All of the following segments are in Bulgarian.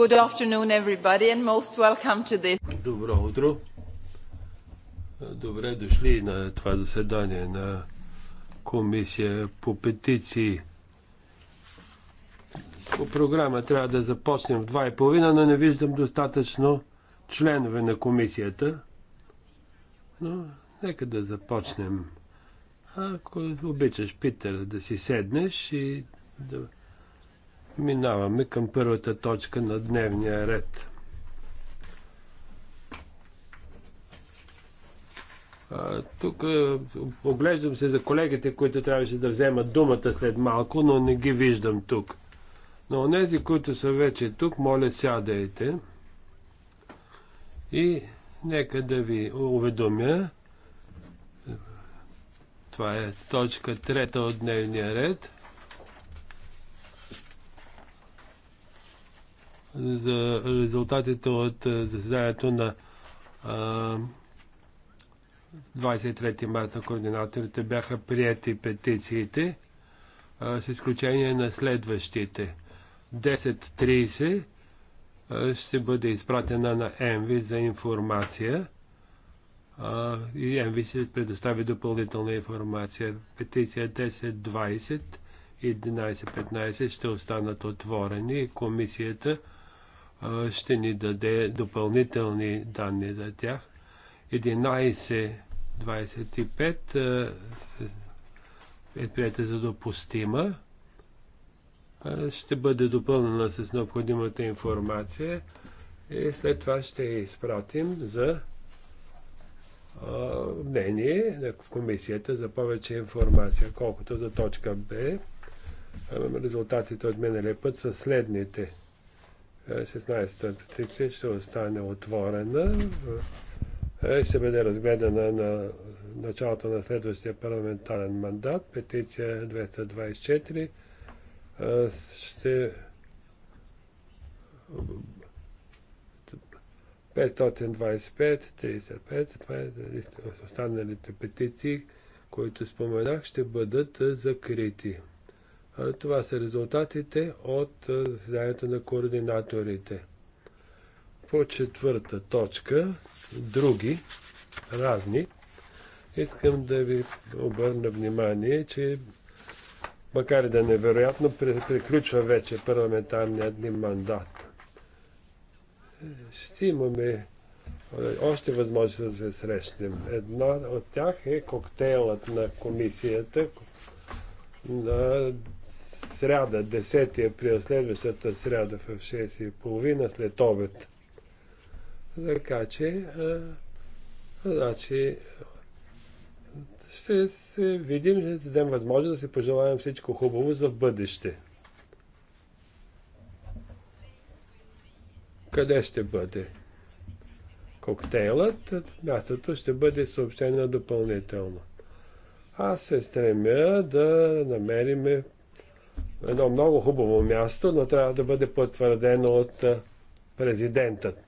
Good afternoon, everybody, and most welcome to this. Добро утро. Добре дошли на това заседание на комисия по петиции. По програма трябва да започнем в 2.30, но не виждам достатъчно членове на комисията. Но нека да започнем. Ако обичаш, Питър, да си седнеш и да Минаваме към първата точка на дневния ред. Тук оглеждам се за колегите, които трябваше да вземат думата след малко, но не ги виждам тук. Но тези, които са вече тук, моля сядайте и нека да ви уведомя. Това е точка трета от дневния ред. за резултатите от е, заседанието на 23 марта координаторите бяха прияти петициите, с изключение на следващите. 10.30 ще бъде изпратена на ЕМВИ за информация и ЕМВИ ще предостави допълнителна информация. Петиция 10.20 и 11.15 ще останат отворени и комисията ще ни даде допълнителни данни за тях. 11.25 е прията за допустима. Ще бъде допълнена с необходимата информация и след това ще я изпратим за мнение в комисията за повече информация. Колкото до точка Б, резултатите от миналия път са следните – 16-та е, секция ще остане отворена. Е, ще бъде разгледана на началото на следващия парламентарен мандат. Петиция 224 ще 525-35, е останалите петиции, които споменах, ще бъдат закрити. Това са резултатите от заседанието на координаторите. По четвърта точка, други, разни, искам да ви обърна внимание, че макар и да невероятно приключва вече парламентарният ни мандат. Ще имаме още възможност да се срещнем. Една от тях е коктейлът на комисията на сряда, 10 април, следващата сряда в 6.30 след обед. Така че, а, значи, ще се видим, ще дадем възможност да си пожелаем всичко хубаво за бъдеще. Къде ще бъде? Коктейлът, мястото ще бъде съобщено допълнително. Аз се стремя да намериме едно много хубаво място, но трябва да бъде потвърдено от президентът,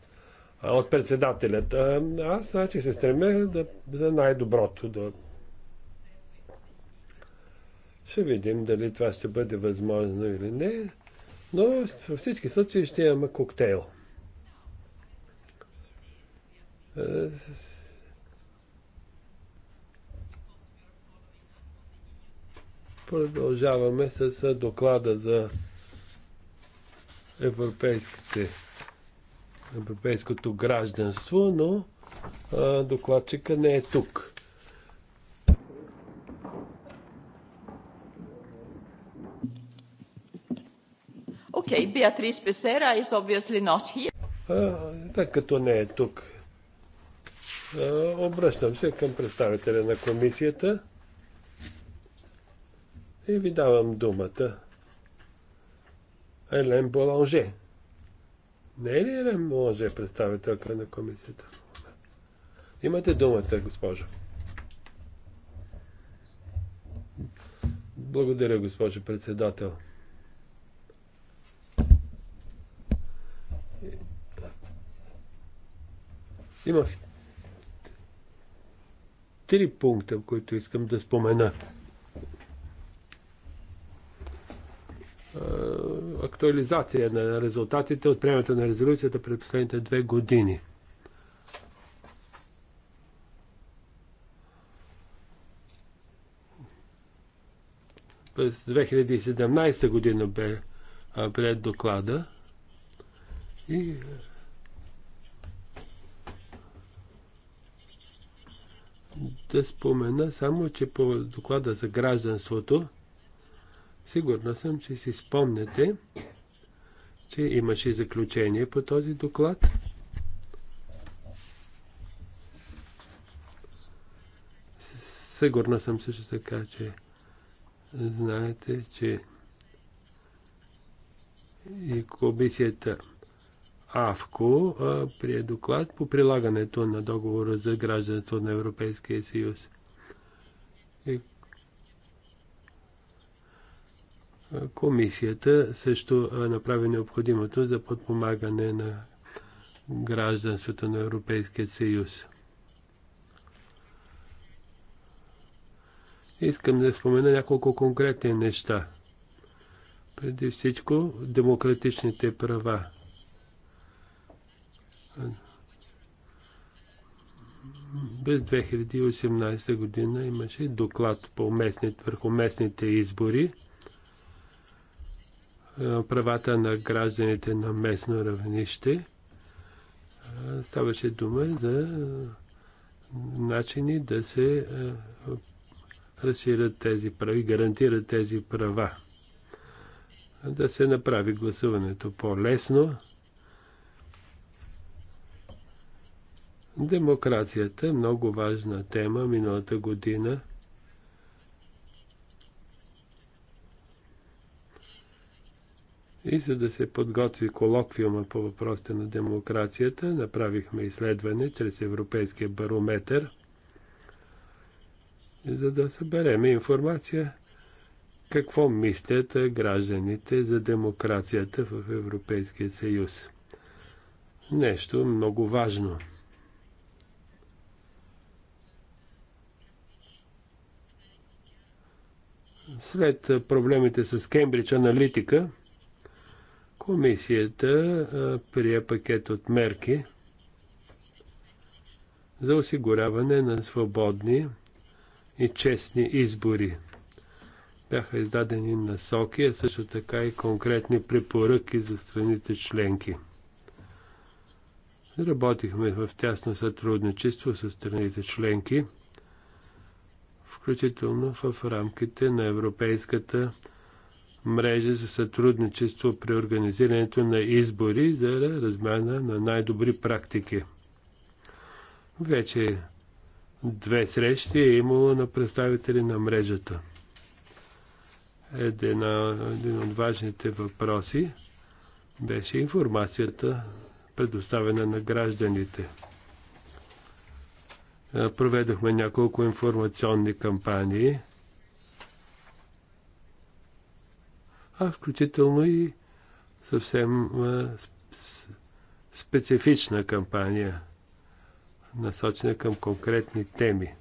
от председателят. Аз, значи, се стремя да, за най-доброто. Да... Ще видим дали това ще бъде възможно или не, но във всички случаи ще имаме коктейл. Продължаваме с доклада за европейските, европейското гражданство, но а, докладчика не е тук. Okay, Beatrice Becerra is obviously not here. А, като не е тук, обръщам се към представителя на комисията. И ви давам думата. Елен Боланже. Не е ли Елен Боланже представителка на комисията? Имате думата, госпожо. Благодаря, госпожо председател. Имах три пункта, които искам да спомена. Е, актуализация на резултатите от приемането на резолюцията през последните две години. През 2017 година бе пред доклада и е, да спомена само, че по доклада за гражданството Сигурна съм, че си спомняте, че имаше заключение по този доклад. Сигурна съм също така, че знаете, че и комисията АВКО прие доклад по прилагането на договора за гражданство на Европейския съюз. И Комисията също направи необходимото за подпомагане на гражданството на Европейския съюз. Искам да спомена няколко конкретни неща. Преди всичко демократичните права. През 2018 година имаше доклад по местните, върху местните избори – е, правата на гражданите на местно равнище. Е, ставаше дума за е, начини да се разширят тези права и гарантират тези права. Да се направи гласуването по-лесно. Демокрацията, е много важна тема миналата година – И за да се подготви колоквиума по въпросите на демокрацията, направихме изследване чрез Европейския барометр, за да събереме информация какво мислят гражданите за демокрацията в Европейския съюз. Нещо много важно. След проблемите с Кембридж аналитика, Комисията прие пакет от мерки за осигуряване на свободни и честни избори. Бяха издадени насоки, а също така и конкретни препоръки за страните членки. Работихме в тясно сътрудничество с страните членки, включително в рамките на Европейската мрежа за сътрудничество при организирането на избори за размяна на най-добри практики. Вече две срещи е имало на представители на мрежата. Един, един от важните въпроси беше информацията, предоставена на гражданите. Проведохме няколко информационни кампании – а включително и съвсем специфична кампания, насочена към конкретни теми.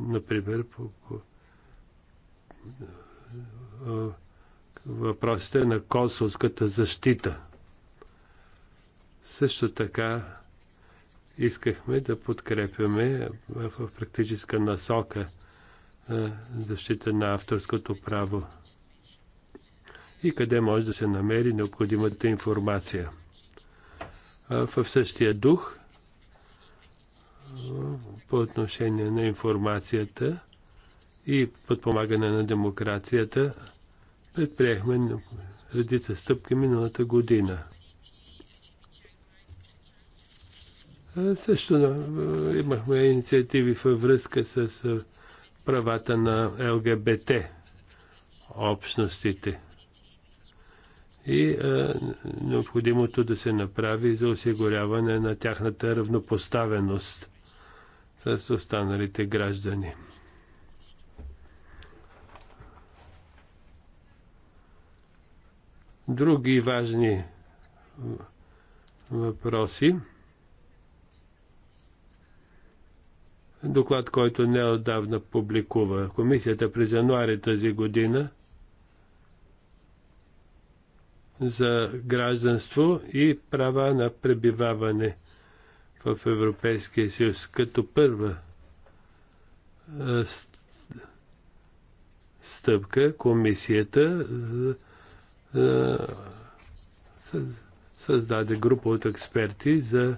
Например, по, по, въпросите на консулската защита. Също така искахме да подкрепяме в практическа насока защита на авторското право и къде може да се намери необходимата информация. В същия дух, по отношение на информацията и подпомагане на демокрацията, предприехме редица стъпки миналата година. Също имахме инициативи във връзка с правата на ЛГБТ общностите и е, необходимото да се направи за осигуряване на тяхната равнопоставеност с останалите граждани. Други важни въпроси. доклад, който отдавна публикува комисията през януари тази година за гражданство и права на пребиваване в Европейския съюз. Като първа стъпка комисията създаде група от експерти за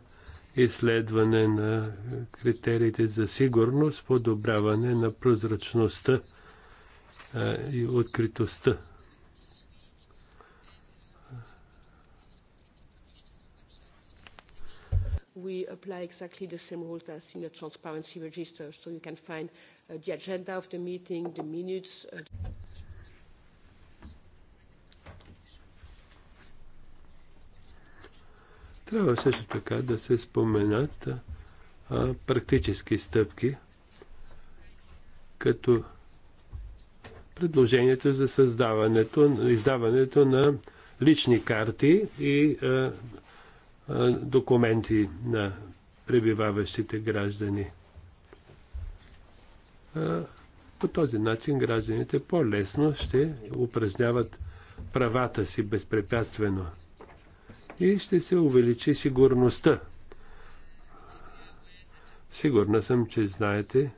изследване на критериите за сигурност, подобряване на прозрачността и откритостта. we apply exactly the same rules as in the transparency register. So you can find uh, the agenda of the meeting, the minutes. Uh, Трябва също така да се споменат а, практически стъпки, като предложението за създаването, издаването на лични карти и а, а, документи на пребиваващите граждани. А, по този начин гражданите по-лесно ще упражняват правата си безпрепятствено и ще се увеличи сигурността. Сигурна съм, че знаете,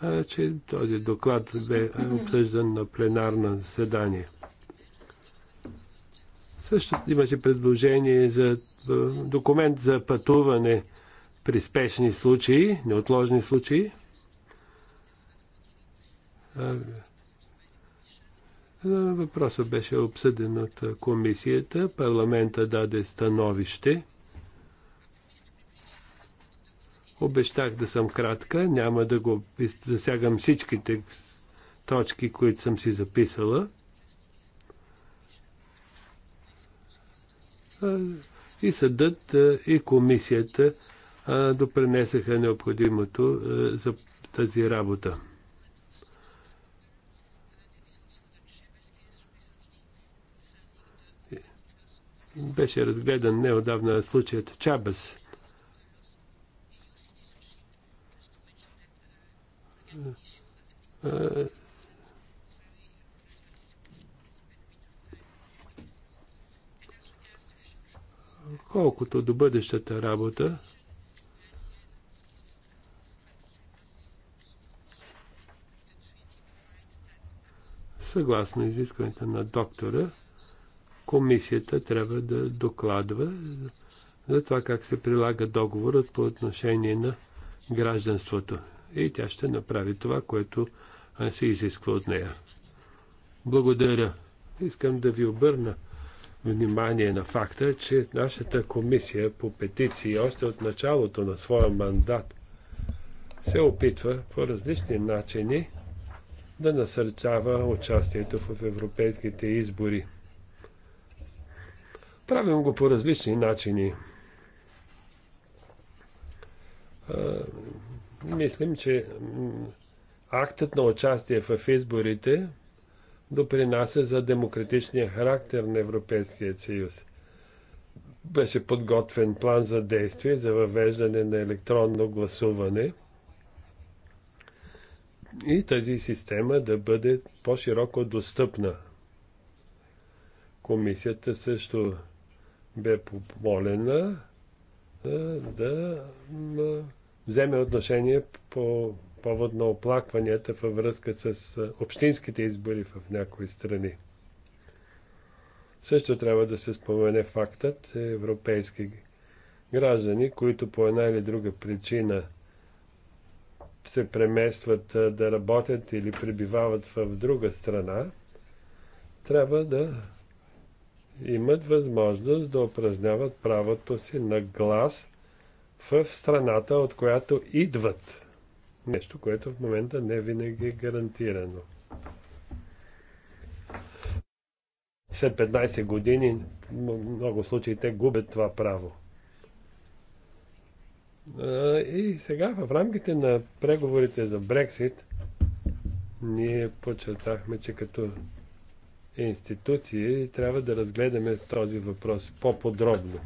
а, че този доклад бе обсъждан на пленарно заседание. Също имаше предложение за документ за пътуване при спешни случаи, неотложни случаи. Въпросът беше обсъден от комисията. Парламента даде становище. Обещах да съм кратка. Няма да го засягам всичките точки, които съм си записала. И съдът, и комисията допренесаха необходимото за тази работа. Беше разгледан неодавна случаят Чабас. Колкото до бъдещата работа, съгласно изискването на доктора, комисията трябва да докладва за това как се прилага договорът по отношение на гражданството. И тя ще направи това, което се изисква от нея. Благодаря. Искам да ви обърна внимание на факта, че нашата комисия по петиции още от началото на своя мандат се опитва по различни начини да насърчава участието в европейските избори. Правим го по различни начини. Мислим, че актът на участие в изборите допринася за демократичния характер на Европейския съюз. Беше подготвен план за действие за въвеждане на електронно гласуване и тази система да бъде по-широко достъпна. Комисията също бе помолена да вземе отношение по повод на оплакванията във връзка с общинските избори в някои страни. Също трябва да се спомене фактът европейски граждани, които по една или друга причина се преместват да работят или пребивават в друга страна, трябва да имат възможност да упражняват правото си на глас в страната, от която идват. Нещо, което в момента не винаги е гарантирано. След 15 години много случаи те губят това право. И сега в рамките на преговорите за Брексит ние подчертахме, че като институции трябва да разгледаме този въпрос по-подробно.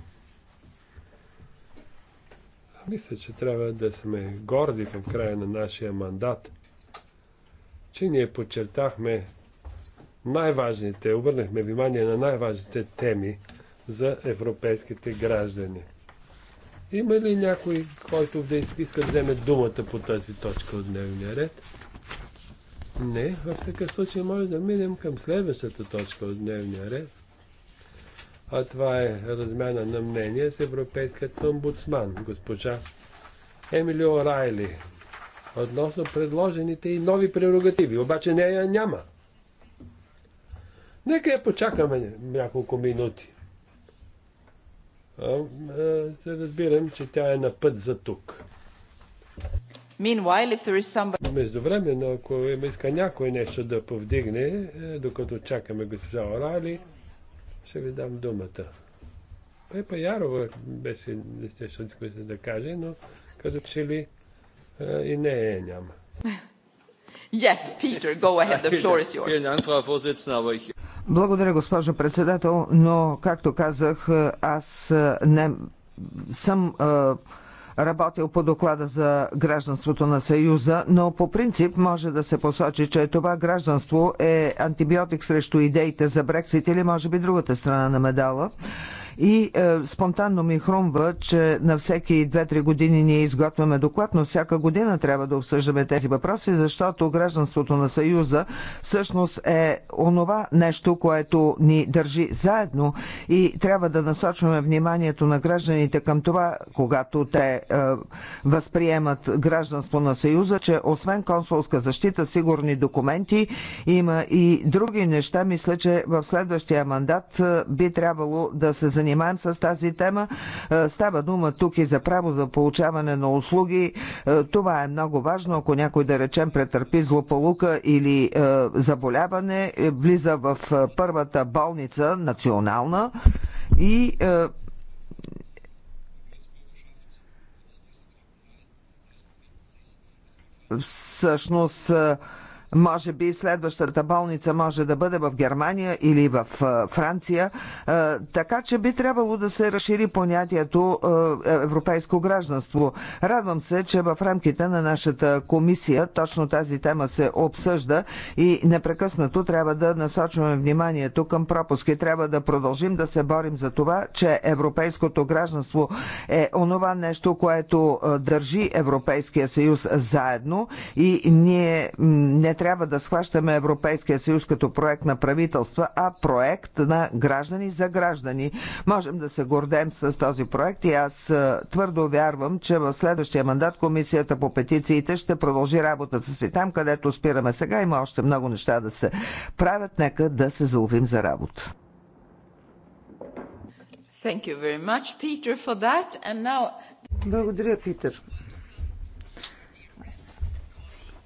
Мисля, че трябва да сме горди в края на нашия мандат, че ние подчертахме най-важните, обърнахме внимание на най-важните теми за европейските граждани. Има ли някой, който да иска да вземе думата по тази точка от дневния ред? Не, в такъв случай може да минем към следващата точка от дневния ред. А това е размяна на мнение с Европейският омбудсман, госпожа Емилио Райли, относно предложените и нови прерогативи. Обаче нея няма. Нека я почакаме няколко минути. А, а, разбирам, че тя е на път за тук. Междувременно, ако има иска някой нещо да повдигне, е, докато чакаме госпожа Орали, ще ви дам думата. Пепа Ярова беше нещо, искаме да каже, но като че ли е, и не е няма. Yes, Peter, go ahead. The floor is yours. Благодаря, госпожа председател, но, както казах, е, аз не съм а, работил по доклада за гражданството на Съюза, но по принцип може да се посочи, че това гражданство е антибиотик срещу идеите за Брексит или може би другата страна на медала. И е, спонтанно ми хрумва, че на всеки 2-3 години ние изготвяме доклад, но всяка година трябва да обсъждаме тези въпроси, защото гражданството на Съюза всъщност е онова нещо, което ни държи заедно и трябва да насочваме вниманието на гражданите към това, когато те е, възприемат гражданство на Съюза, че освен консулска защита, сигурни документи, има и други неща. Мисля, че в следващия мандат е, би трябвало да се занимаваме занимаем с тази тема. Е, става дума тук и за право за получаване на услуги. Е, това е много важно, ако някой, да речем, претърпи злополука или е, заболяване, влиза в първата болница, национална, и всъщност може би следващата болница може да бъде в Германия или в Франция, така че би трябвало да се разшири понятието европейско гражданство. Радвам се, че в рамките на нашата комисия точно тази тема се обсъжда и непрекъснато трябва да насочваме вниманието към пропуски. Трябва да продължим да се борим за това, че европейското гражданство е онова нещо, което държи Европейския съюз заедно и ние не трябва трябва да схващаме Европейския съюз като проект на правителства, а проект на граждани за граждани. Можем да се гордем с този проект и аз е, твърдо вярвам, че в следващия мандат Комисията по петициите ще продължи работата си там, където спираме сега. Има още много неща да се правят. Нека да се заловим за работа. Thank you very much, Peter, for that. And now... Благодаря, Питър.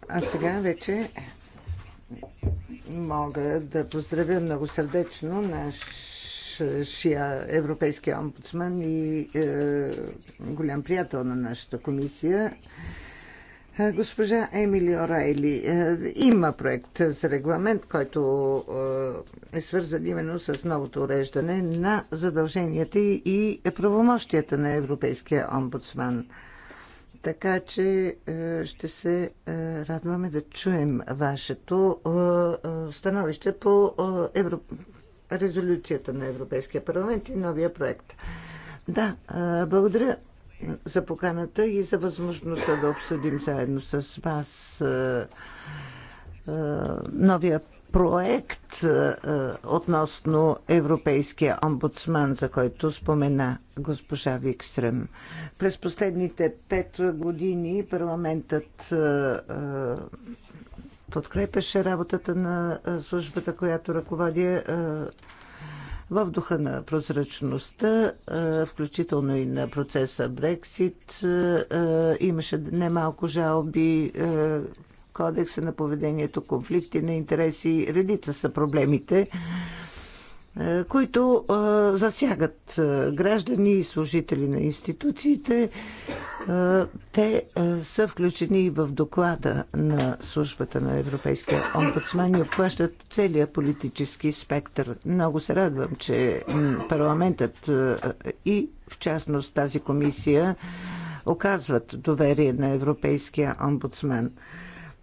А сега вече мога да поздравя много сърдечно нашия европейски омбудсман и е, голям приятел на нашата комисия. Е, госпожа Емили Орайли, е, има проект за регламент, който е, е свързан именно с новото уреждане на задълженията и правомощията на Европейския омбудсман. Така че е, ще се е, радваме да чуем вашето е, становище по Европ... резолюцията на Европейския парламент и новия проект. Да, благодаря за поканата и за възможността да обсъдим заедно с вас новия проект е, е, относно Европейския омбудсман, за който спомена госпожа Викстрем. През последните пет години парламентът е, подкрепеше работата на службата, която ръководи в духа на прозрачността, включително и на процеса Брексит. Имаше немалко жалби кодекса на поведението, конфликти на интереси, редица са проблемите, е, които е, засягат е, граждани и служители на институциите. Те са включени и в доклада на службата на Европейския омбудсман и обхващат целия политически спектър. Много се радвам, че парламентът и в частност тази комисия оказват доверие на Европейския омбудсман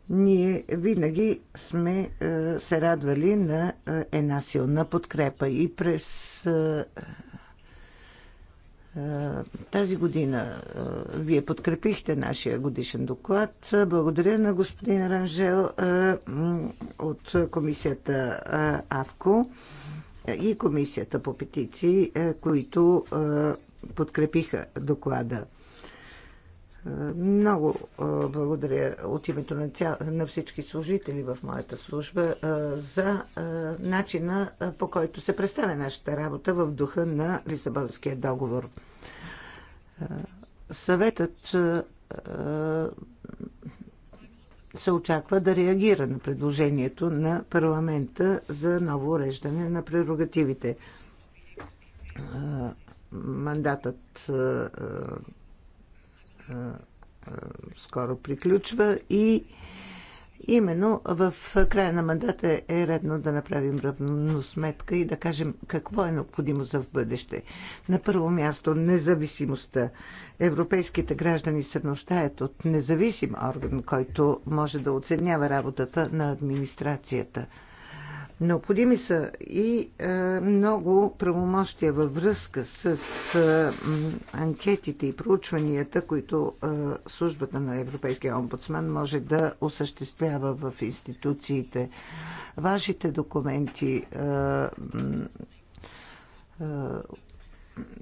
ние винаги сме е, се радвали на е, една силна подкрепа и през е, тази година вие подкрепихте нашия годишен доклад. Благодаря на господин Ранжел от комисията АВКО и комисията по петиции, които подкрепиха доклада. Много благодаря от името на, ця... на всички служители в моята служба за начина по който се представя нашата работа в духа на Лисабонския договор. Съветът се очаква да реагира на предложението на парламента за ново уреждане на прерогативите. Мандатът е, е, скоро приключва и именно в края на мандата е редно да направим равносметка и да кажем какво е необходимо за в бъдеще. На първо място независимостта. Европейските граждани се нуждаят от независим орган, който може да оценява работата на администрацията – Необходими са и е, много правомощия във връзка с е, анкетите и проучванията, които е, службата на Европейския омбудсман може да осъществява в институциите. Вашите документи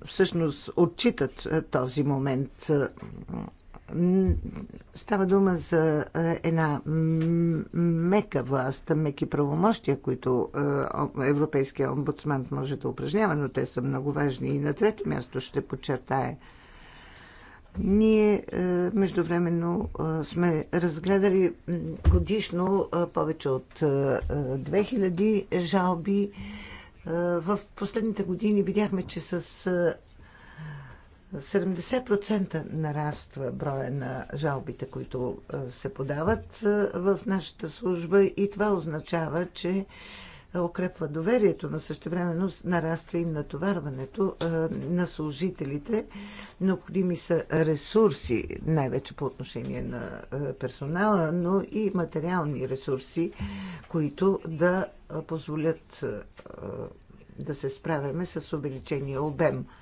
всъщност отчитат този момент. Става дума за е, една мека власт, меки правомощия, които е, Европейския омбудсман може да упражнява, но те са много важни. И на трето място ще подчертая. Ние е, междувременно сме разгледали годишно повече от 2000 жалби. В последните години видяхме, че с 70% нараства броя на жалбите, които се подават в нашата служба и това означава, че укрепва доверието, но същевременно нараства и натоварването на служителите. Необходими са ресурси, най-вече по отношение на персонала, но и материални ресурси, които да позволят да се справяме с увеличения обем –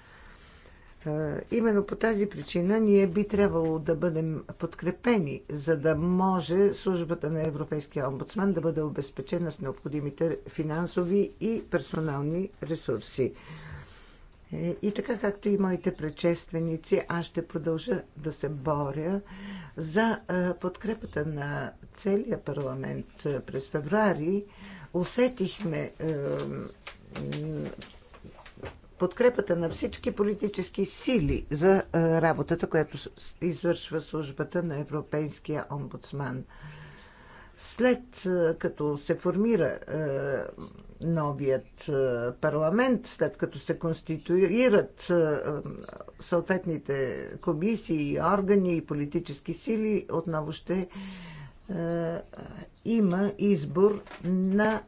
Именно по тази причина ние би трябвало да бъдем подкрепени, за да може службата на Европейския омбудсман да бъде обезпечена с необходимите финансови и персонални ресурси. Е, и така както и моите предшественици, аз ще продължа да се боря за подкрепата на целия парламент през февруари. Усетихме подкрепата на всички политически сили за е, работата, която извършва службата на Европейския омбудсман. След е, като се формира е, новият парламент, след като се конституират съответните комисии, органи и политически сили, отново ще има избор на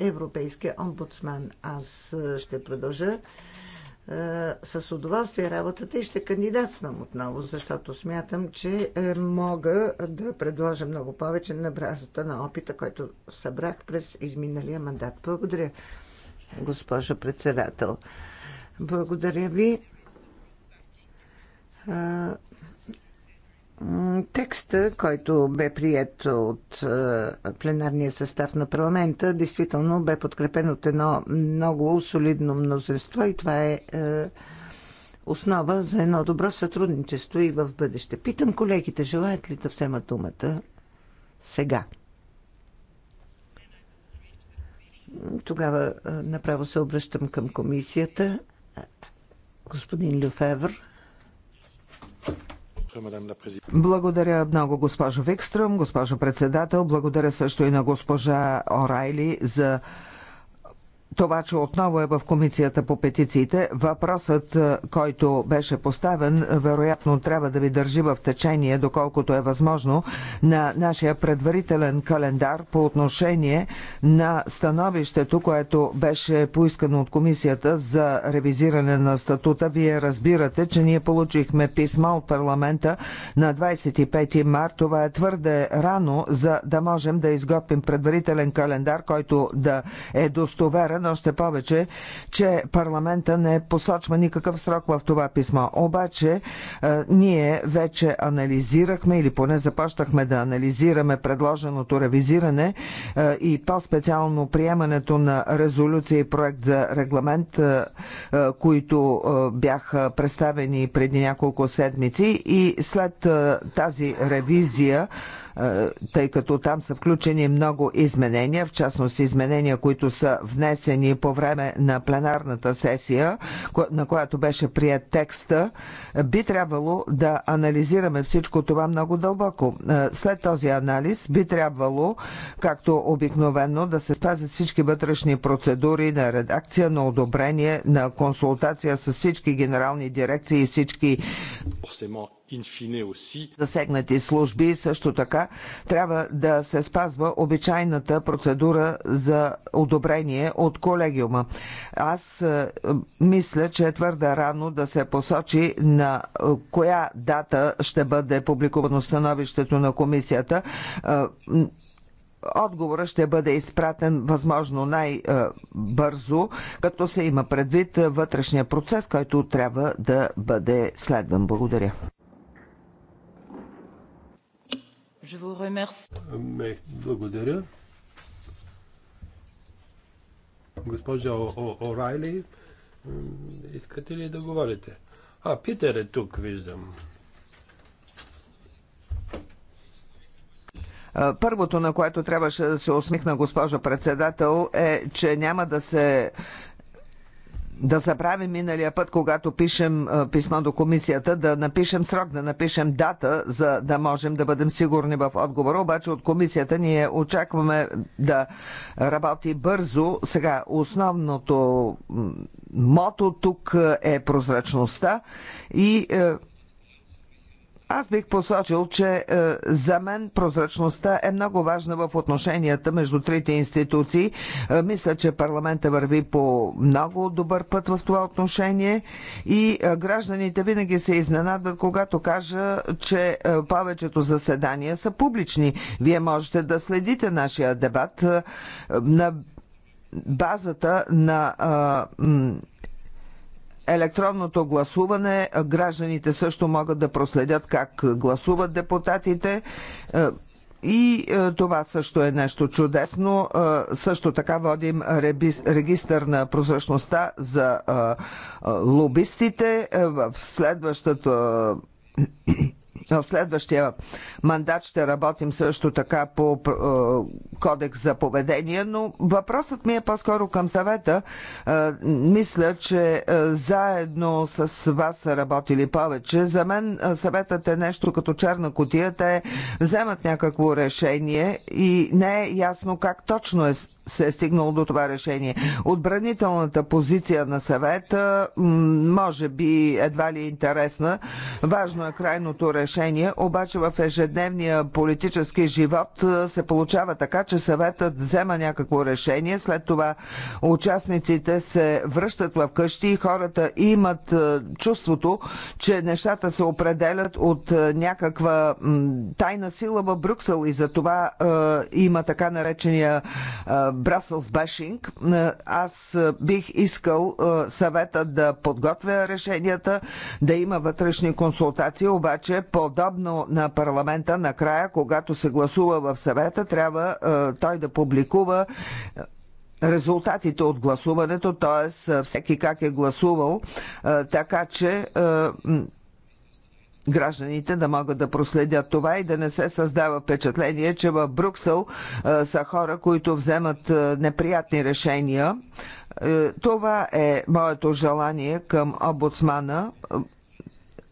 Европейския омбудсман. Аз ще продължа е, с удоволствие работата и ще кандидатствам отново, защото смятам, че е, мога да предложа много повече на бразата на опита, който събрах през изминалия мандат. Благодаря, госпожа председател. Благодаря ви. Е, Текста, който бе прият от е, пленарния състав на парламента, действително бе подкрепен от едно много солидно мнозинство и това е, е основа за едно добро сътрудничество и в бъдеще. Питам колегите, желаят ли да вземат думата сега? Тогава е, направо се обръщам към комисията. Господин Люфевр. Благодаря много, госпожо Викстръм, госпожо председател. Благодаря също и на госпожа Орайли за това, че отново е в комисията по петициите. Въпросът, е, който беше поставен, вероятно трябва да ви държи в течение, доколкото е възможно, на нашия предварителен календар по отношение на становището, което беше поискано от комисията за ревизиране на статута. Вие разбирате, че ние получихме писма от парламента на 25 март. Това е твърде рано, за да можем да изготвим предварителен календар, който да е достоверен, още повече, че парламента не посочва никакъв срок в това писмо. Обаче е, ние вече анализирахме или поне започнахме да анализираме предложеното ревизиране е, и по-специално приемането на резолюция и проект за регламент, е, които бяха представени преди няколко седмици и след тази ревизия тъй като там са включени много изменения, в частност изменения, които са внесени по време на пленарната сесия, на която беше прият текста, би трябвало да анализираме всичко това много дълбоко. След този анализ би трябвало, както обикновено, да се спазят всички вътрешни процедури на редакция, на одобрение, на консултация с всички генерални дирекции и всички Засегнати служби също така трябва да се спазва обичайната процедура за одобрение от колегиума. Аз е, мисля, че е твърде рано да се посочи на е, коя дата ще бъде публикувано становището на комисията. Е, отговора ще бъде изпратен възможно най-бързо, като се има предвид вътрешния процес, който трябва да бъде следван. Благодаря. Благодаря. Госпожа Орайли, искате ли да говорите? А, Питер е тук, виждам. Първото, на което трябваше да се усмихна, госпожо председател, е, че няма да се да забравим миналия път, когато пишем писмо до комисията, да напишем срок, да напишем дата, за да можем да бъдем сигурни в отговора. Обаче от комисията ние очакваме да работи бързо. Сега основното мото тук е прозрачността и е, аз бих посочил, че е, за мен прозрачността е много важна в отношенията между трите институции. Е, мисля, че парламента върви по много добър път в това отношение и е, гражданите винаги се изненадват, когато кажа, че е, повечето заседания са публични. Вие можете да следите нашия дебат е, на базата на. Е, електронното гласуване. Гражданите също могат да проследят как гласуват депутатите. Е, и е, това също е нещо чудесно. Е, също така водим регистър на прозрачността за лобистите. в следващата на следващия мандат ще работим също така по е, кодекс за поведение, но въпросът ми е по-скоро към съвета. Е, мисля, че е, заедно с вас са работили повече. За мен съветът е нещо като черна котия. Те вземат някакво решение и не е ясно как точно е се е стигнало до това решение. Отбранителната позиция на съвета може би едва ли е интересна. Важно е крайното решение, обаче в ежедневния политически живот се получава така, че съветът взема някакво решение, след това участниците се връщат в къщи и хората имат чувството, че нещата се определят от някаква тайна сила в Брюксел и за това има така наречения Брасълс бешинг. Аз е, бих искал е, съвета да подготвя решенията, да има вътрешни консултации, обаче подобно на парламента накрая, когато се гласува в съвета, трябва е, той да публикува резултатите от гласуването, т.е. всеки как е гласувал, така че гражданите да могат да проследят това и да не се създава впечатление, че в Бруксел е, са хора, които вземат е, неприятни решения. Е, това е моето желание към омбудсмана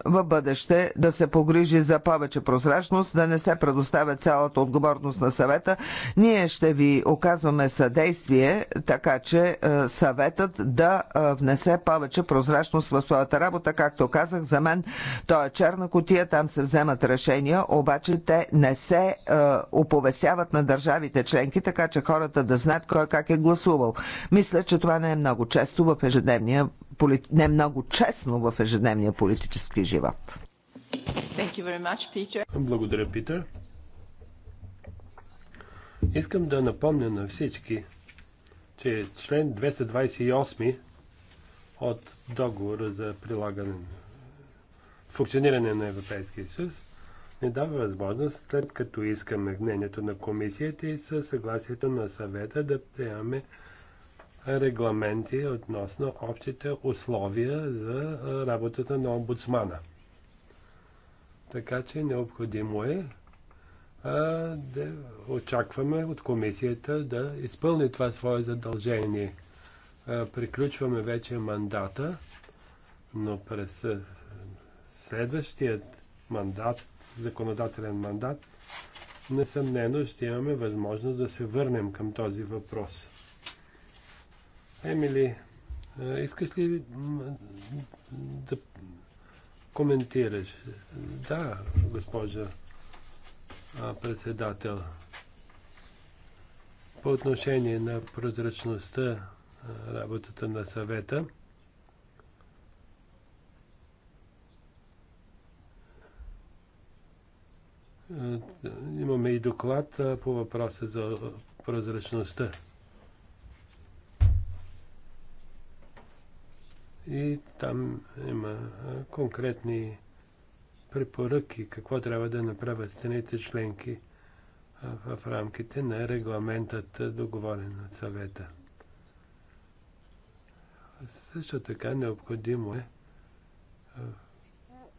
в бъдеще да се погрижи за повече прозрачност, да не се предоставя цялата отговорност на съвета. Ние ще ви оказваме съдействие, така че е, съветът да е, внесе повече прозрачност в своята работа. Както казах, за мен то е черна котия, там се вземат решения, обаче те не се е, оповесяват на държавите членки, така че хората да знаят кой как е гласувал. Мисля, че това не е много често в ежедневния не много честно в ежедневния политически живот. Thank you very much, Peter. Благодаря, Питър. Искам да напомня на всички, че член 228 от договора за прилагане функциониране на Европейския съюз не дава възможност, след като искаме мнението на комисията и със съгласието на съвета да приемаме регламенти относно общите условия за работата на омбудсмана. Така че необходимо е а, да очакваме от комисията да изпълни това свое задължение. А, приключваме вече мандата, но през следващият мандат, законодателен мандат, несъмнено ще имаме възможност да се върнем към този въпрос. Емили, искаш ли да коментираш? Да, госпожа председател. По отношение на прозрачността, работата на съвета, имаме и доклад по въпроса за прозрачността. И там има конкретни препоръки какво трябва да направят страните членки в рамките на регламентът, договорен от съвета. Също така необходимо е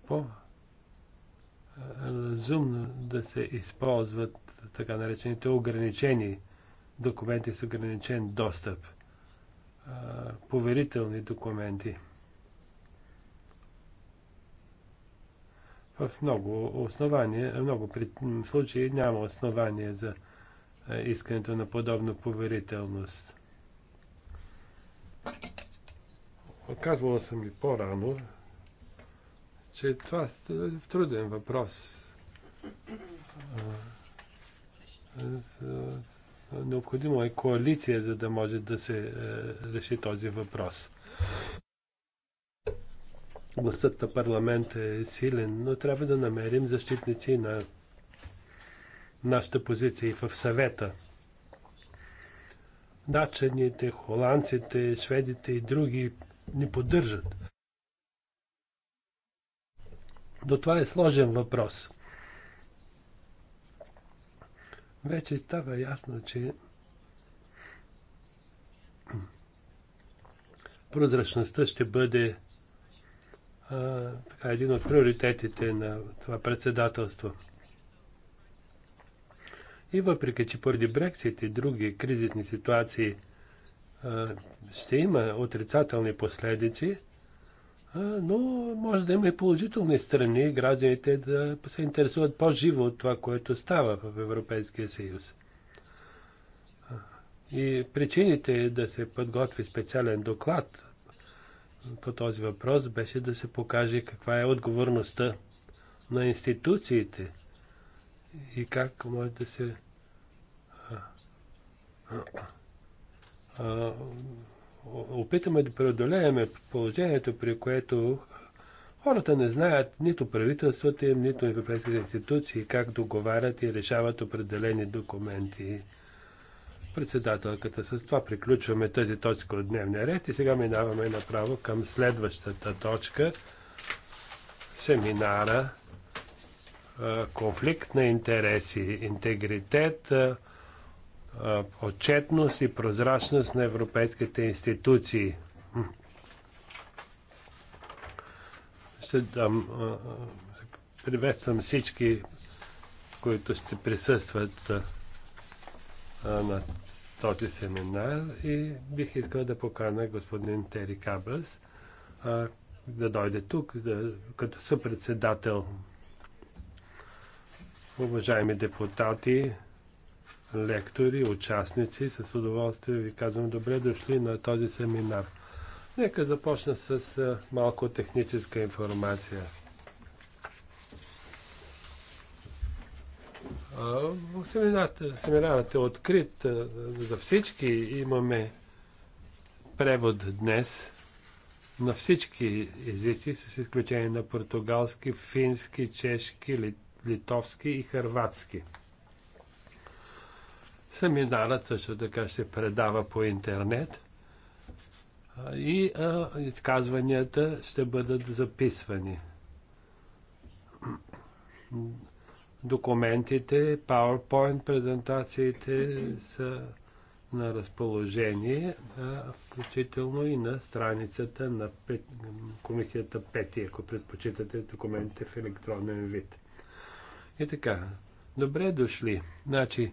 по-разумно да се използват така наречените ограничени документи с ограничен достъп – поверителни документи. В много основания, много случаи няма основания за искането на подобна поверителност. Казвала съм и по-рано, че това е труден въпрос. Необходимо е коалиция, за да може да се е, реши този въпрос. Гласът на парламент е силен, но трябва да намерим защитници на нашата позиция и в съвета. Начените, холандците, шведите и други ни поддържат. До това е сложен въпрос. Вече става ясно, че прозрачността ще бъде а, така, един от приоритетите на това председателство. И въпреки, че поради Брексит и други кризисни ситуации а, ще има отрицателни последици, но може да има и положителни страни, гражданите да се интересуват по-живо от това, което става в Европейския съюз. И причините да се подготви специален доклад по този въпрос беше да се покаже каква е отговорността на институциите и как може да се опитаме да преодолеем положението, при което хората не знаят нито правителствата им, нито европейските институции как договарят и решават определени документи. Председателката, с това приключваме тази точка от дневния ред и сега минаваме направо към следващата точка семинара конфликт на интереси, интегритет, отчетност и прозрачност на европейските институции. Ще дам, приветствам всички, които ще присъстват на този семинар и бих искал да покана господин Тери Кабрас да дойде тук да, като съпредседател. Уважаеми депутати, лектори, участници. С удоволствие ви казвам добре дошли на този семинар. Нека започна с малко техническа информация. Семинарът, е открит за всички. Имаме превод днес на всички езици, с изключение на португалски, фински, чешки, литовски и хърватски. Семинарът също така ще предава по интернет и а, изказванията ще бъдат записвани. Документите, PowerPoint презентациите са на разположение, включително и на страницата на пет, комисията Пети, ако предпочитате документите в електронен вид. И така, добре дошли. Значи,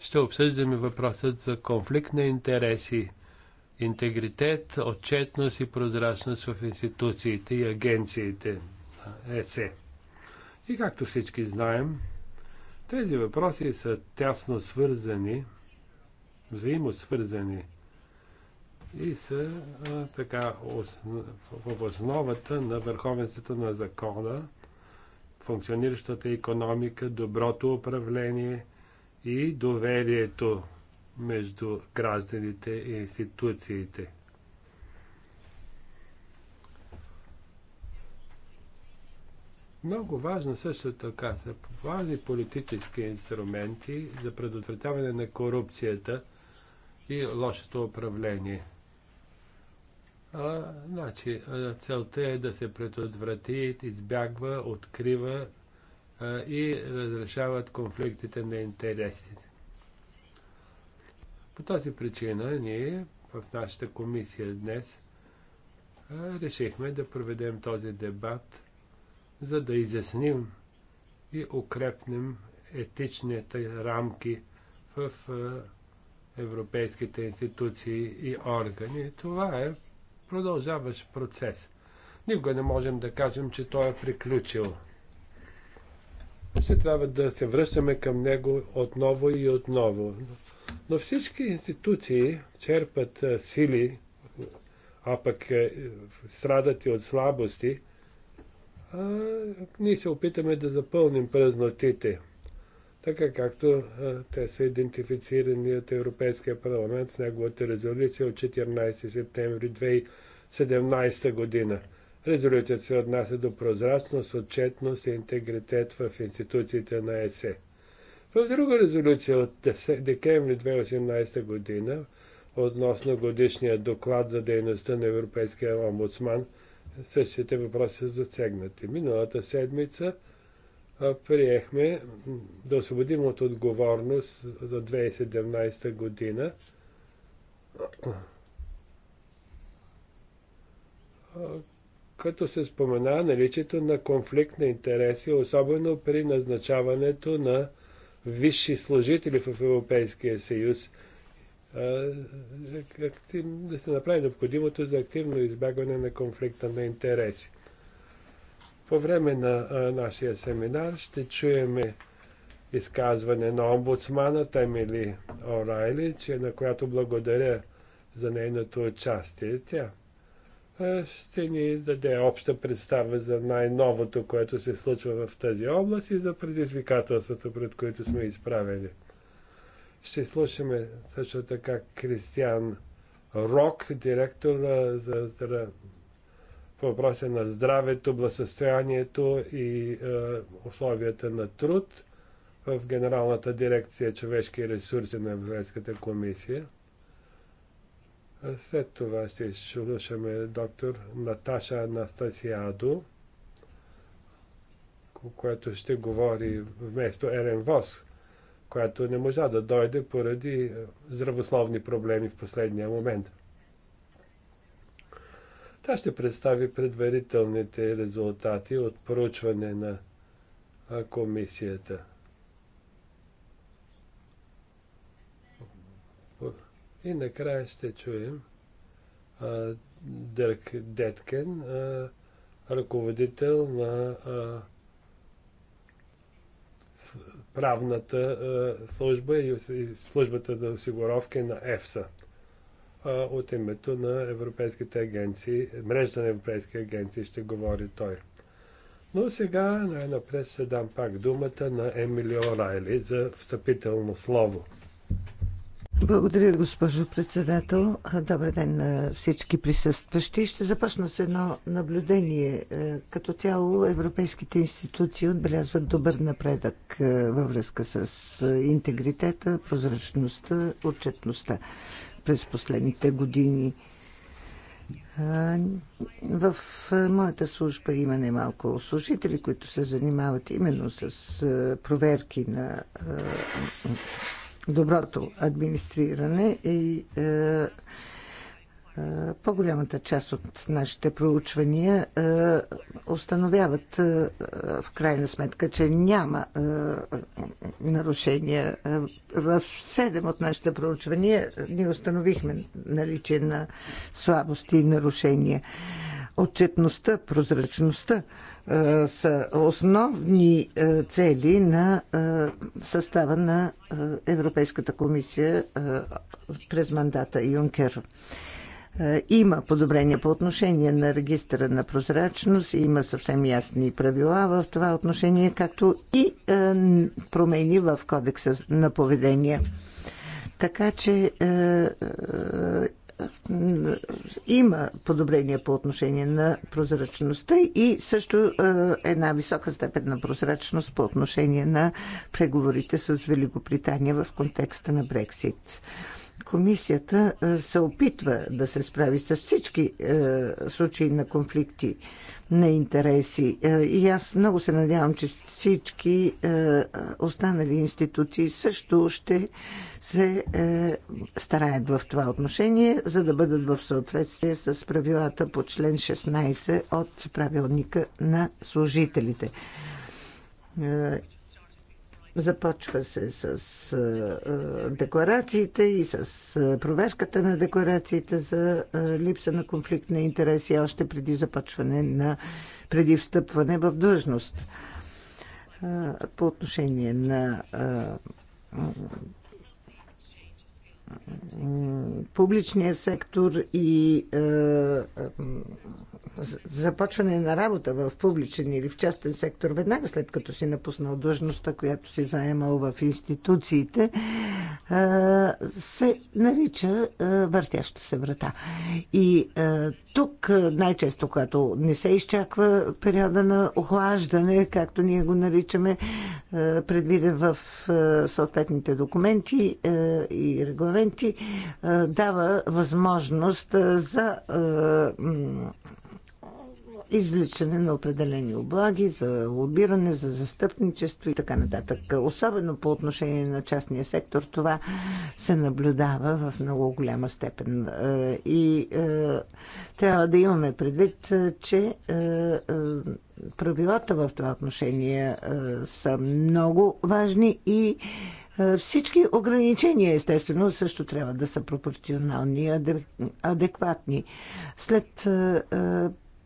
ще обсъждаме въпросът за конфликт на интереси, интегритет, отчетност и прозрачност в институциите и агенциите. ЕСЕ. И както всички знаем, тези въпроси са тясно свързани, взаимосвързани и са а, така в в основата на върховенството на закона, функциониращата економика, доброто управление – и доверието между гражданите и институциите. Много важно също така са важни политически инструменти за предотвратяване на корупцията и лошото управление. А, значи, целта е да се предотврати, избягва, открива и разрешават конфликтите на интересите. По тази причина ние в нашата комисия днес решихме да проведем този дебат, за да изясним и укрепнем етичните рамки в европейските институции и органи. Това е продължаващ процес. Никога не можем да кажем, че той е приключил ще трябва да се връщаме към него отново и отново. Но всички институции черпат сили, а пък е, страдат и от слабости. А, ние се опитаме да запълним празнотите, така както а, те са идентифицирани от Европейския парламент в неговата резолюция от 14 септември 2017 година. Резолюцията се отнася до прозрачност, отчетност и интегритет в институциите на ЕСЕ. В друга резолюция от декември 2018 година относно годишния доклад за дейността на Европейския омбудсман, същите въпроси са засегнати. Миналата седмица приехме да освободим от отговорност за 2017 година като се спомена наличието на конфликт на интереси, особено при назначаването на висши служители в Европейския съюз. Да се направи необходимото за активно избягване на конфликта на интереси. По време на нашия семинар ще чуеме изказване на омбудсмана Тамили Орайли, на която благодаря за нейното участие. Тя е, ще ни даде обща представа за най-новото, което се случва в тази област и за предизвикателствата, пред които сме изправени. Ще слушаме също така Кристиан Рок, директор за въпроса на здравето, благосъстоянието и е, условията на труд в Генералната дирекция човешки ресурси на Европейската комисия. След това ще слушаме доктор Наташа Анастасиадо, която ще говори вместо Елен Вос, която не можа да дойде поради е, здравословни проблеми в последния момент. Тя ще представи предварителните резултати от проучване на комисията. И накрая ще чуем а, Дърк Деткен, а, ръководител на а, правната а, служба и, и службата за осигуровки на ЕФСА а, от името на Европейските агенции, мрежа на Европейски агенции ще говори той. Но сега най-напред ще дам пак думата на Емилио Райли за встъпително слово. Благодаря, госпожо председател. Добър ден на всички присъстващи. Ще започна с едно наблюдение. Е, като цяло европейските институции отбелязват добър напредък е, във връзка с е, интегритета, прозрачността, отчетността през последните години. В моята служба има немалко служители, които се занимават именно с проверки на доброто администриране и е, е, по-голямата част от нашите проучвания е, установяват е, в крайна сметка, че няма нарушения. В седем от нашите проучвания ние установихме наличие на слабости и нарушения. Отчетността, прозрачността е, са основни е, цели на е, състава на Европейската комисия през мандата Юнкер. Има подобрения по отношение на регистъра на прозрачност, и има съвсем ясни правила в това отношение, както и промени в кодекса на поведение. Така че има подобрения по отношение на прозрачността и също е, една висока степен на прозрачност по отношение на преговорите с Великобритания в контекста на Брексит. Комисията е, се опитва да се справи с всички е, случаи на конфликти на интереси. Е, и аз много се надявам, че всички е, останали институции също ще се е, стараят в това отношение, за да бъдат в съответствие с правилата по член 16 от правилника на служителите Започва се с декларациите и с проверката на декларациите за липса на конфликт на интереси още преди започване на преди встъпване в длъжност. По отношение на публичния сектор и започване на работа в публичен или в частен сектор, веднага след като си напуснал длъжността, която си заемал в институциите, се нарича въртяща се врата. И тук най-често, когато не се изчаква периода на охлаждане, както ние го наричаме, предвиден в съответните документи и регламенти, дава възможност за извличане на определени облаги, за лобиране, за застъпничество и така нататък. Особено по отношение на частния сектор това се наблюдава в много голяма степен. Е, и е, трябва да имаме предвид, е, че правилата в това отношение са много важни и всички ограничения, естествено, също трябва да са пропорционални и адекватни. След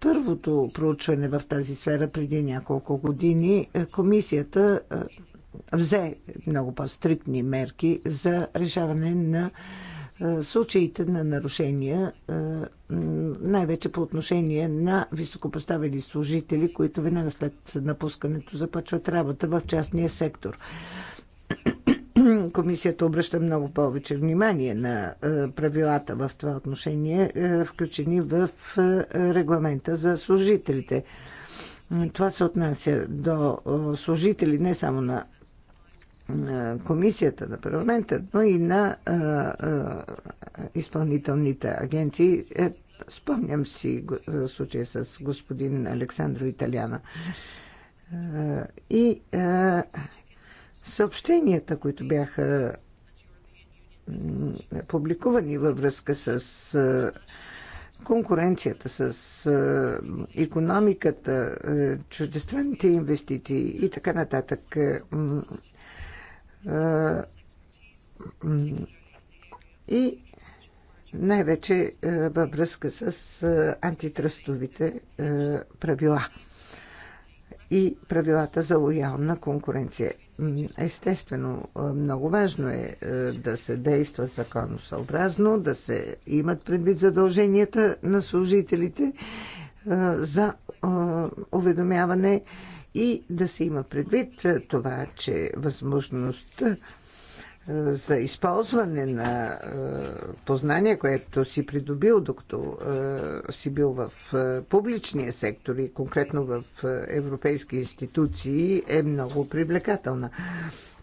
първото проучване в тази сфера преди няколко години, е, комисията е, взе много по-стриктни мерки за решаване на е, случаите на нарушения, най-вече по отношение на високопоставени служители, които веднага след напускането започват работа в частния сектор комисията обръща много повече внимание на е, правилата в това отношение, е, включени в е, регламента за служителите. Това се отнася до служители не само на комисията, на парламента, но и на изпълнителните агенции. Спомням си случая с господин Александро Италяна. И съобщенията, които бяха публикувани във връзка с конкуренцията, с економиката, чуждестранните инвестиции и така нататък. И най-вече във връзка с антитръстовите правила и правилата за лоялна конкуренция. Естествено, много важно е да се действа законосъобразно, да се имат предвид задълженията на служителите за уведомяване и да се има предвид това, че възможността за използване на е, познания, което си придобил, докато е, си бил в е, публичния сектор и конкретно в европейски институции, е много привлекателна.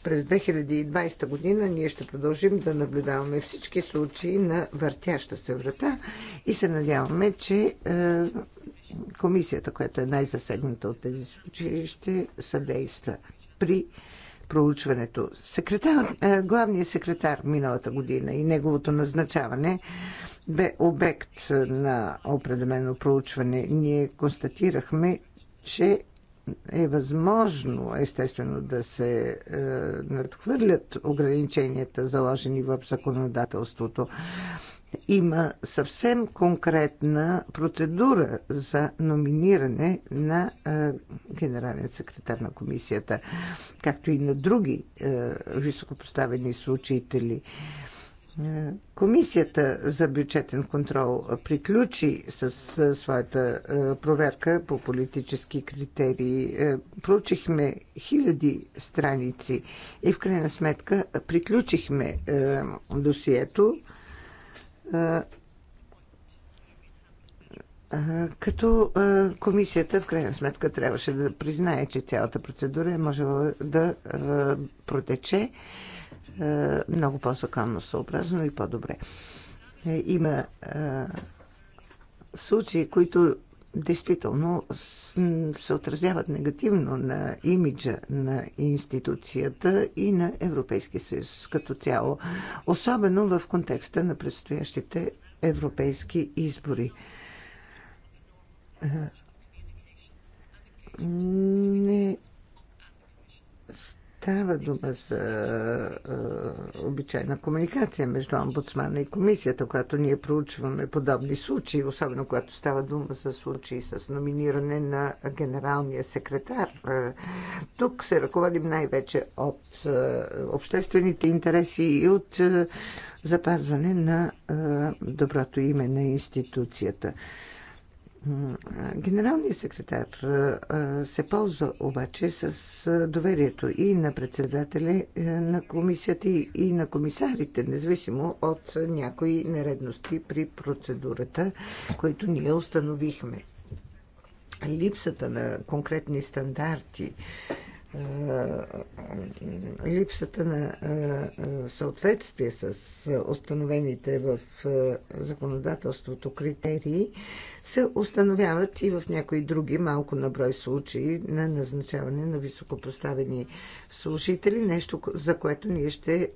През 2020 година ние ще продължим да наблюдаваме всички случаи на въртяща се врата и се надяваме, че комисията, която е най-засегната от тези случаи, ще съдейства при проучването. Секретар, е, главният секретар миналата година и неговото назначаване бе обект на определено проучване. Ние констатирахме, че е възможно, естествено, да се е, надхвърлят ограниченията, заложени в законодателството има съвсем конкретна процедура за номиниране на генерален секретар на комисията, както и на други високопоставени случители. Комисията за бюджетен контрол приключи с своята проверка по политически критерии. Проучихме хиляди страници и в крайна сметка приключихме досието като комисията в крайна сметка трябваше да признае, че цялата процедура е можела да протече много по-законно съобразно и по-добре. Е, има случаи, които действително се отразяват негативно на имиджа на институцията и на Европейския съюз като цяло, особено в контекста на предстоящите европейски избори. Е, не става дума за а, обичайна комуникация между омбудсмана и комисията, когато ние проучваме подобни случаи, особено когато става дума за случаи с номиниране на генералния секретар. Тук се ръководим най-вече от а, обществените интереси и от а, запазване на а, доброто име на институцията. Генералният секретар се ползва обаче с доверието и на председателя е, на комисията и на комисарите, независимо от някои нередности при процедурата, които ние установихме. Липсата на конкретни стандарти е, е, липсата на е, съответствие с установените в законодателството критерии се установяват и в някои други малко наброй случаи на назначаване на високопоставени служители, нещо за което ние ще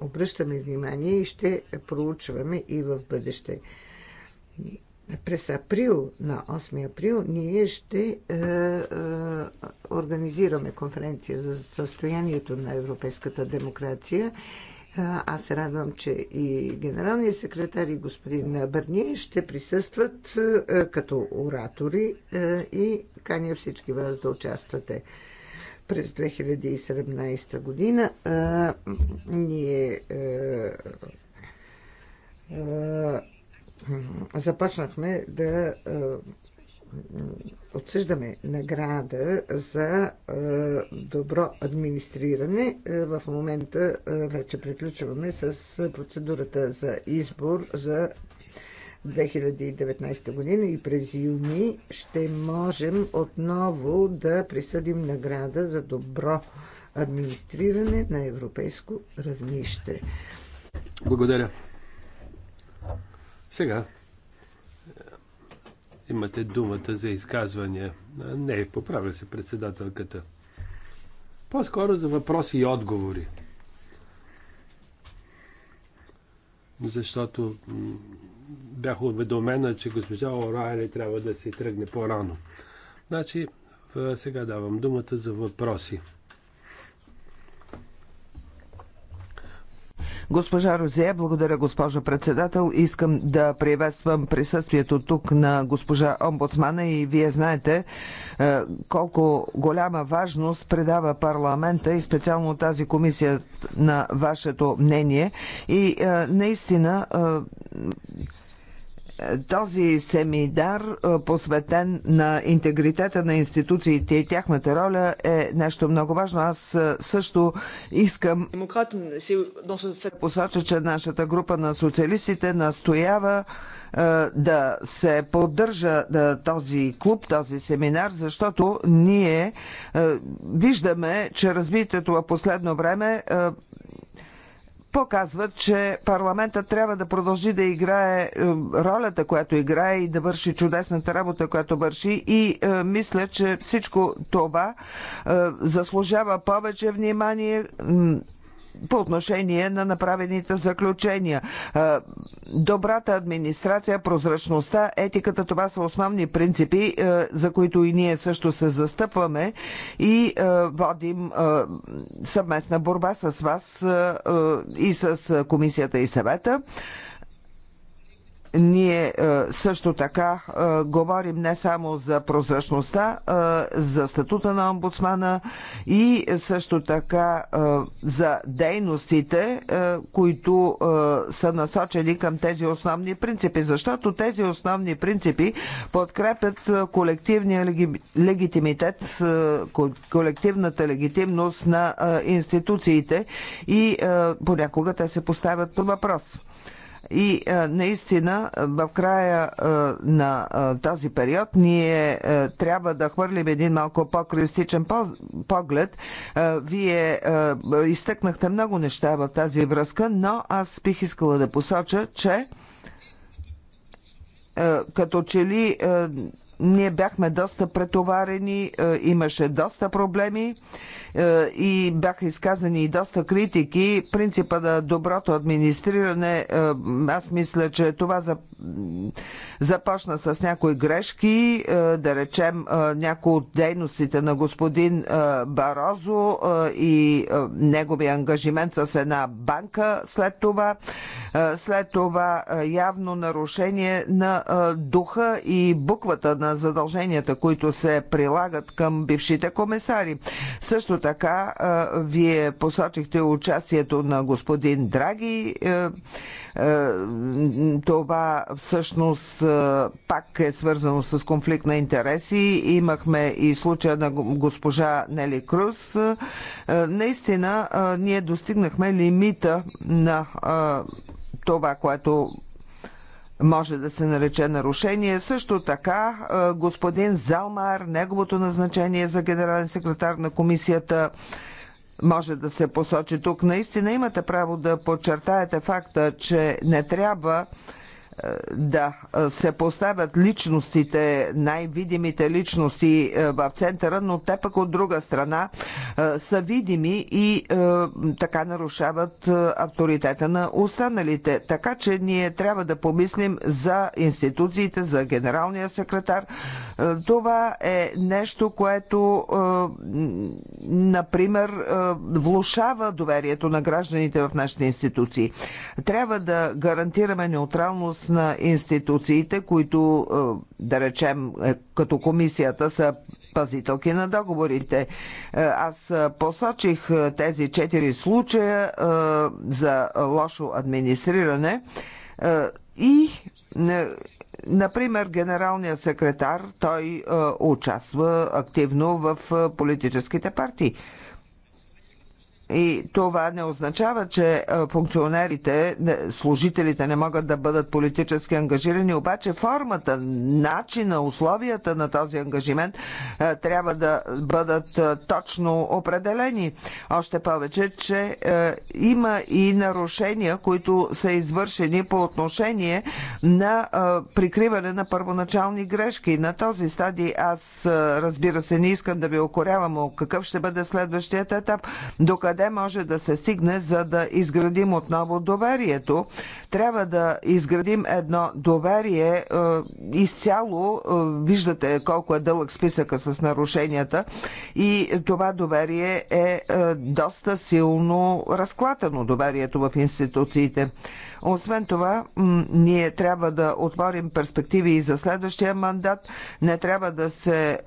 обръщаме внимание и ще проучваме и в бъдеще през април, на 8 април, ние ще е, е, организираме конференция за състоянието на европейската демокрация. Е, аз се радвам, че и генералният секретар и господин Бърни ще присъстват е, като оратори е, и каня всички вас да участвате през 2017 година. Е, ние е, е, започнахме да отсъждаме награда за добро администриране. В момента вече приключваме с процедурата за избор за 2019 година и през юни ще можем отново да присъдим награда за добро администриране на европейско равнище. Благодаря. Сега е, имате думата за изказвания. Не, поправя се председателката. По-скоро за въпроси и отговори. Защото бях уведомена, че госпожа Орайли трябва да си тръгне по-рано. Значи, сега давам думата за въпроси. Госпожа Розия, благодаря госпожа председател. Искам да приветствам присъствието тук на госпожа омбудсмана и вие знаете е, колко голяма важност предава парламента и специално тази комисия на вашето мнение. И е, наистина е, този семидар, посветен на интегритета на институциите и тяхната роля, е нещо много важно. Аз също искам посоча, че нашата група на социалистите настоява да се поддържа този клуб, този семинар, защото ние виждаме, че развитието в последно време показват, че парламентът трябва да продължи да играе е, ролята, която играе и да върши чудесната работа, която върши. И е, мисля, че всичко това е, заслужава повече внимание по отношение на направените заключения. Добрата администрация, прозрачността, етиката, това са основни принципи, за които и ние също се застъпваме и водим съвместна борба с вас и с комисията и съвета ние е, също така е, говорим не само за прозрачността, е, за статута на омбудсмана и също така за дейностите, които са насочени към тези основни принципи, защото тези основни принципи подкрепят колективния легитимитет, колективната легитимност на институциите и понякога те се поставят по въпрос. И наистина в края на този период ние трябва да хвърлим един малко по-кристичен поглед. Вие изтъкнахте много неща в тази връзка, но аз бих искала да посоча, че като че ли ние бяхме доста претоварени, имаше доста проблеми и бяха изказани и доста критики. Принципа на доброто администриране, е, аз мисля, че това започна с някои грешки, е, да речем е, някои от дейностите на господин Барозо и неговия ангажимент с една банка след това. След това явно нарушение на духа и буквата на задълженията, които се прилагат към бившите комисари. Също така вие посочихте участието на господин Драги. Е, е, това всъщност е, пак е свързано с конфликт на интереси. Имахме и случая на госпожа Нели Круз. Наистина ние достигнахме лимита на това, което може да се нарече нарушение. Също така господин Залмар, неговото назначение за генерален секретар на комисията може да се посочи тук. Наистина имате право да подчертаете факта, че не трябва да се поставят личностите, най-видимите личности в центъра, но те пък от друга страна са видими и така нарушават авторитета на останалите. Така че ние трябва да помислим за институциите, за генералния секретар. Това е нещо, което, например, влушава доверието на гражданите в нашите институции. Трябва да гарантираме неутралност на институциите, които, е, да речем, е, като комисията са пазителки на договорите. Е, аз посочих тези четири случая за лошо администриране и Например, генералният секретар, той участва активно в политическите партии. И това не означава, че функционерите, служителите не могат да бъдат политически ангажирани, обаче формата, начина, условията на този ангажимент трябва да бъдат точно определени. Още повече, че има и нарушения, които са извършени по отношение на прикриване на първоначални грешки. На този стадий аз, разбира се, не искам да ви окорявам какъв ще бъде следващият етап, докато къде може да се стигне, за да изградим отново доверието. Трябва да изградим едно доверие е, изцяло. Е, виждате колко е дълъг списъка с нарушенията и това доверие е, е доста силно разклатено, доверието в институциите. Освен това, ние трябва да отворим перспективи и за следващия мандат. Не трябва да се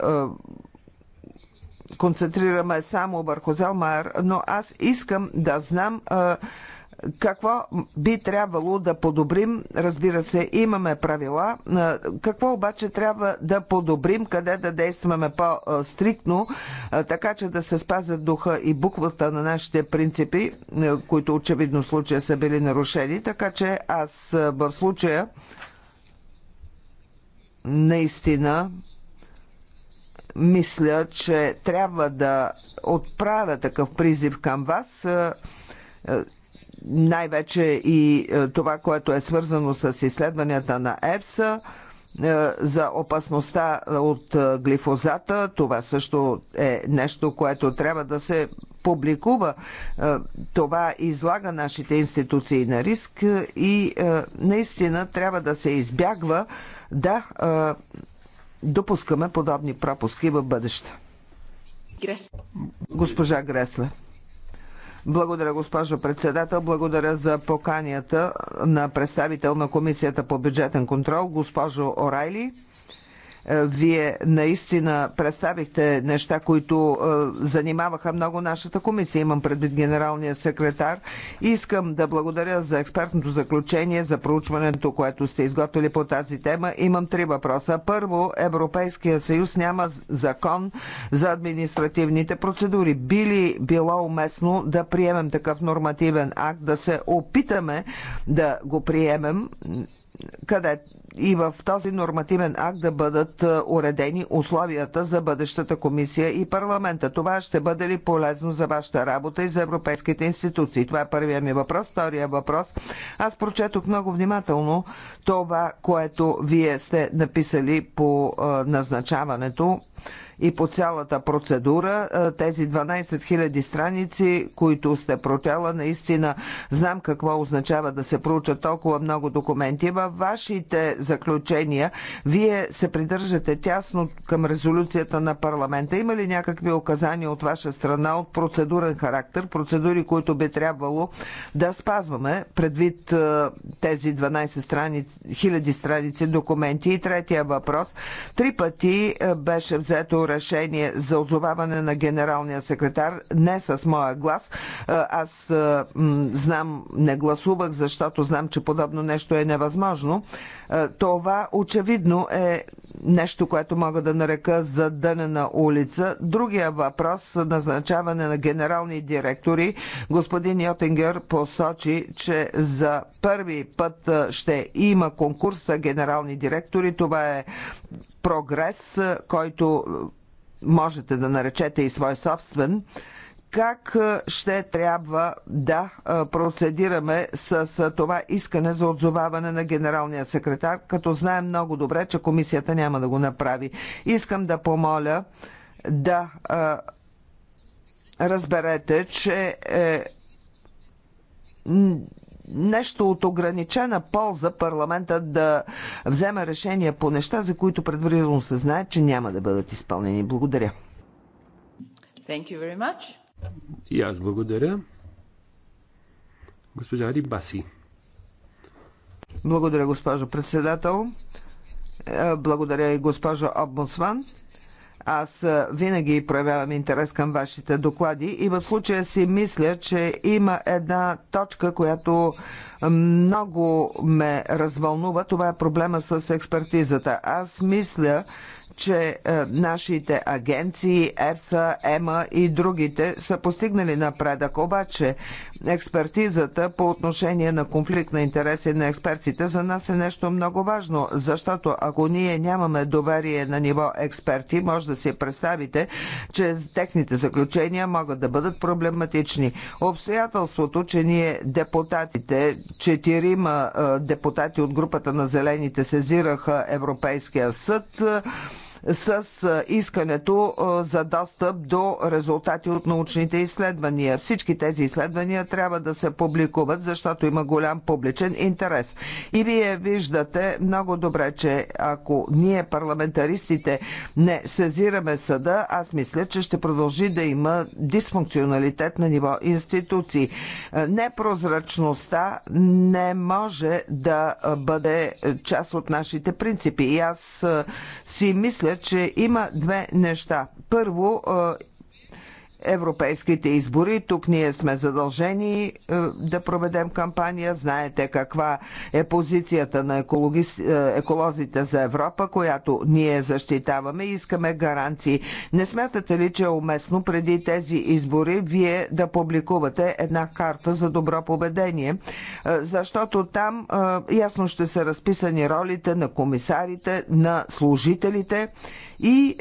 концентрираме само върху Зелмар, но аз искам да знам какво би трябвало да подобрим. Разбира се, имаме правила. Какво обаче трябва да подобрим, къде да действаме по-стриктно, така че да се спазят духа и буквата на нашите принципи, които очевидно в случая са били нарушени. Така че аз в случая наистина мисля, че трябва да отправя такъв призив към вас най-вече и това, което е свързано с изследванията на ЕПСА за опасността от глифозата. Това също е нещо, което трябва да се публикува. Това излага нашите институции на риск и наистина трябва да се избягва да допускаме подобни пропуски в бъдеще. Госпожа Гресле. Благодаря, госпожо председател. Благодаря за поканията на представител на Комисията по бюджетен контрол, госпожо Орайли. Е, вие наистина представихте неща, които е, занимаваха много нашата комисия. Имам предвид генералния секретар. Искам да благодаря за експертното заключение, за проучването, което сте изготвили по тази тема. Имам три въпроса. Първо, Европейския съюз няма закон за административните процедури. Би ли било уместно да приемем такъв нормативен акт, да се опитаме да го приемем къде и в този нормативен акт да бъдат е, уредени условията за бъдещата комисия и парламента. Това ще бъде ли полезно за вашата работа и за европейските институции? Това е първия ми въпрос. Втория въпрос. Аз прочетох много внимателно това, което вие сте написали по е, назначаването и по цялата процедура. Е, тези 12 000 страници, които сте прочела, наистина знам какво означава да се проучат толкова много документи. Във вашите заключения вие се придържате тясно към резолюцията на парламента. Има ли някакви указания от ваша страна от процедурен характер, процедури, които би трябвало да спазваме предвид е, тези 12 страници, 000 страници документи? И третия въпрос. Три пъти е, беше взето решение за отзоваване на генералния секретар, не с моя глас. Е, аз е, знам, не гласувах, защото знам, че подобно нещо е невъзможно. Е, това очевидно е нещо, което мога да нарека за дънена улица. Другия въпрос – назначаване на генерални директори. Господин Йотингер посочи, че за първи път ще има конкурс за генерални директори. Това е прогрес, който можете да наречете и свой собствен как ще трябва да процедираме с това искане за отзоваване на генералния секретар, като знаем много добре, че комисията няма да го направи. Искам да помоля да разберете, че е нещо от ограничена полза парламента да взема решение по неща, за които предварително се знае, че няма да бъдат изпълнени. Благодаря. Thank you very much. И аз благодаря. Госпожа Рибаси. Благодаря, госпожо председател. Е, благодаря и госпожо Обмусман. Аз е, винаги проявявам интерес към вашите доклади и в случая си мисля, че има една точка, която много ме развълнува. Това е проблема с експертизата. Аз мисля, че е, нашите агенции, ЕПСА, ЕМА и другите са постигнали напредък. Обаче експертизата по отношение на конфликт на интереси на експертите за нас е нещо много важно, защото ако ние нямаме доверие на ниво експерти, може да си представите, че техните заключения могат да бъдат проблематични. Обстоятелството, че ние депутатите, четирима е, депутати от групата на зелените сезираха Европейския съд, с искането за достъп до резултати от научните изследвания. Всички тези изследвания трябва да се публикуват, защото има голям публичен интерес. И вие виждате много добре, че ако ние парламентаристите не сезираме съда, аз мисля, че ще продължи да има дисфункционалитет на ниво институции. Непрозрачността не може да бъде част от нашите принципи. И аз си мисля, че има две неща. Първо, е, европейските избори. Тук ние сме задължени е, да проведем кампания. Знаете каква е позицията на екологи... Е, еколозите за Европа, която ние защитаваме и искаме гаранции. Не смятате ли, че е уместно преди тези избори вие да публикувате една карта за добро поведение? Е, защото там ясно ще са разписани ролите на комисарите, на служителите и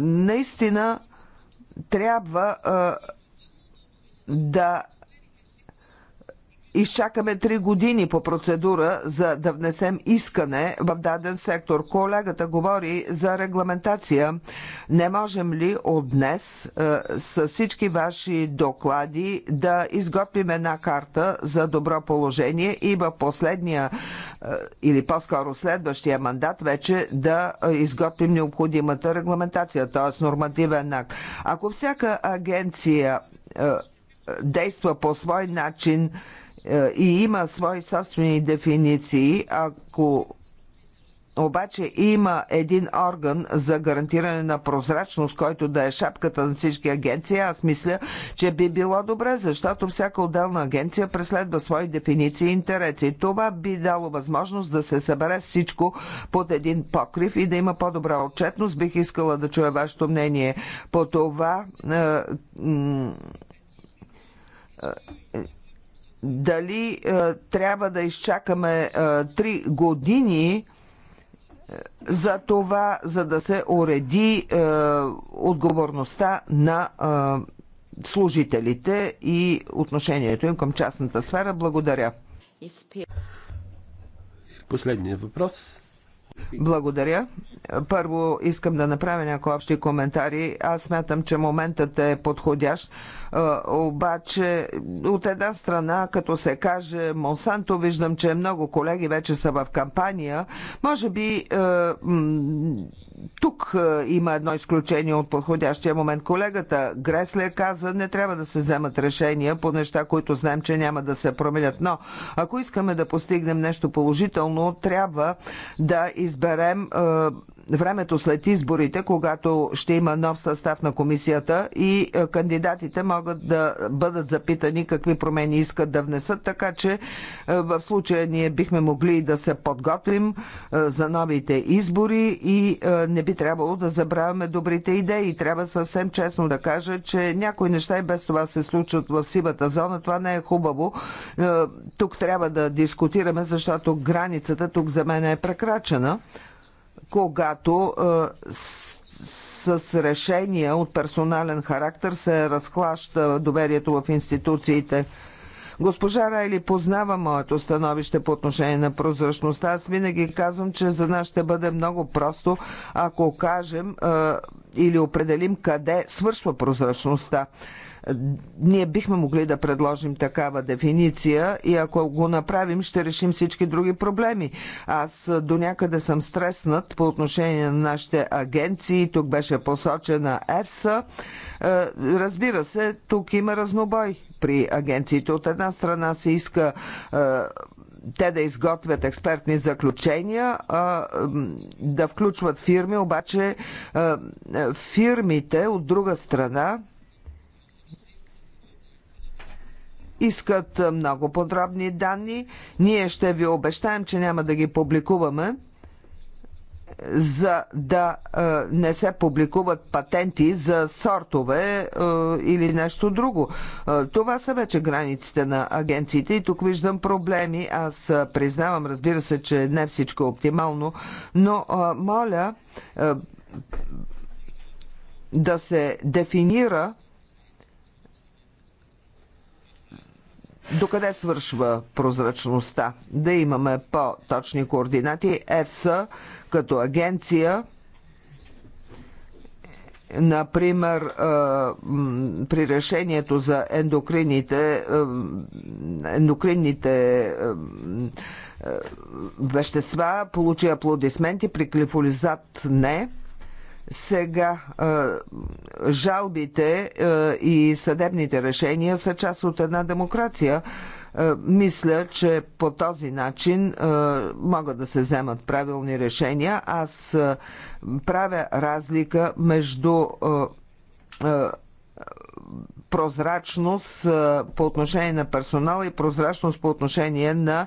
наистина трябва да изчакаме три години по процедура, за да внесем искане в даден сектор. Колегата говори за регламентация. Не можем ли от днес е, с всички ваши доклади да изготвим една карта за добро положение и в последния е, или по-скоро следващия мандат вече да изготвим необходимата регламентация, т.е. нормативен акт. Ако всяка агенция е, действа по свой начин, е, и има свои собствени дефиниции, ако обаче има един орган за гарантиране на прозрачност, който да е шапката на всички агенции. Аз мисля, че би било добре, защото всяка отделна агенция преследва свои дефиниции и интереси. Това би дало възможност да се събере всичко под един покрив и да има по-добра отчетност. Бих искала да чуя вашето мнение по това. Е, е, дали е, трябва да изчакаме е, три 3 години е, за това, за да се уреди отговорността на служителите и отношението им към частната сфера. Благодаря. Последният въпрос благодаря. Първо искам да направя някои общи коментари. Аз смятам, че моментът е подходящ. Обаче, от една страна, като се каже Монсанто, виждам, че много колеги вече са в кампания. Може би тук е, има едно изключение от подходящия момент. Колегата Гресле каза, не трябва да се вземат решения по неща, които знаем, че няма да се променят. Но ако искаме да постигнем нещо положително, трябва да изберем е, времето след изборите, когато ще има нов състав на комисията и е, кандидатите могат да бъдат запитани какви промени искат да внесат, така че е, в случая ние бихме могли да се подготвим е, за новите избори и не би трябвало да забравяме добрите идеи. Трябва съвсем честно да кажа, че някои неща и без това се случват в сивата зона. Това не е хубаво. Тук трябва да дискутираме, защото границата тук за мен е прекрачена когато с решения от персонален характер се разклаща доверието в институциите. Госпожа Райли познава моето становище по отношение на прозрачността. Аз винаги казвам, че за нас ще бъде много просто, ако кажем е, или определим къде свършва прозрачността ние бихме могли да предложим такава дефиниция и ако го направим, ще решим всички други проблеми. Аз до някъде съм стреснат по отношение на нашите агенции. Тук беше посочена ЕФСА. Е, разбира се, тук има разнобой при агенциите. От една страна се иска е, те да изготвят експертни заключения, да включват фирми, обаче е, фирмите от друга страна искат много подробни данни. Ние ще ви обещаем, че няма да ги публикуваме за да не се публикуват патенти за сортове или нещо друго. това са вече границите на агенциите и тук виждам проблеми. Аз признавам, разбира се, че не всичко е оптимално, но моля да се дефинира Докъде свършва прозрачността? Да имаме по-точни координати. ЕФСА като агенция например, при решението за ендокрините, ендокринните вещества получи аплодисменти, при клифолизат не – сега жалбите и съдебните решения са част от една демокрация. Мисля, че по този начин могат да се вземат правилни решения. Аз правя разлика между прозрачност по отношение на персонала и прозрачност по отношение на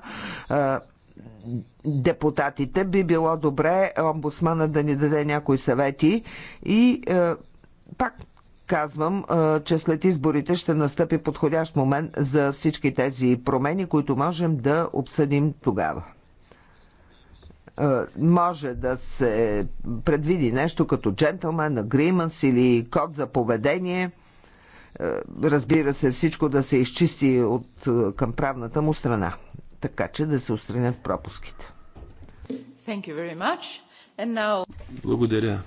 депутатите, би било добре омбусмана да ни даде някои съвети и е, пак казвам, е, че след изборите ще настъпи подходящ момент за всички тези промени, които можем да обсъдим тогава е, може да се предвиди нещо като джентлмен, агриманс или код за поведение. Е, разбира се, всичко да се изчисти от е, към правната му страна така че да се устранят пропуските. Now... Благодаря.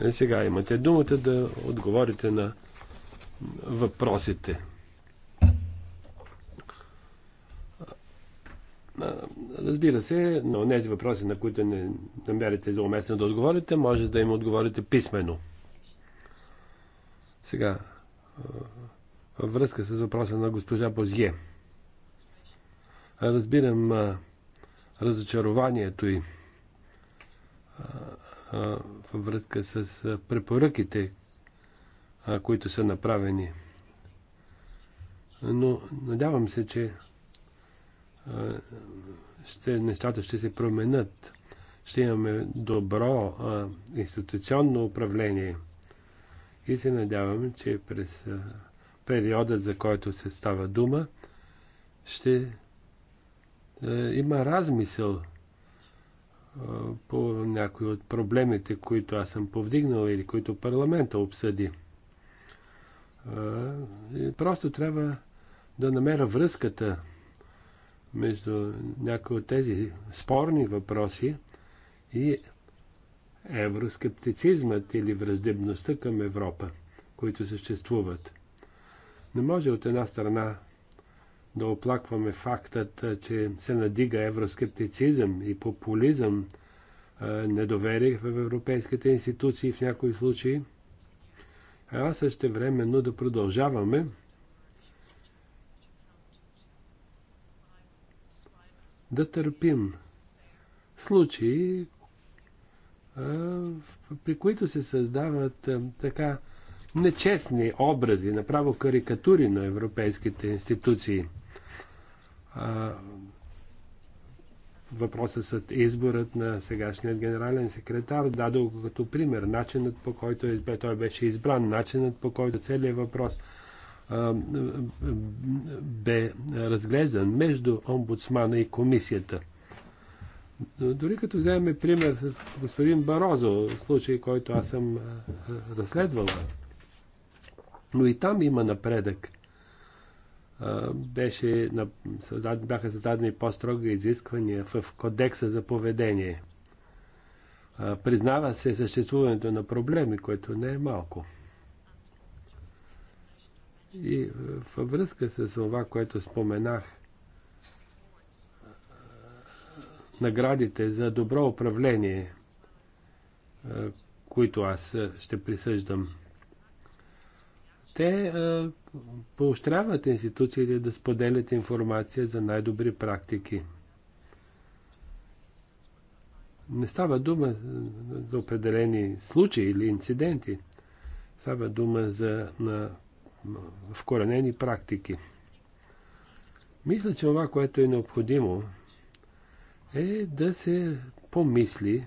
Е, сега имате думата да отговорите на въпросите. Разбира се, на тези въпроси, на които не намерите за уместно да отговорите, може да им отговорите писменно. Сега, във връзка с въпроса на госпожа Бозие. Разбирам а, разочарованието и във връзка с препоръките, а, които са направени. Но надявам се, че а, ще, нещата ще се променят. Ще имаме добро а, институционно управление. И се надявам, че през а, периода, за който се става дума, ще е, има размисъл е, по някои от проблемите, които аз съм повдигнал или които парламента обсъди. Е, и просто трябва да намеря връзката между някои от тези спорни въпроси и евроскептицизмът или враждебността към Европа, които съществуват. Не може от една страна да оплакваме фактът, че се надига евроскептицизъм и популизъм, недоверие в европейските институции в някои случаи, а също времено да продължаваме да търпим случаи, при които се създават така нечестни образи, направо карикатури на европейските институции. Въпросът с изборът на сегашният генерален секретар дадох като пример начинът по който е- той беше избран, начинът по който целият въпрос бе разглеждан между омбудсмана и комисията. Дори като вземем пример с господин Барозо, случай, който аз съм разследвала, но и там има напредък. Беше, бяха създадени по-строги изисквания в кодекса за поведение. Признава се съществуването на проблеми, което не е малко. И във връзка с това, което споменах, наградите за добро управление, които аз ще присъждам те а, е, поощряват институциите да споделят информация за най-добри практики. Не става дума е, за определени случаи или инциденти. Става дума за на, вкоренени практики. Мисля, че това, което е необходимо, е да се помисли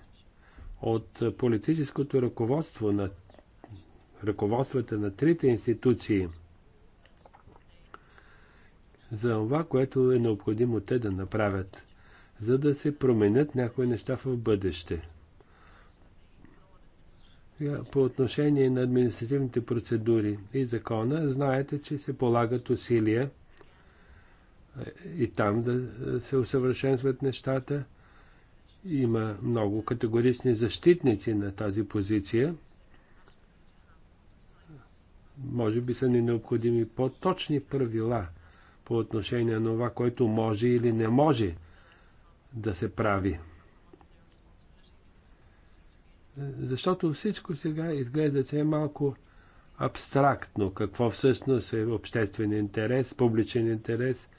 от политическото ръководство на ръководствата на трите институции за това, което е необходимо те да направят, за да се променят някои неща в бъдеще. По отношение на административните процедури и закона, знаете, че се полагат усилия е, и там да е, се усъвършенстват нещата. Има много категорични защитници на тази позиция – може би са ни необходими по-точни правила по отношение на това, което може или не може да се прави. Защото всичко сега изглежда, че е малко абстрактно. Какво всъщност е обществен интерес, публичен интерес.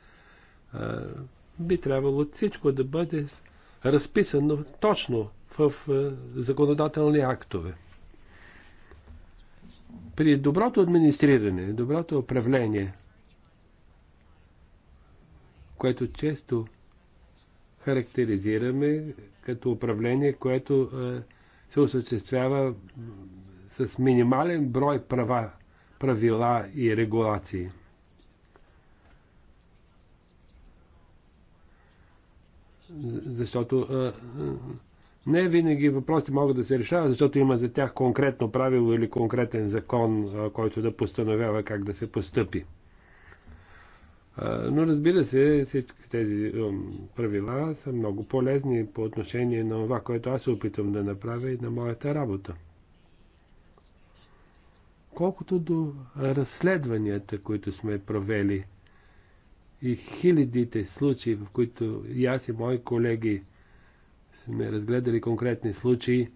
Би трябвало всичко да бъде разписано точно в законодателни актове. При доброто администриране, доброто управление, което често характеризираме като управление, което се осъществява с минимален брой права, правила и регулации. Защото не винаги въпросите могат да се решават, защото има за тях конкретно правило или конкретен закон, който да постановява как да се постъпи. Но разбира се, всички тези правила са много полезни по отношение на това, което аз се опитвам да направя и на моята работа. Колкото до разследванията, които сме провели и хилядите случаи, в които и аз и мои колеги сме разгледали конкретни случаи,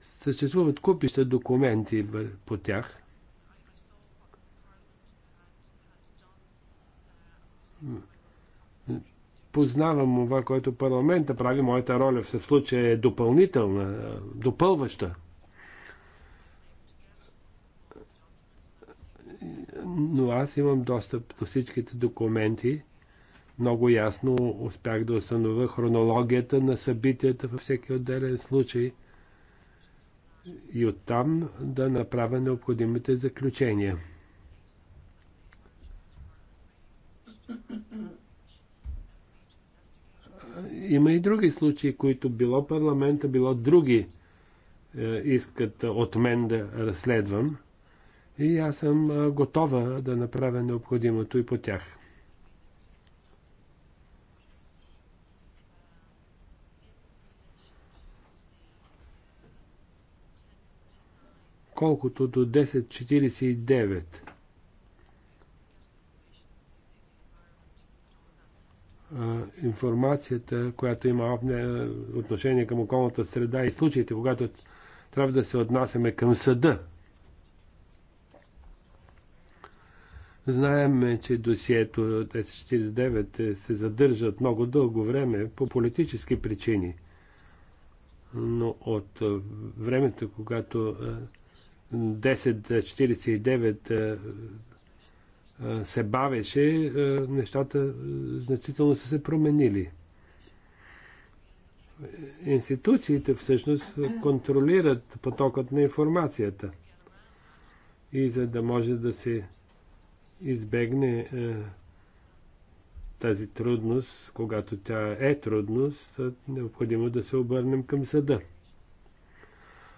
съществуват купища документи по тях. Познавам това, което парламента прави. Моята роля в случая е допълнителна, допълваща. Но аз имам достъп до всичките документи много ясно успях да установя хронологията на събитията във всеки отделен случай и оттам да направя необходимите заключения. Има и други случаи, които било парламента, било други е, искат от мен да разследвам. И аз съм е, готова да направя необходимото и по тях. колкото до 1049. информацията, която има отношение към околната среда и случаите, когато трябва да се отнасяме към съда. Знаем, че досието 1049 е- се задържа от много дълго време по политически причини. Но от времето, когато 10.49 е, е, се бавеше, е, нещата значително са се променили. Институциите всъщност контролират потокът на информацията. И за да може да се избегне тази трудност, когато тя е трудност, необходимо да се обърнем към съда.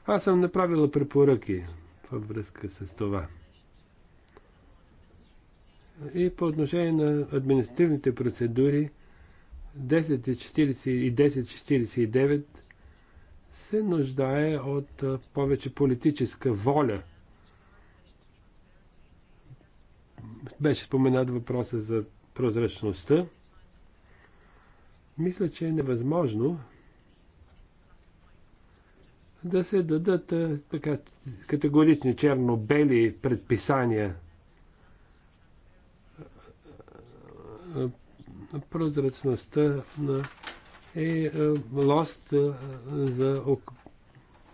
Аз съм направила препоръки във връзка с това. И по отношение на административните процедури 10.40 и 10.49 се нуждае от повече политическа воля. Беше споменат въпроса за прозрачността. Мисля, че е невъзможно да се дадат така, категорични черно-бели предписания. Прозрачността на е лост за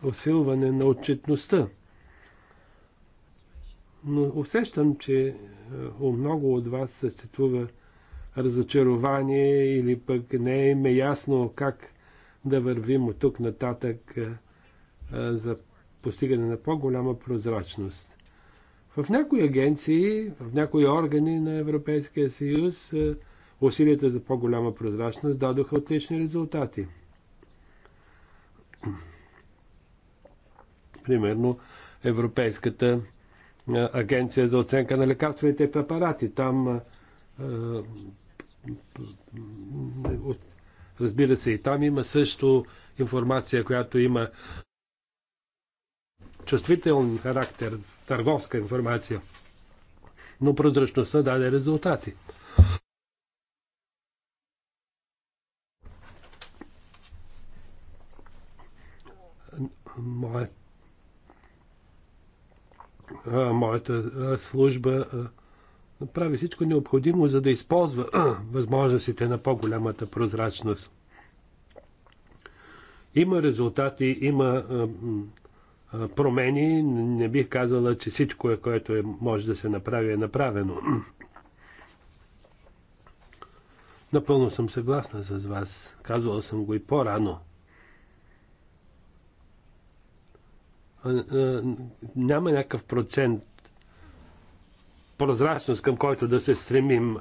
усилване на отчетността. Но усещам, че у много от вас съществува разочарование или пък не е ясно как да вървим от тук нататък за постигане на по-голяма прозрачност. В някои агенции, в някои органи на Европейския съюз усилията за по-голяма прозрачност дадоха отлични резултати. Примерно Европейската агенция за оценка на лекарствените препарати. Там разбира се и там има също информация, която има чувствителен характер, търговска информация. Но прозрачността даде резултати. моята служба прави всичко необходимо, за да използва възможностите на по-голямата прозрачност. Има резултати, има промени. Не бих казала, че всичко, е, което е, може да се направи, е направено. Напълно съм съгласна с вас. Казвала съм го и по-рано. Няма някакъв процент прозрачност, към който да се стремим.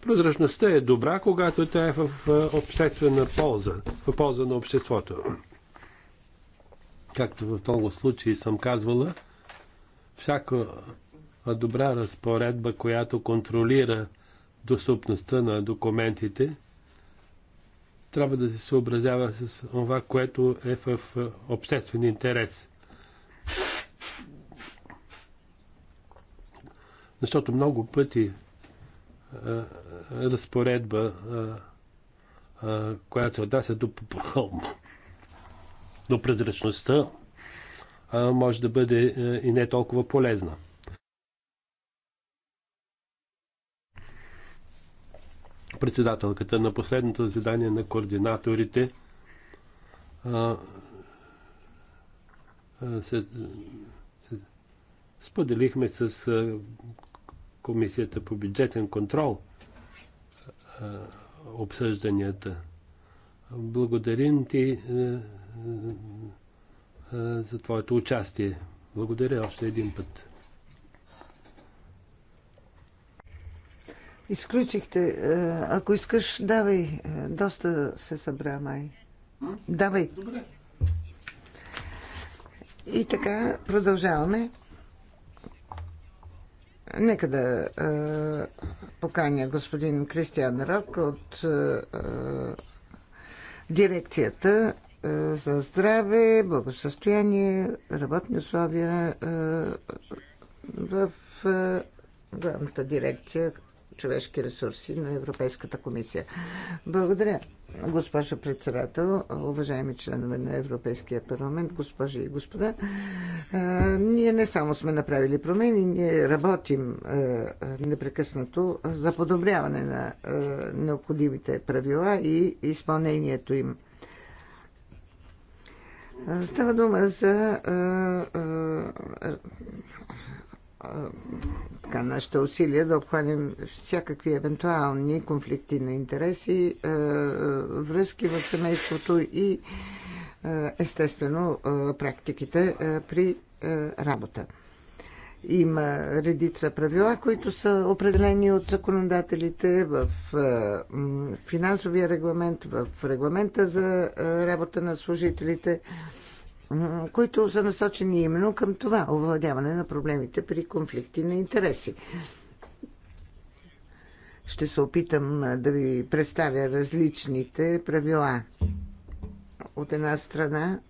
Прозрачността е добра, когато тя е в обществена полза, в полза на обществото както в много случаи съм казвала, всяка добра разпоредба, която контролира достъпността на документите, трябва да се съобразява с това, което е в обществен интерес. Защото много пъти разпоредба, която се отнася до но прозрачността може да бъде е, и не толкова полезна. Председателката на последното заседание на координаторите се, се, споделихме с Комисията по бюджетен контрол обсъжданията. Благодарим ти е, за твоето участие. Благодаря още един път. Изключихте. Ако искаш, давай. Доста се събра, май. Давай. Добре. И така, продължаваме. Нека да е, поканя господин Кристиан Рок от е, дирекцията е, за здраве, благосъстояние, работни условия е, в е, главната дирекция човешки ресурси на Европейската комисия. Благодаря, госпожа председател, уважаеми членове на Европейския парламент, госпожи и господа. ние не само сме направили промени, ние работим непрекъснато за подобряване на необходимите правила и изпълнението им. Става дума за така, нашите усилия да обхванем всякакви евентуални конфликти на интереси, връзки в семейството и естествено практиките при работа. Има редица правила, които са определени от законодателите в финансовия регламент, в регламента за работа на служителите, които са насочени именно към това овладяване на проблемите при конфликти на интереси. Ще се опитам да ви представя различните правила. От една страна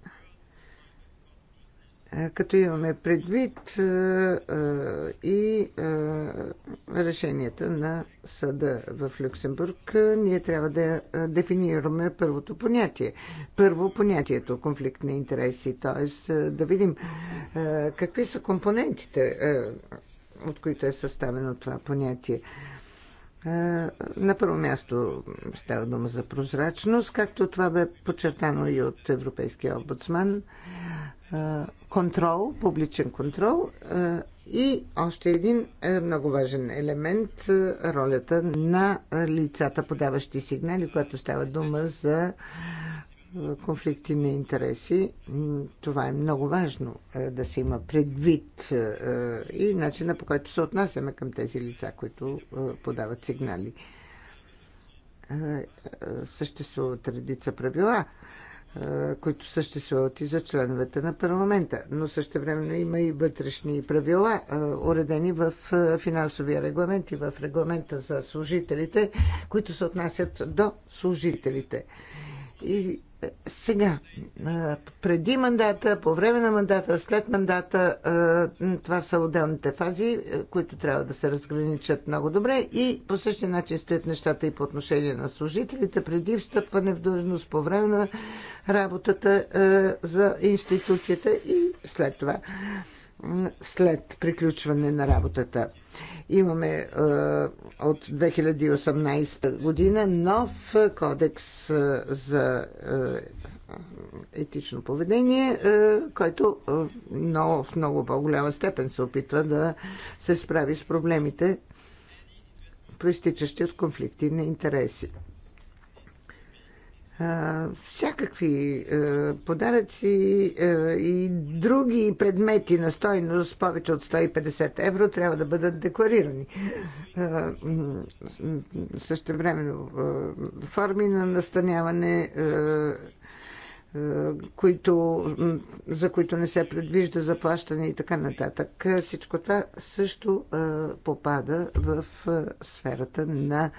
е, като имаме предвид е, е, и решенията на съда в Люксембург, ние трябва да дефинираме първото понятие. Първо понятието конфликт на интереси, т.е. да видим какви са компонентите, от които е съставено това понятие. На първо място става дума за прозрачност, както това бе подчертано и от Европейския омбудсман контрол, публичен контрол и още един много важен елемент ролята на лицата, подаващи сигнали, когато става дума за конфликти на интереси. Това е много важно да се има предвид и начина по който се отнасяме към тези лица, които подават сигнали. Съществуват редица правила които съществуват и за членовете на парламента. Но също времено има и вътрешни правила, уредени в финансовия регламент и в регламента за служителите, които се отнасят до служителите. И сега, преди мандата, по време на мандата, след мандата, това са отделните фази, които трябва да се разграничат много добре и по същия начин стоят нещата и по отношение на служителите, преди встъпване в длъжност, по време на работата за институцията и след това след приключване на работата. Имаме е, от 2018 година нов кодекс е, за е, етично поведение, е, който е, в много по-голяма степен се опитва да се справи с проблемите, проистичащи от конфликти на интереси всякакви подаръци и други предмети на стойност повече от 150 евро трябва да бъдат декларирани. Също времено форми на настаняване, които, за които не се предвижда заплащане и така нататък. Всичко това също попада в сферата на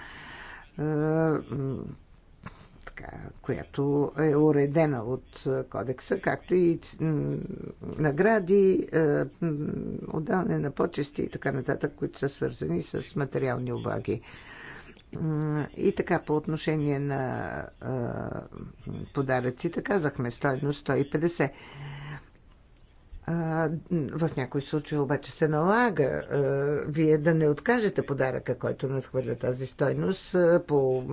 така, която е уредена от е, кодекса, както и награди, е, отдаване на почести и така нататък, които са свързани с материални облаги. И така, по отношение на е, подаръците, казахме стойност 150. В някои случаи обаче се налага вие да не откажете подаръка, който надхвърля тази стойност по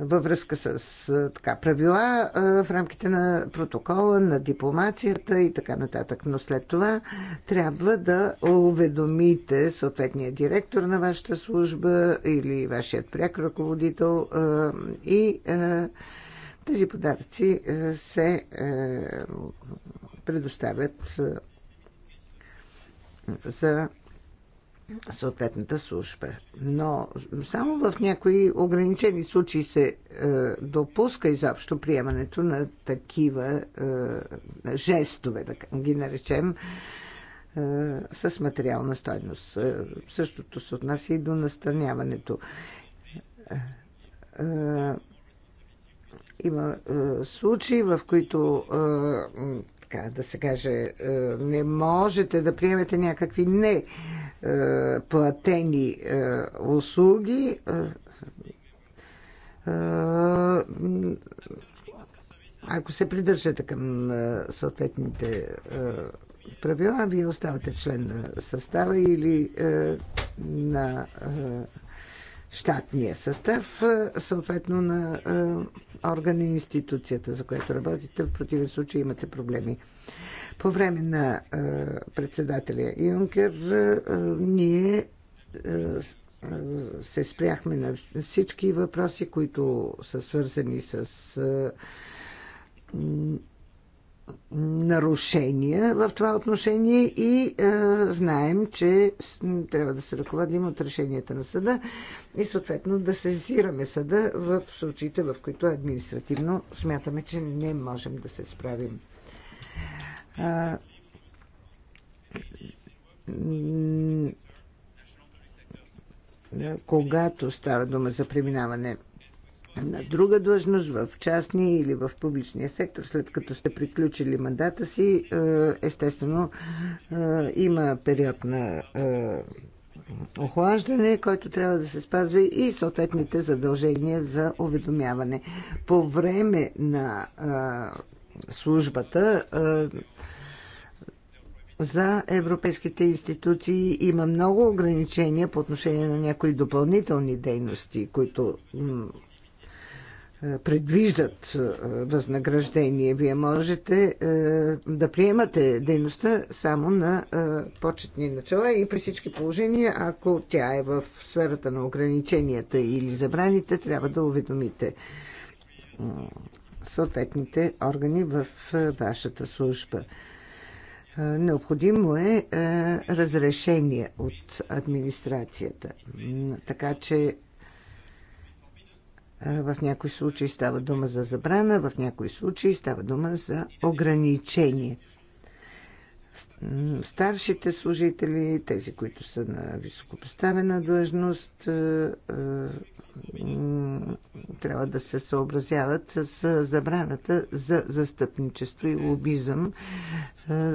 във връзка с така, правила в рамките на протокола, на дипломацията и така нататък. Но след това трябва да уведомите съответния директор на вашата служба или вашият пряк ръководител и тези подаръци се предоставят за съответната служба. Но само в някои ограничени случаи се е, допуска изобщо приемането на такива е, жестове, да ги наречем, е, с материална стойност. Е, същото се отнася и до настаняването. Е, е, има е, случаи, в които е, така да се каже, е, не можете да приемете някакви не е, платени е, услуги, ако се придържате към съответните правила, вие оставате член на състава или на щатния състав, съответно на органа и институцията, за която работите. В противен случай имате проблеми. По време на председателя Юнкер ние се спряхме на всички въпроси, които са свързани с нарушения в това отношение и е, знаем, че трябва да се ръководим от решенията на съда и съответно да сезираме съда в случаите, в които административно смятаме, че не можем да се справим. А, е, е, когато става дума за преминаване на друга длъжност в частния или в публичния сектор, след като сте приключили мандата си, е, естествено е, има период на е, охлаждане, който трябва да се спазва и съответните задължения за уведомяване. По време на службата за европейските институции има много ограничения по отношение на някои допълнителни дейности, които е, предвиждат е, възнаграждение. Вие можете е, да приемате дейността само на почетни начала и при всички положения, ако тя е в сферата на ограниченията или забраните, трябва да уведомите съответните органи в вашата служба. Необходимо е разрешение от администрацията. Така че в някои случаи става дума за забрана, в някои случаи става дума за ограничение. Старшите служители, тези, които са на високопоставена длъжност, трябва да се съобразяват с забраната за застъпничество и лобизъм е, е,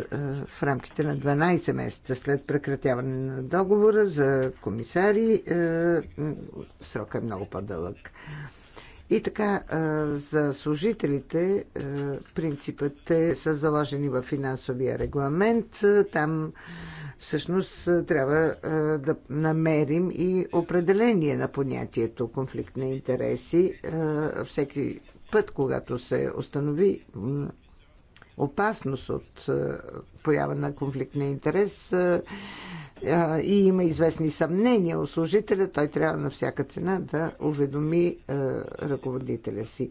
в рамките на 12 месеца след прекратяване на договора за комисари. Е, Срокът е много по-дълъг. И така, за служителите принципът е са заложени в финансовия регламент. Там Всъщност трябва да намерим и определение на понятието конфликт на интереси. Всеки път, когато се установи опасност от поява на конфликт на интерес и има известни съмнения у служителя, той трябва на всяка цена да уведоми ръководителя си.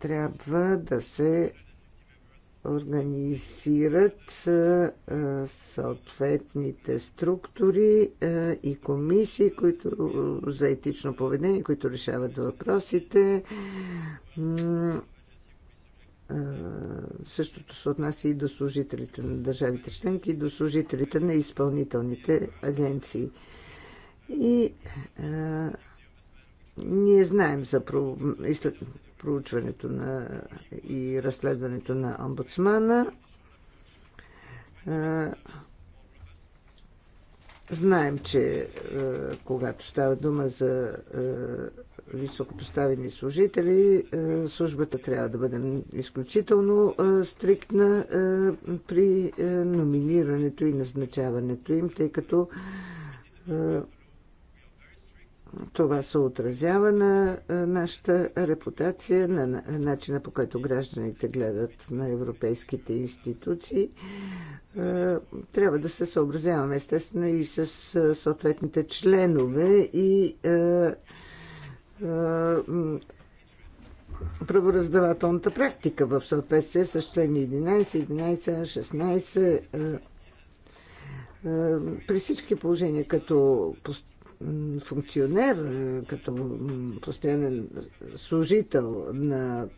Трябва да се организират съответните структури и комисии които, за етично поведение, които решават въпросите. Същото се отнася и до служителите на държавите членки и до служителите на изпълнителните агенции. И ние знаем за проучването на и разследването на омбудсмана. Знаем, че когато става дума за високопоставени служители, службата трябва да бъде изключително стриктна при номинирането и назначаването им, тъй като това се отразява на нашата репутация, на начина по който гражданите гледат на европейските институции. Трябва да се съобразяваме естествено и с съответните членове и правораздавателната практика в съответствие с члени 11, 11, 16. При всички положения, като функционер, е, като постоянен служител на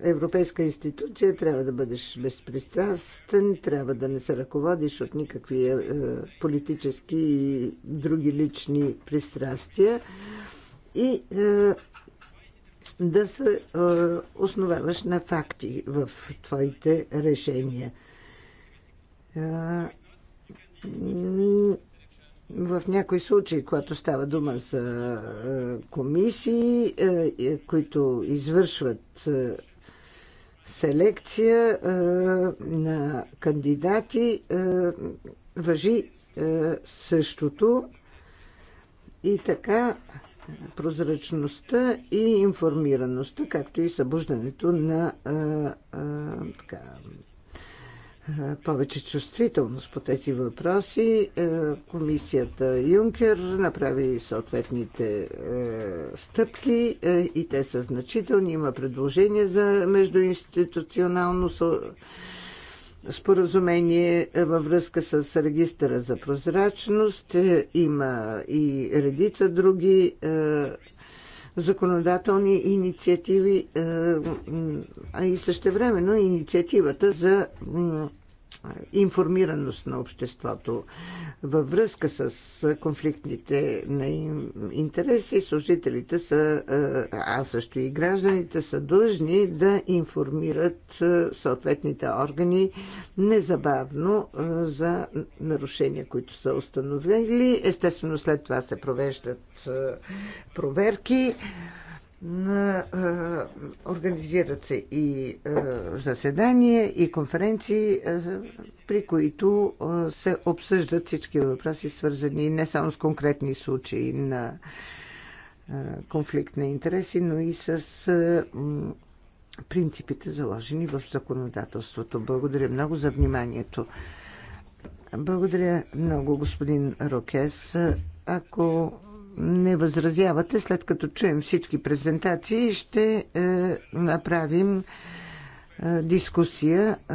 европейска институция, трябва да бъдеш безпристрастен, трябва да не се ръководиш от никакви е, е, политически и други лични пристрастия и да се основаваш на факти в твоите решения в някои случаи, когато става дума за е, комисии, е, е, които извършват селекция на кандидати, въжи същото и така прозрачността и информираността, както и събуждането на а, а, така, е, повече чувствителност по тези въпроси. Е, комисията Юнкер направи съответните е, стъпки и те са значителни. Има предложение за междуинституционално споразумение във връзка с регистъра за прозрачност. Има и редица други законодателни инициативи, е, а и също времено инициативата за информираност на обществото. Във връзка с конфликтните на интереси, служителите са, а също и гражданите са длъжни да информират съответните органи незабавно за нарушения, които са установили. Естествено, след това се провеждат проверки на, е, организират се и е, заседания, и конференции, е, при които е, се обсъждат всички въпроси, свързани не само с конкретни случаи на е, конфликт на интереси, но и с е, принципите, заложени в законодателството. Благодаря много за вниманието. Благодаря много, господин Рокес. Ако не възразявате, след като чуем всички презентации, ще е, направим е, дискусия е,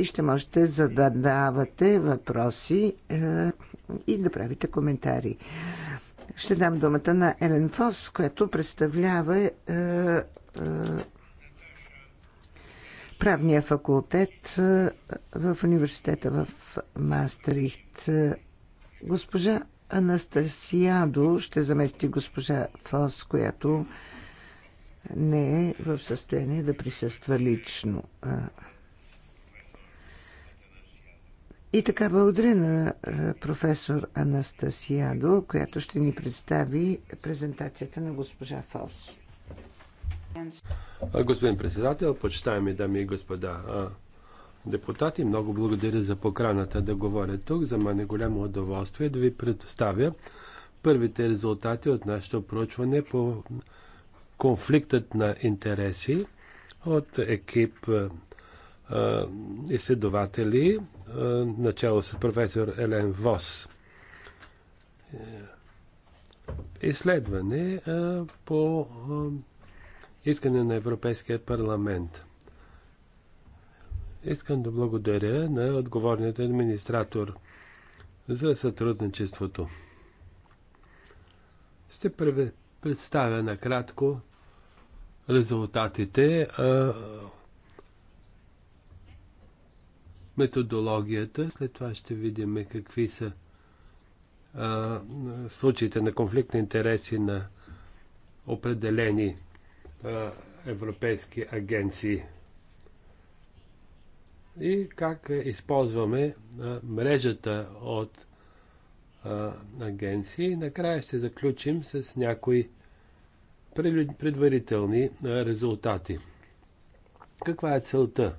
и ще можете да задавате въпроси е, и да правите коментари. Ще дам думата на Елен Фос, която представлява е, е, правния факултет е, в университета в Мастрихт. Е, госпожа Анастасиадо ще замести госпожа Фос, която не е в състояние да присъства лично. И така, благодаря на професор Анастасиадо, която ще ни представи презентацията на госпожа Фос. Господин председател, почитаеми дами и господа, депутати. Много благодаря за поканата да говоря тук. За мен е голямо удоволствие да ви предоставя първите резултати от нашето проучване по конфликтът на интереси от екип изследователи, начало с професор Елен Вос. Е, изследване по искане на Европейския парламент – Искам да благодаря на отговорният администратор за сътрудничеството. Ще представя накратко резултатите, методологията, след това ще видим какви са случаите на конфликт на интереси на определени европейски агенции и как използваме мрежата от агенции. Накрая ще заключим с някои предварителни резултати. Каква е целта?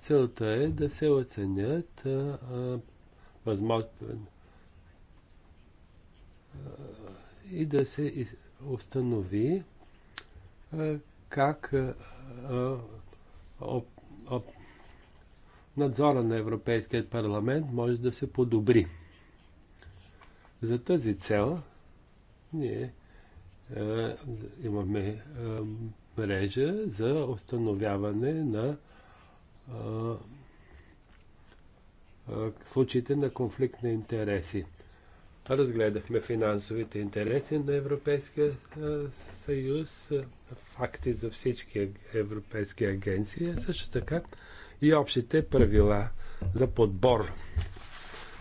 Целта е да се оценят възможно и да се установи как надзора на Европейският парламент може да се подобри. За тази цел ние е, имаме е, мрежа за установяване на е, е, случаите на конфликт на интереси. Разгледахме финансовите интереси на Европейския е, съюз, факти за всички европейски агенции, също така и общите правила за подбор.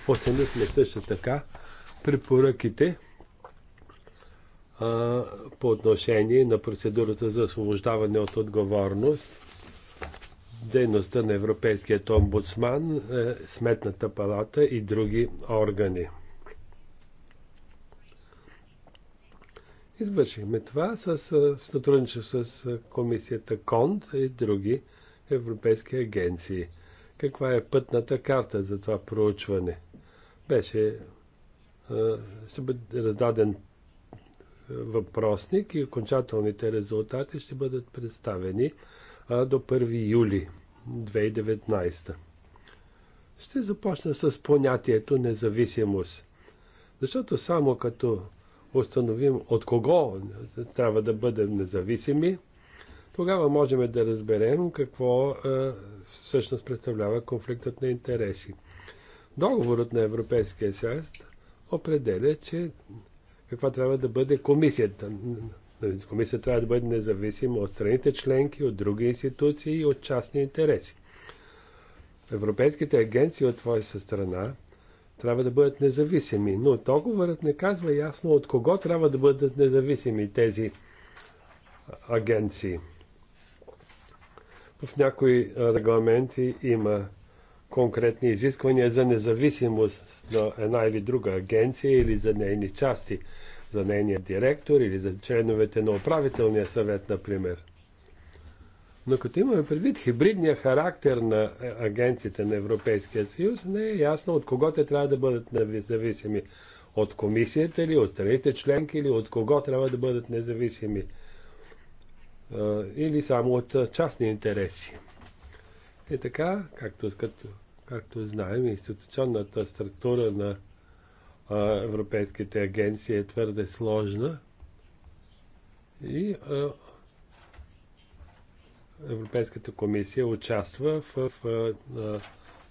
Оценихме също така препоръките а, по отношение на процедурата за освобождаване от отговорност, дейността на Европейският омбудсман, е, Сметната палата и други органи. Извършихме това с е, сътрудничество с е, комисията КОНД и други европейски агенции. Каква е пътната карта за това проучване? Беше ще бъде раздаден въпросник и окончателните резултати ще бъдат представени до 1 юли 2019. Ще започна с понятието независимост. Защото само като установим от кого трябва да бъдем независими, тогава можем да разберем какво а, е, всъщност представлява конфликтът на интереси. Договорът на Европейския съюз определя, че каква трябва да бъде комисията. Комисията трябва да бъде независима от страните членки, от други институции и от частни интереси. Европейските агенции от твоя страна трябва да бъдат независими, но договорът не казва ясно от кого трябва да бъдат независими тези агенции. В някои регламенти има конкретни изисквания за независимост на една или друга агенция или за нейни части, за нейния директор или за членовете на управителния съвет, например. Но като имаме предвид хибридния характер на е, агенциите на Европейския съюз, не е ясно от кого те трябва да бъдат независими. От комисията или от страните членки или от кого трябва да бъдат независими или само от частни интереси. И е така, както, като, както знаем, институционната структура на а, европейските агенции е твърде сложна и а, Европейската комисия участва в, в а,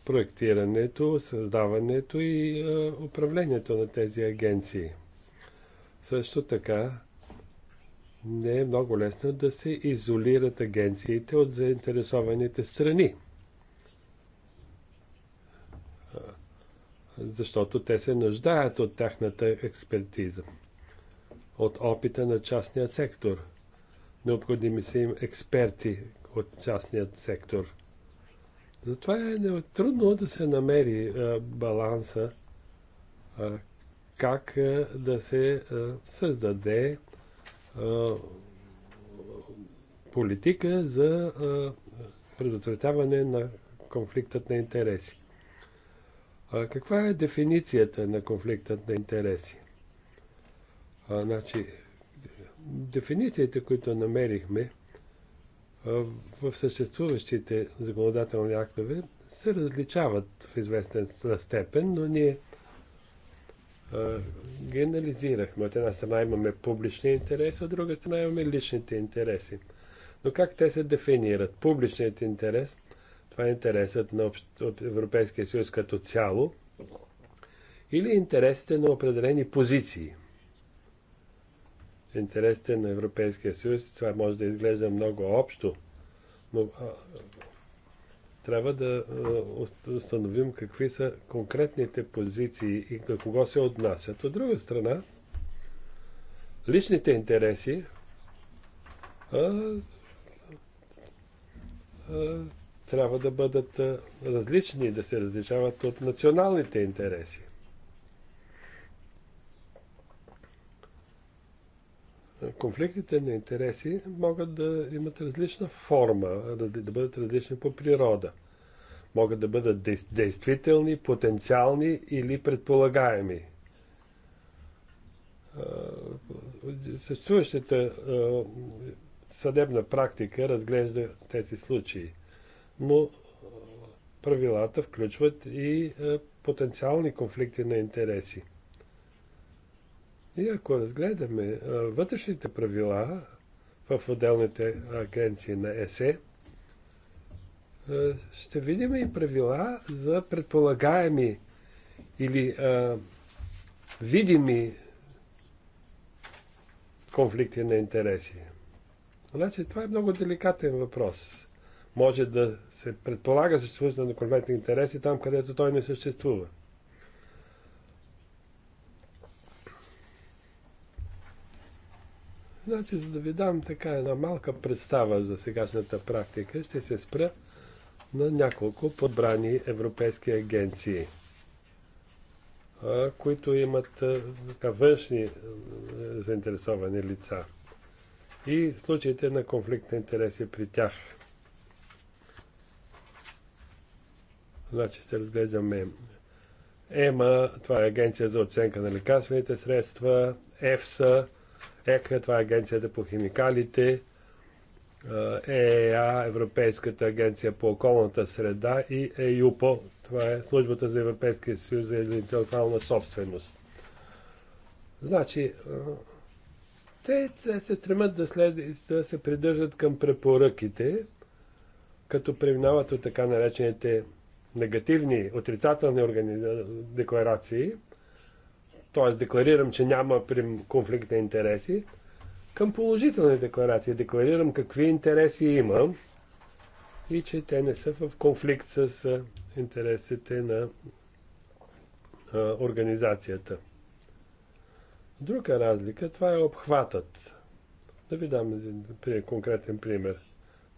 проектирането, създаването и а, управлението на тези агенции. Също така, не е много лесно да се изолират агенциите от заинтересованите страни. Защото те се нуждаят от тяхната експертиза, от опита на частния сектор. Необходими са им експерти от частният сектор. Затова е трудно да се намери баланса как да се създаде политика за предотвратяване на конфликтът на интереси. А, каква е дефиницията на конфликтът на интереси? А, значи, дефинициите, които намерихме а, в съществуващите законодателни актове, се различават в известен степен, но ние генерализирахме. От една страна имаме публични интереси, от друга страна имаме личните интереси. Но как те се дефинират? Публичният интерес, това е интересът на Европейския съюз като цяло, или интересите на определени позиции. Интересите на Европейския съюз, това може да изглежда много общо, но трябва да е, установим какви са конкретните позиции и на кого се отнасят. От друга страна, личните интереси а, е, а, е, трябва да бъдат различни, да се различават от националните интереси. конфликтите на интереси могат да имат различна форма, да бъдат различни по природа. Могат да бъдат действителни, потенциални или предполагаеми. Съществуващата съдебна практика разглежда тези случаи, но правилата включват и потенциални конфликти на интереси. И ако разгледаме вътрешните правила в отделните агенции на ЕСЕ, ще видим и правила за предполагаеми или а, видими конфликти на интереси. Значи това е много деликатен въпрос. Може да се предполага съществуването на конфликт на интереси там, където той не съществува. Значи, за да ви дам така една малка представа за сегашната практика, ще се спра на няколко подбрани европейски агенции, които имат така, външни заинтересовани лица и случаите на конфликт на интереси при тях. Значи ще разглеждаме ЕМА, това е Агенция за оценка на лекарствените средства, ЕФСА, ЕКА, това е Агенцията по химикалите, ЕА, Европейската агенция по околната среда и ЕЮПО, това е Службата за Европейския съюз за интелектуална собственост. Значи, те се тремат да, след, да се придържат към препоръките, като преминават от така наречените негативни, отрицателни органи... декларации – т.е. декларирам, че няма конфликт на интереси, към положителни декларации. Декларирам какви интереси имам и че те не са в конфликт с интересите на организацията. Друга разлика, това е обхватът. Да ви дам един конкретен пример.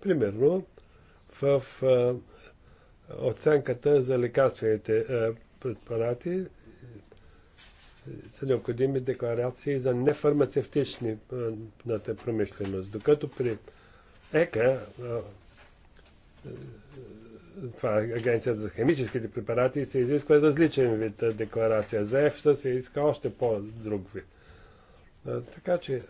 Примерно, в оценката за лекарствените препарати са необходими декларации за нефармацевтичната промишленост. Докато при ЕКА, това е агенцията за химическите препарати, се изисква различен вид декларация. За ЕФСА се иска още по-друг вид. Така че,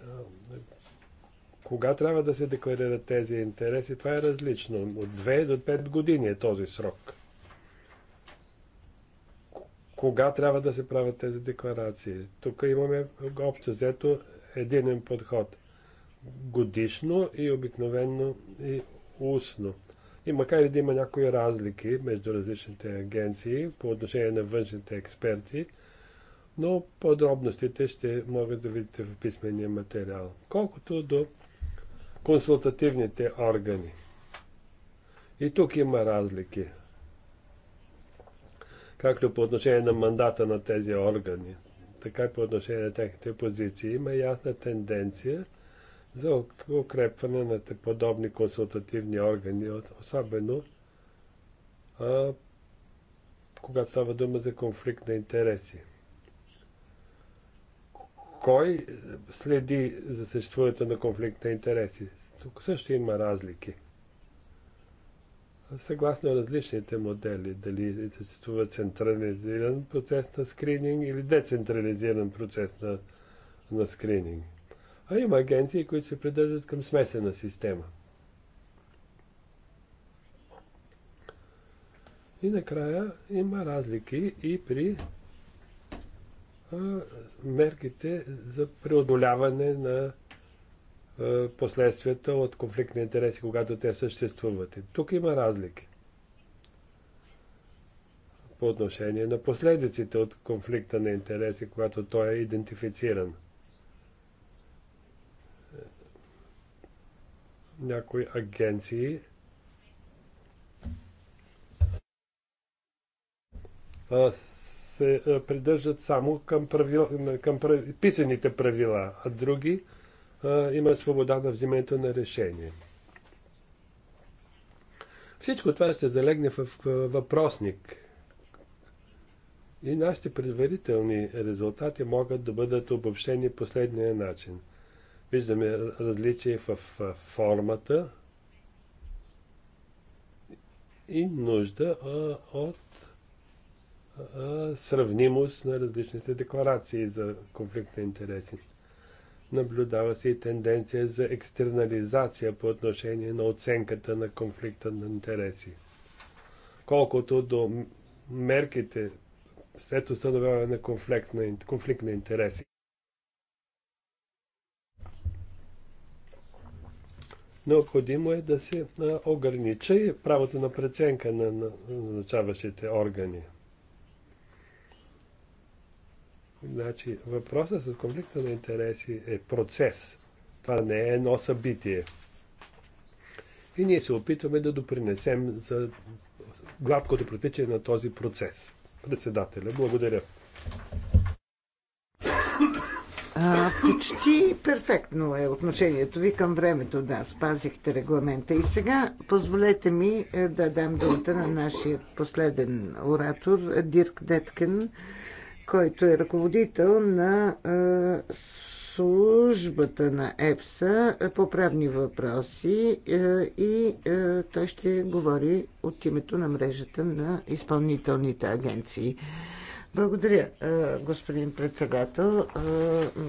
кога трябва да се декларират тези интереси, това е различно. От 2 до 5 години е този срок кога трябва да се правят тези декларации. Тук имаме общо взето единен подход. Годишно и обикновено и устно. И макар и да има някои разлики между различните агенции по отношение на външните експерти, но подробностите ще могат да видите в писмения материал. Колкото до консултативните органи. И тук има разлики както по отношение на мандата на тези органи, така и по отношение на техните позиции. Има ясна тенденция за укрепване на подобни консултативни органи, особено а, когато става дума за конфликт на интереси. Кой следи за съществуването на конфликт на интереси? Тук също има разлики – съгласно различните модели, дали съществува централизиран процес на скрининг или децентрализиран процес на, на скрининг. А има агенции, които се придържат към смесена система. И накрая има разлики и при а, мерките за преодоляване на е, последствията от конфликт на интереси, когато те съществуват. И тук има разлики по отношение на последиците от конфликта на интереси, когато той е идентифициран. Някои агенции се придържат само към, правил, към писаните правила, а други има свобода на взимането на решение. Всичко това ще залегне в въпросник. И нашите предварителни резултати могат да бъдат обобщени последния начин. Виждаме различие в формата и нужда от сравнимост на различните декларации за конфликт на интереси. Наблюдава се и тенденция за екстернализация по отношение на оценката на конфликта на интереси. Колкото до мерките след установяване на конфликт на, конфликт на интереси, необходимо е да се ограничи правото на преценка на назначаващите органи. Значи, въпросът с конфликта на интереси е процес. Това не е едно събитие. И ние се опитваме да допринесем за гладкото протичане на този процес. Председателя, благодаря. А, почти перфектно е отношението ви към времето. Да, спазихте регламента. И сега позволете ми е, да дам думата на нашия последен оратор, Дирк Деткен който е ръководител на службата на ЕПСА по правни въпроси и той ще говори от името на мрежата на изпълнителните агенции. Благодаря, господин председател.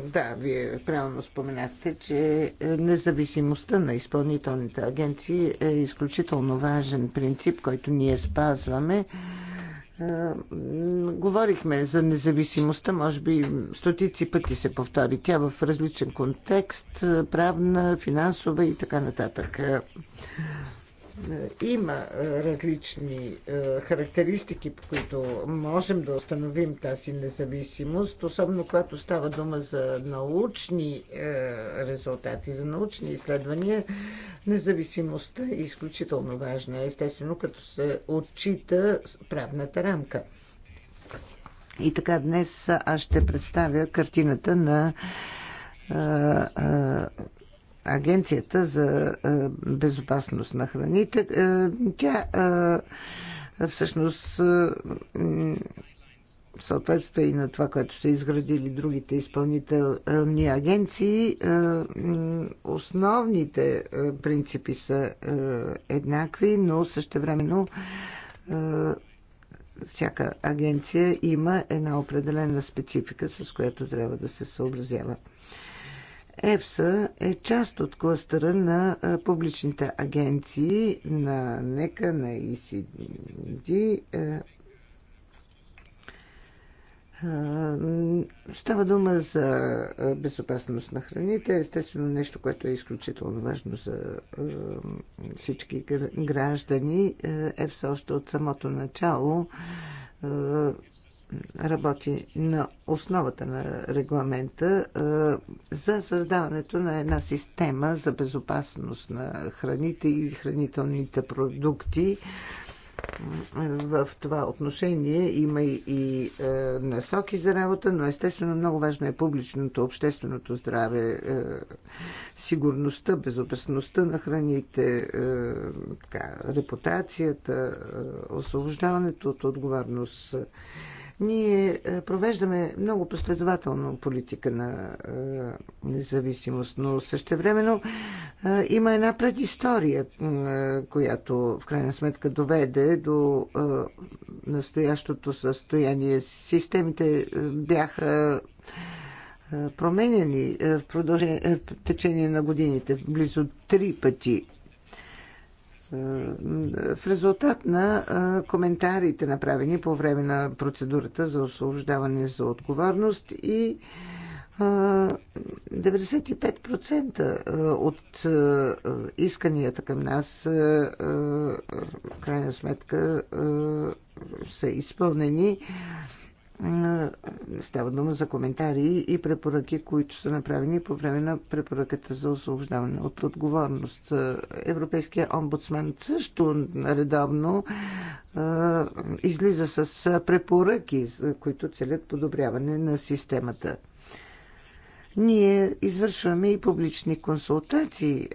Да, вие правилно споменахте, че независимостта на изпълнителните агенции е изключително важен принцип, който ние спазваме говорихме за независимостта, може би стотици пъти се повтори. Тя в различен контекст, правна, финансова и така нататък. Е, има е, различни е, характеристики, по които можем да установим тази независимост, особено когато става дума за научни резултати, за научни изследвания. Независимостта е изключително важна, естествено, като се отчита правната рамка. И така, днес аз ще представя картината на Агенцията за е, безопасност на храните. Е, тя е, всъщност съответства и на това, което са изградили другите изпълнителни агенции. Основните принципи са еднакви, но същевременно всяка агенция има една определена специфика, с която трябва да се съобразява. ЕФСА е част от кластъра на публичните агенции на НЕКА, на ИСИД. Е, става дума за безопасност на храните, естествено нещо, което е изключително важно за всички граждани. Е, ЕФСА още от самото начало работи на основата на регламента е, за създаването на една система за безопасност на храните и хранителните продукти. Е, в това отношение има и е, насоки за работа, но естествено много важно е публичното, общественото здраве, сигурността, безопасността на храните, така, репутацията, освобождаването от отговорност ние е, провеждаме много последователно политика на е, независимост, но същевременно е, има една предистория, която в крайна сметка доведе до настоящото състояние. Системите бяха променени в, в течение на годините близо три пъти в резултат на коментарите, направени по време на процедурата за освобождаване за отговорност и 95% от исканията към нас в крайна сметка са изпълнени. Става дума за коментари и препоръки, които са направени по време на препоръката за освобождаване от отговорност. Европейския омбудсман също редовно излиза с препоръки, които целят подобряване на системата. Ние извършваме и публични консултации. Е,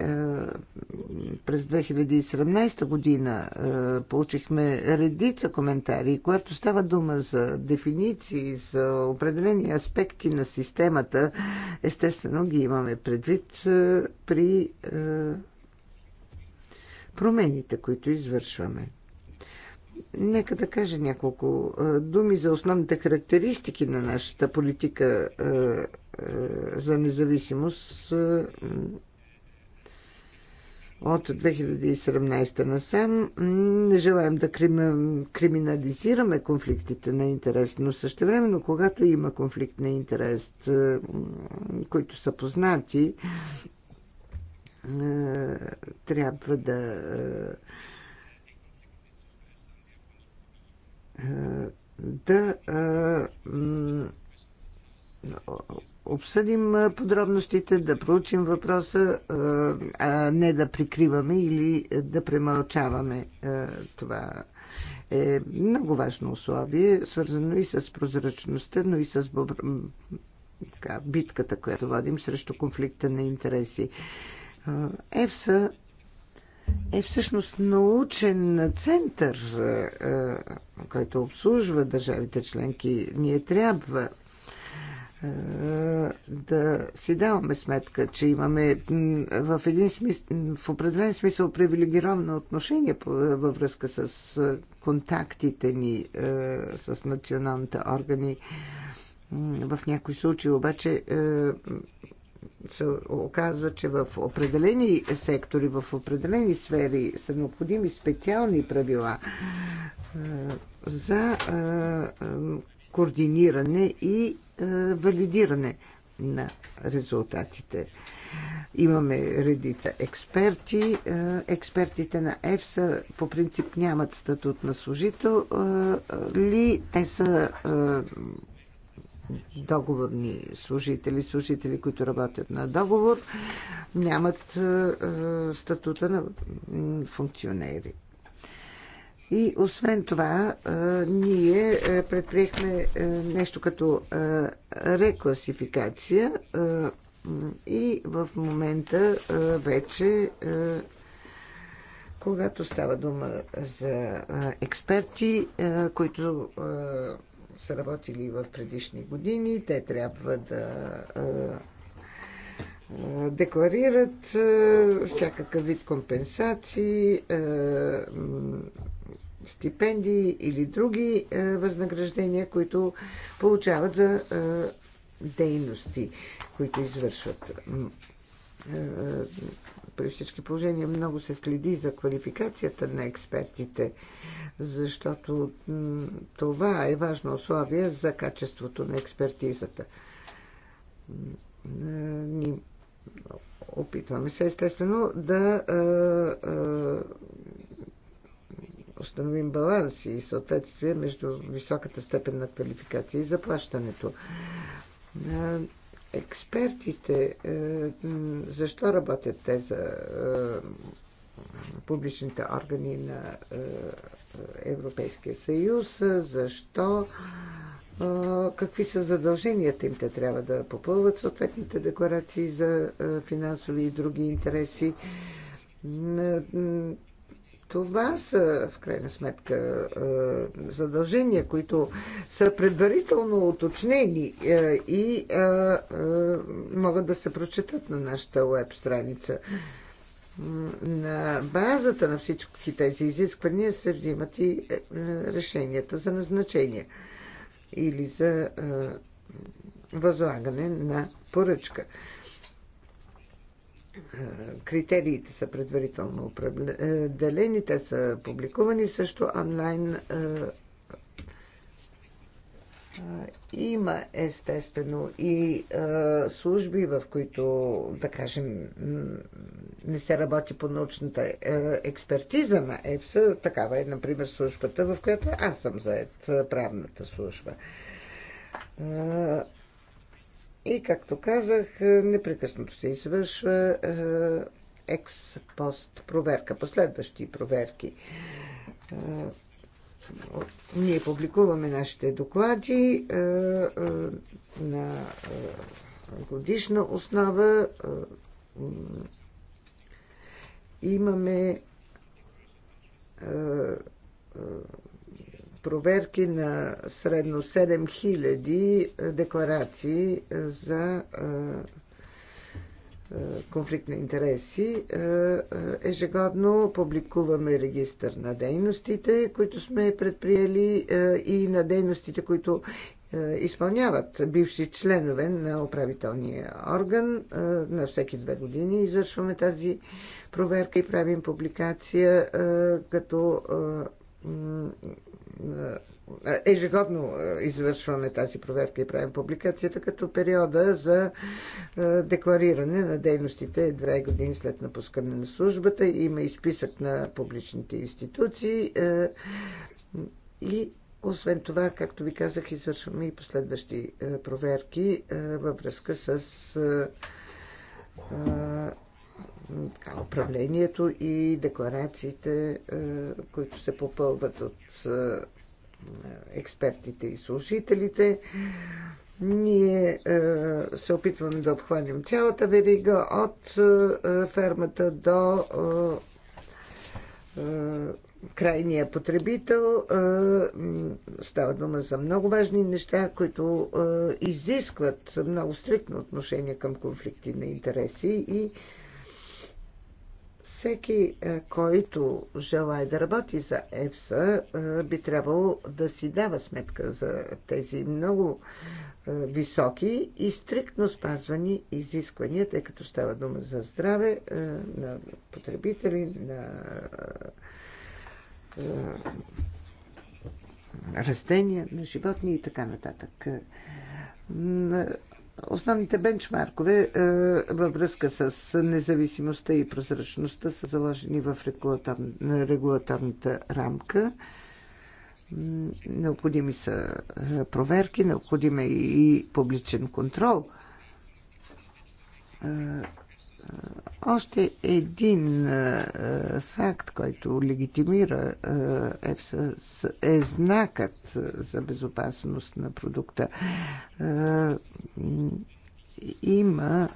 през 2017 година е, получихме редица коментари, което става дума за дефиниции, за определени аспекти на системата, естествено ги имаме предвид е, при промените, които извършваме. Нека да кажа няколко думи за основните характеристики на нашата политика за независимост от 2017 насам. Не желаем да криминализираме конфликтите на интерес, но времено, когато има конфликт на интерес, които са познати, трябва да Е, да е, обсъдим е, подробностите, да проучим въпроса, а не да прикриваме или да премълчаваме това е много важно условие, свързано и с прозрачността, но и с битката, която водим срещу конфликта на интереси. ЕФСА е всъщност научен център, е, е, който обслужва държавите членки. Ние трябва е, да си даваме сметка, че имаме в, един смис... в определен смисъл привилегировано отношение във връзка с контактите ни с националните органи. В някои случаи обаче се оказва, че в определени сектори, в определени сфери са необходими специални правила е, за е, е, координиране и валидиране на резултатите. Имаме редица експерти. Експертите на ЕФСА по принцип нямат статут на служител. Ли те са договорни служители, служители, които работят на договор, нямат е, е, статута на функционери. И освен това, е, ние предприехме нещо като рекласификация и в момента вече, когато става дума за експерти, които са работили в предишни години. Те трябва да декларират всякакъв вид компенсации, стипендии или други възнаграждения, които получават за дейности, които извършват при всички положения много се следи за квалификацията на експертите, защото това е важно условие за качеството на експертизата. Ни опитваме се, естествено, да установим баланс и съответствие между високата степен на квалификация и заплащането експертите, е, защо работят те за е, публичните органи на е, Европейския съюз, защо, какви са задълженията им, те трябва да попълват съответните декларации за финансови и други интереси това са, в крайна сметка, е, задължения, които са предварително уточнени е, и е, могат да се прочитат на нашата веб страница. На базата на всички тези изисквания се взимат и решенията за назначение или за възлагане на поръчка. Критериите са предварително определени, те са публикувани също онлайн. Е, е, има естествено и е, служби, в които, да кажем, не се работи по научната експертиза на ЕФСА. Такава е, например, службата, в която аз съм заед, правната служба и, както казах, непрекъснато се извършва е, експост проверка, последващи проверки. Е, ние публикуваме нашите доклади е, на годишна основа. Имаме проверки на средно 7000 е, декларации е, за е, конфликт на интереси. Ежегодно публикуваме регистър на дейностите, които сме предприели и на дейностите, които изпълняват бивши членове на управителния орган. На всеки две години извършваме тази проверка и правим публикация, като е, ежегодно е, извършваме тази проверка и правим публикацията, като периода за е, деклариране на дейностите две години след напускане на службата. Има и списък на публичните институции и освен това, както ви казах, извършваме и последващи проверки във връзка с управлението и декларациите, е, които се попълват от е, експертите и служителите. Ние е, се опитваме да обхванем цялата верига от фермата до крайния потребител. Става дума за много важни неща, които изискват много стриктно отношение към конфликти на интереси и всеки, е, който желая да работи за ЕФСА, е, би трябвало да си дава сметка за тези много е, високи и стриктно спазвани изисквания, тъй като става дума за здраве на потребители, на растения, на животни и така нататък. Основните бенчмаркове е, във връзка с независимостта и прозрачността са заложени в регулаторната рамка. Необходими са е, проверки, необходим е и публичен контрол. Е, още един е, е, факт, който легитимира е, ЕФСА е знакът за безопасност на продукта. Има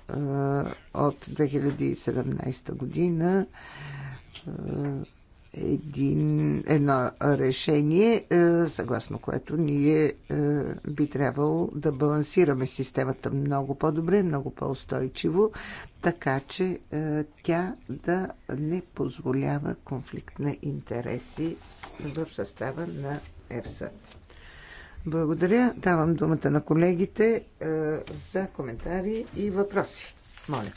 от 2017 година един, едно решение, е, съгласно което ние е, би трябвало да балансираме системата много по-добре, много по-устойчиво, така че е, тя да не позволява конфликт на интереси в състава на ЕФСА. Благодаря. Давам думата на колегите за коментари и въпроси. Моля.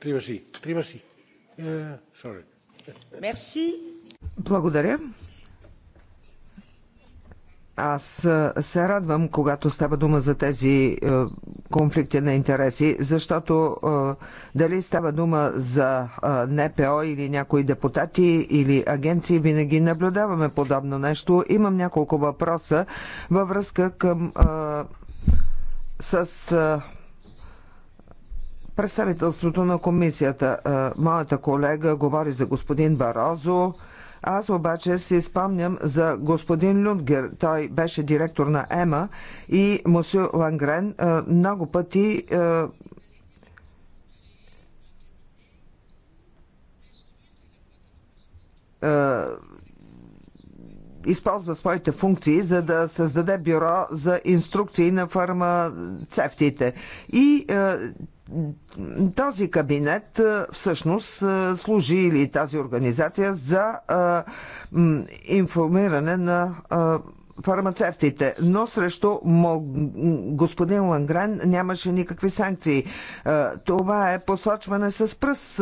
Трима си. Трима си. Благодаря. Аз се радвам, когато става дума за тези конфликти на интереси, защото дали става дума за НПО или някои депутати или агенции, винаги наблюдаваме подобно нещо. Имам няколко въпроса във връзка към с представителството на комисията. Моята колега говори за господин Барозо. Аз обаче си спомням за господин Люнгер. Той беше директор на ЕМА и Мусю Лангрен много пъти използва своите функции, за да създаде бюро за инструкции на фармацевтите. И този кабинет всъщност служи или тази организация за информиране на фармацевтите, но срещу господин Лангрен нямаше никакви санкции. Това е посочване с пръст,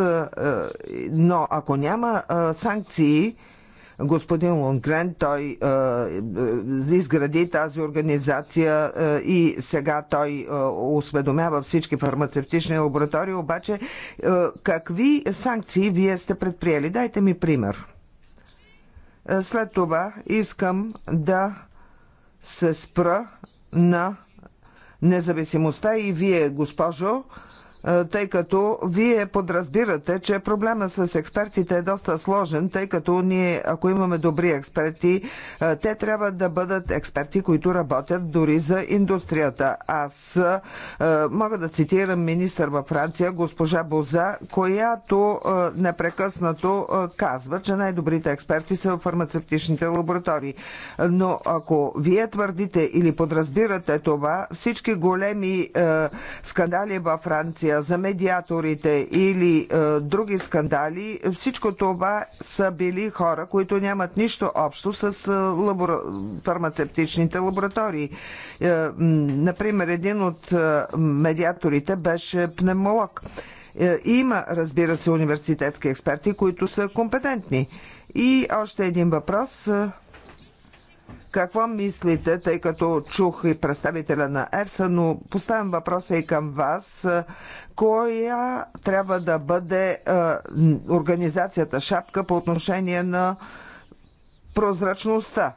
но ако няма санкции, господин Лунгрен. Той е, е, изгради тази организация е, и сега той е, осведомява всички фармацевтични лаборатории. Обаче, е, какви санкции вие сте предприели? Дайте ми пример. Е, след това искам да се спра на независимостта и вие, госпожо, е, тъй като вие подразбирате, че проблема с експертите е доста сложен, тъй като ние, ако имаме добри експерти, е, те трябва да бъдат експерти, които работят дори за индустрията. Аз е, мога да цитирам министър във Франция, госпожа Боза, която непрекъснато казва, че най-добрите експерти са в фармацевтичните лаборатории. Но ако вие твърдите или подразбирате това, всички големи скандали във Франция, корупция, за медиаторите или е, други скандали, всичко това са били хора, които нямат нищо общо с е, лабора... фармацевтичните лаборатории. Е, например, един от е, медиаторите беше пневмолог. Е, има, разбира се, университетски експерти, които са компетентни. И още един въпрос. Е, какво мислите, тъй като чух и представителя на ЕФСА, но поставям въпроса и към вас. Коя трябва да бъде организацията шапка по отношение на прозрачността?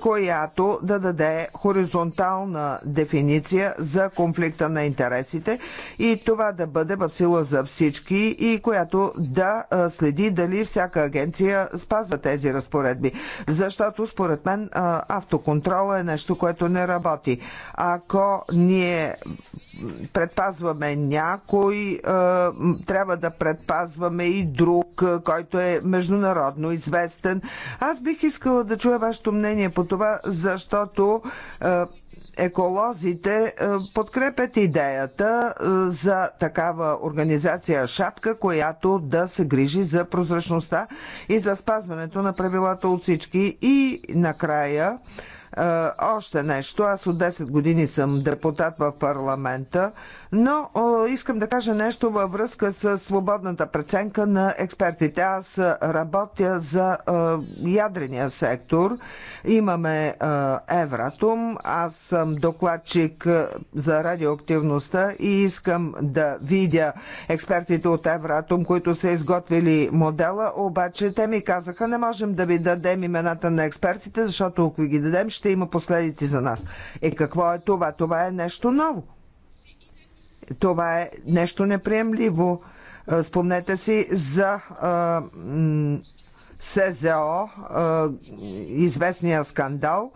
която да даде хоризонтална дефиниция за конфликта на интересите и това да бъде в сила за всички и която да следи дали всяка агенция спазва тези разпоредби. Защото според мен автоконтрола е нещо, което не работи. Ако ние предпазваме някой, трябва да предпазваме и друг, който е международно известен. Аз бих искала да чуя вашето мнение по това, защото еколозите подкрепят идеята за такава организация Шапка, която да се грижи за прозрачността и за спазването на правилата от всички. И накрая е, още нещо. Аз от 10 години съм депутат в парламента. Но искам да кажа нещо във връзка с свободната преценка на експертите. Аз работя за ядрения сектор. Имаме Евратум. Аз съм докладчик за радиоактивността и искам да видя експертите от Евратум, които са изготвили модела, обаче те ми казаха, не можем да ви дадем имената на експертите, защото ако ги дадем, ще има последици за нас. Е какво е това? Това е нещо ново. Това е нещо неприемливо. Спомнете си за СЗО, известния скандал.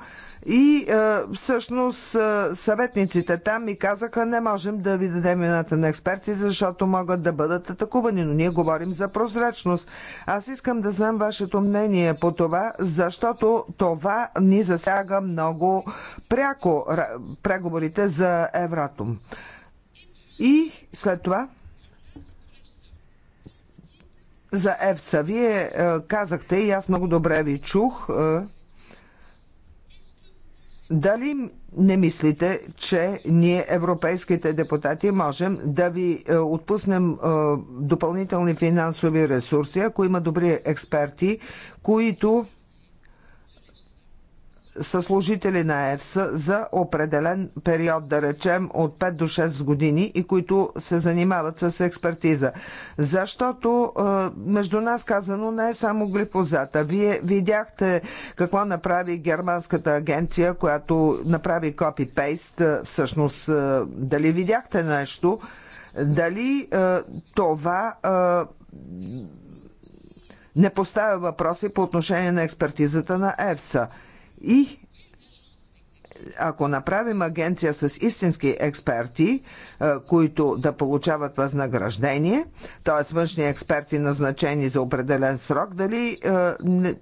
И е, всъщност съветниците там ми казаха, не можем да ви дадем имената на експерти, защото могат да бъдат атакувани, но ние говорим за прозрачност. Аз искам да знам вашето мнение по това, защото това ни засяга много пряко преговорите за Евратум. И след това за ЕФСА. Вие е, казахте и аз много добре ви чух. Е, дали не мислите, че ние, европейските депутати, можем да ви е, отпуснем допълнителни финансови ресурси, ако има добри експерти, които са служители на ЕФС за определен период, да речем от 5 до 6 години и които се занимават с експертиза. Защото е, между нас казано не е само глифозата. Вие видяхте какво направи германската агенция, която направи копипейст. Е, всъщност, е, дали видяхте нещо? Дали това не поставя въпроси по отношение на експертизата на ЕФСА. И ако направим агенция с истински експерти, е, които да получават възнаграждение, т.е. външни експерти назначени за определен срок, дали е,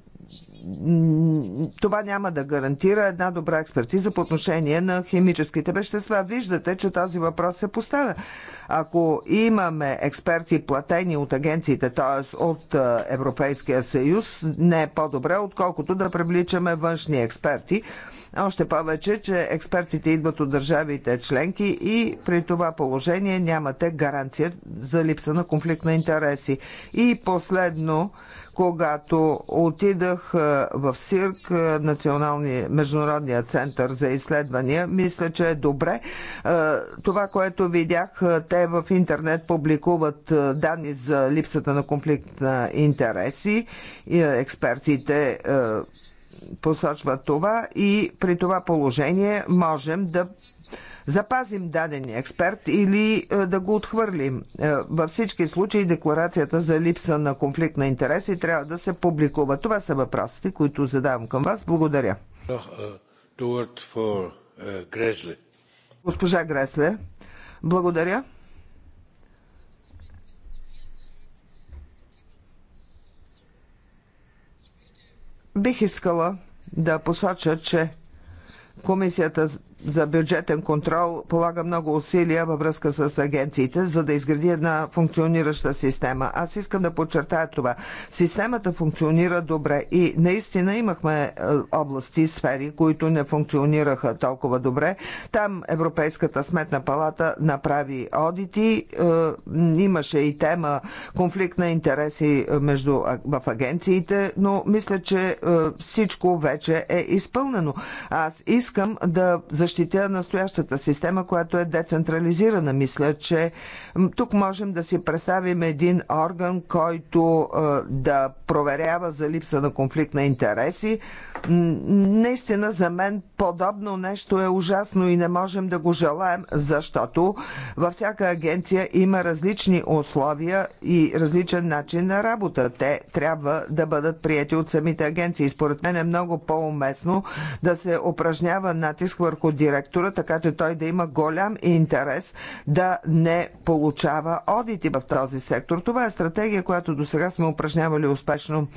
това няма да гарантира една добра експертиза по отношение на химическите вещества. Виждате, че този въпрос се поставя. Ако имаме експерти платени от агенциите, т.е. от е, Европейския съюз, не е по-добре, отколкото да привличаме външни експерти. Още повече, че експертите идват от държавите членки и при това положение нямате гаранция за липса на конфликт на интереси. И последно, когато отидах в СИРК, Националния международния център за изследвания, мисля, че е добре. Това, което видях, те в интернет публикуват данни за липсата на конфликт на интереси. Експертите Посочва това и при това положение можем да запазим даден експерт или да го отхвърлим. Във всички случаи декларацията за липса на конфликт на интереси трябва да се публикува. Това са въпросите, които задавам към вас. Благодаря. Госпожа Гресле, благодаря. Бих искала да посоча, че Комисията за бюджетен контрол полага много усилия във връзка с агенциите, за да изгради една функционираща система. Аз искам да подчертая това. Системата функционира добре и наистина имахме е, области, сфери, които не функционираха толкова добре. Там Европейската сметна палата направи одити. Е, имаше и тема конфликт на интереси е, между, в агенциите, но мисля, че всичко вече е изпълнено. Аз искам да защитя настоящата система, която е децентрализирана. Мисля, че тук можем да си представим един орган, който е, да проверява за липса на конфликт на интереси. Наистина за мен подобно нещо е ужасно и не можем да го желаем, защото във всяка агенция има различни условия и различен начин на работа. Те трябва да бъдат прияти от самите агенции. Според мен е много по-уместно да се упражнява натиск върху директора, така че той да има голям интерес да не получава одити в този сектор. Това е стратегия, която до сега сме упражнявали успешно.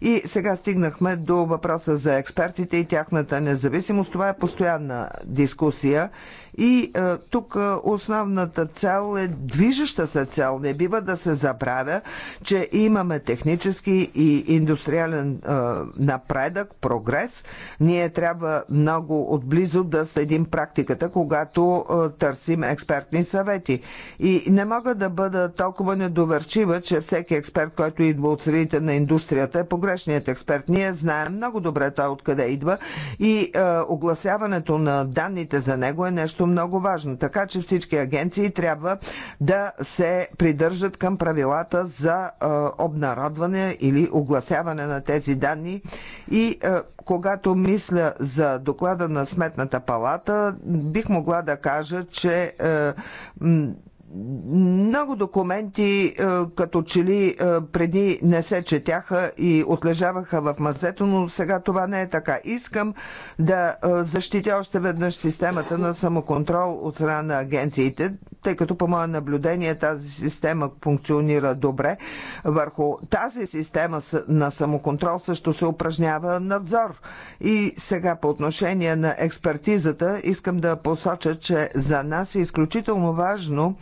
И сега стигнахме до въпроса за експертите и тяхната независимост. Това е постоянна дискусия и е, тук основната цел е движеща се цел. Не бива да се забравя, че имаме технически и индустриален е, напредък, прогрес. Ние трябва много отблизо да следим практиката, когато е, търсим експертни съвети. И не мога да бъда толкова недоверчива, че всеки експерт, който идва от средите на индустрията, е погрешният експерт. Ние знаем много добре той откъде идва и е, огласяването на данните за него е нещо много важно. Така че всички агенции трябва да се придържат към правилата за обнародване или огласяване на тези данни и когато мисля за доклада на Сметната палата, бих могла да кажа, че много документи е, като че ли е, преди не се четяха и отлежаваха в мазето, но сега това не е така. Искам да е, защитя още веднъж системата на самоконтрол от страна на агенциите, тъй като по мое наблюдение тази система функционира добре. Върху тази система на самоконтрол също се упражнява надзор. И сега по отношение на експертизата искам да посоча, че за нас е изключително важно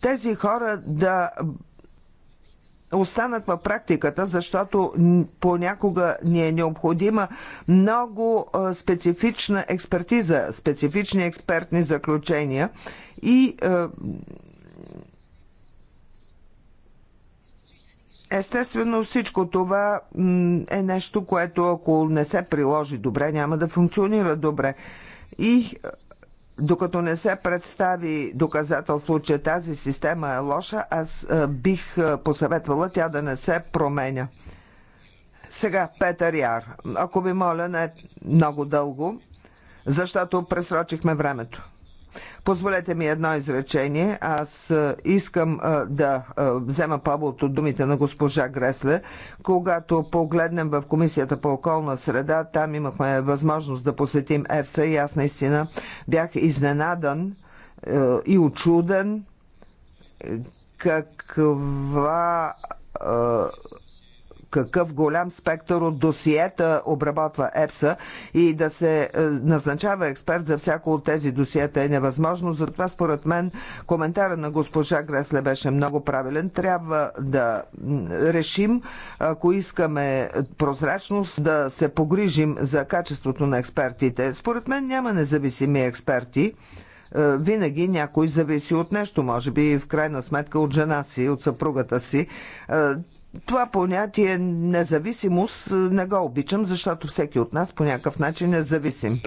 тези хора да останат в практиката, защото понякога ни е необходима много специфична експертиза, специфични експертни заключения и Естествено, всичко това е нещо, което ако не се приложи добре, няма да функционира добре. И докато не се представи доказателство, че тази система е лоша, аз е, бих е, посъветвала тя да не се променя. Сега, Петър Яр, ако ви моля, не е много дълго, защото пресрочихме времето. Позволете ми едно изречение. Аз е, искам е, да е, взема повод от думите на госпожа Гресле. Когато погледнем в Комисията по околна среда, там имахме възможност да посетим ЕФСА и аз наистина бях изненадан и очуден каква какъв голям спектър от досиета обработва ЕПСА и да се е, назначава експерт за всяко от тези досиета е невъзможно. Затова според мен коментара на госпожа Гресле беше много правилен. Трябва да решим, ако искаме прозрачност, да се погрижим за качеството на експертите. Според мен няма независими експерти е, винаги някой зависи от нещо, може би в крайна сметка от жена си, от съпругата си. Е, това понятие независимост е, не го обичам, защото всеки от нас по някакъв начин е зависим.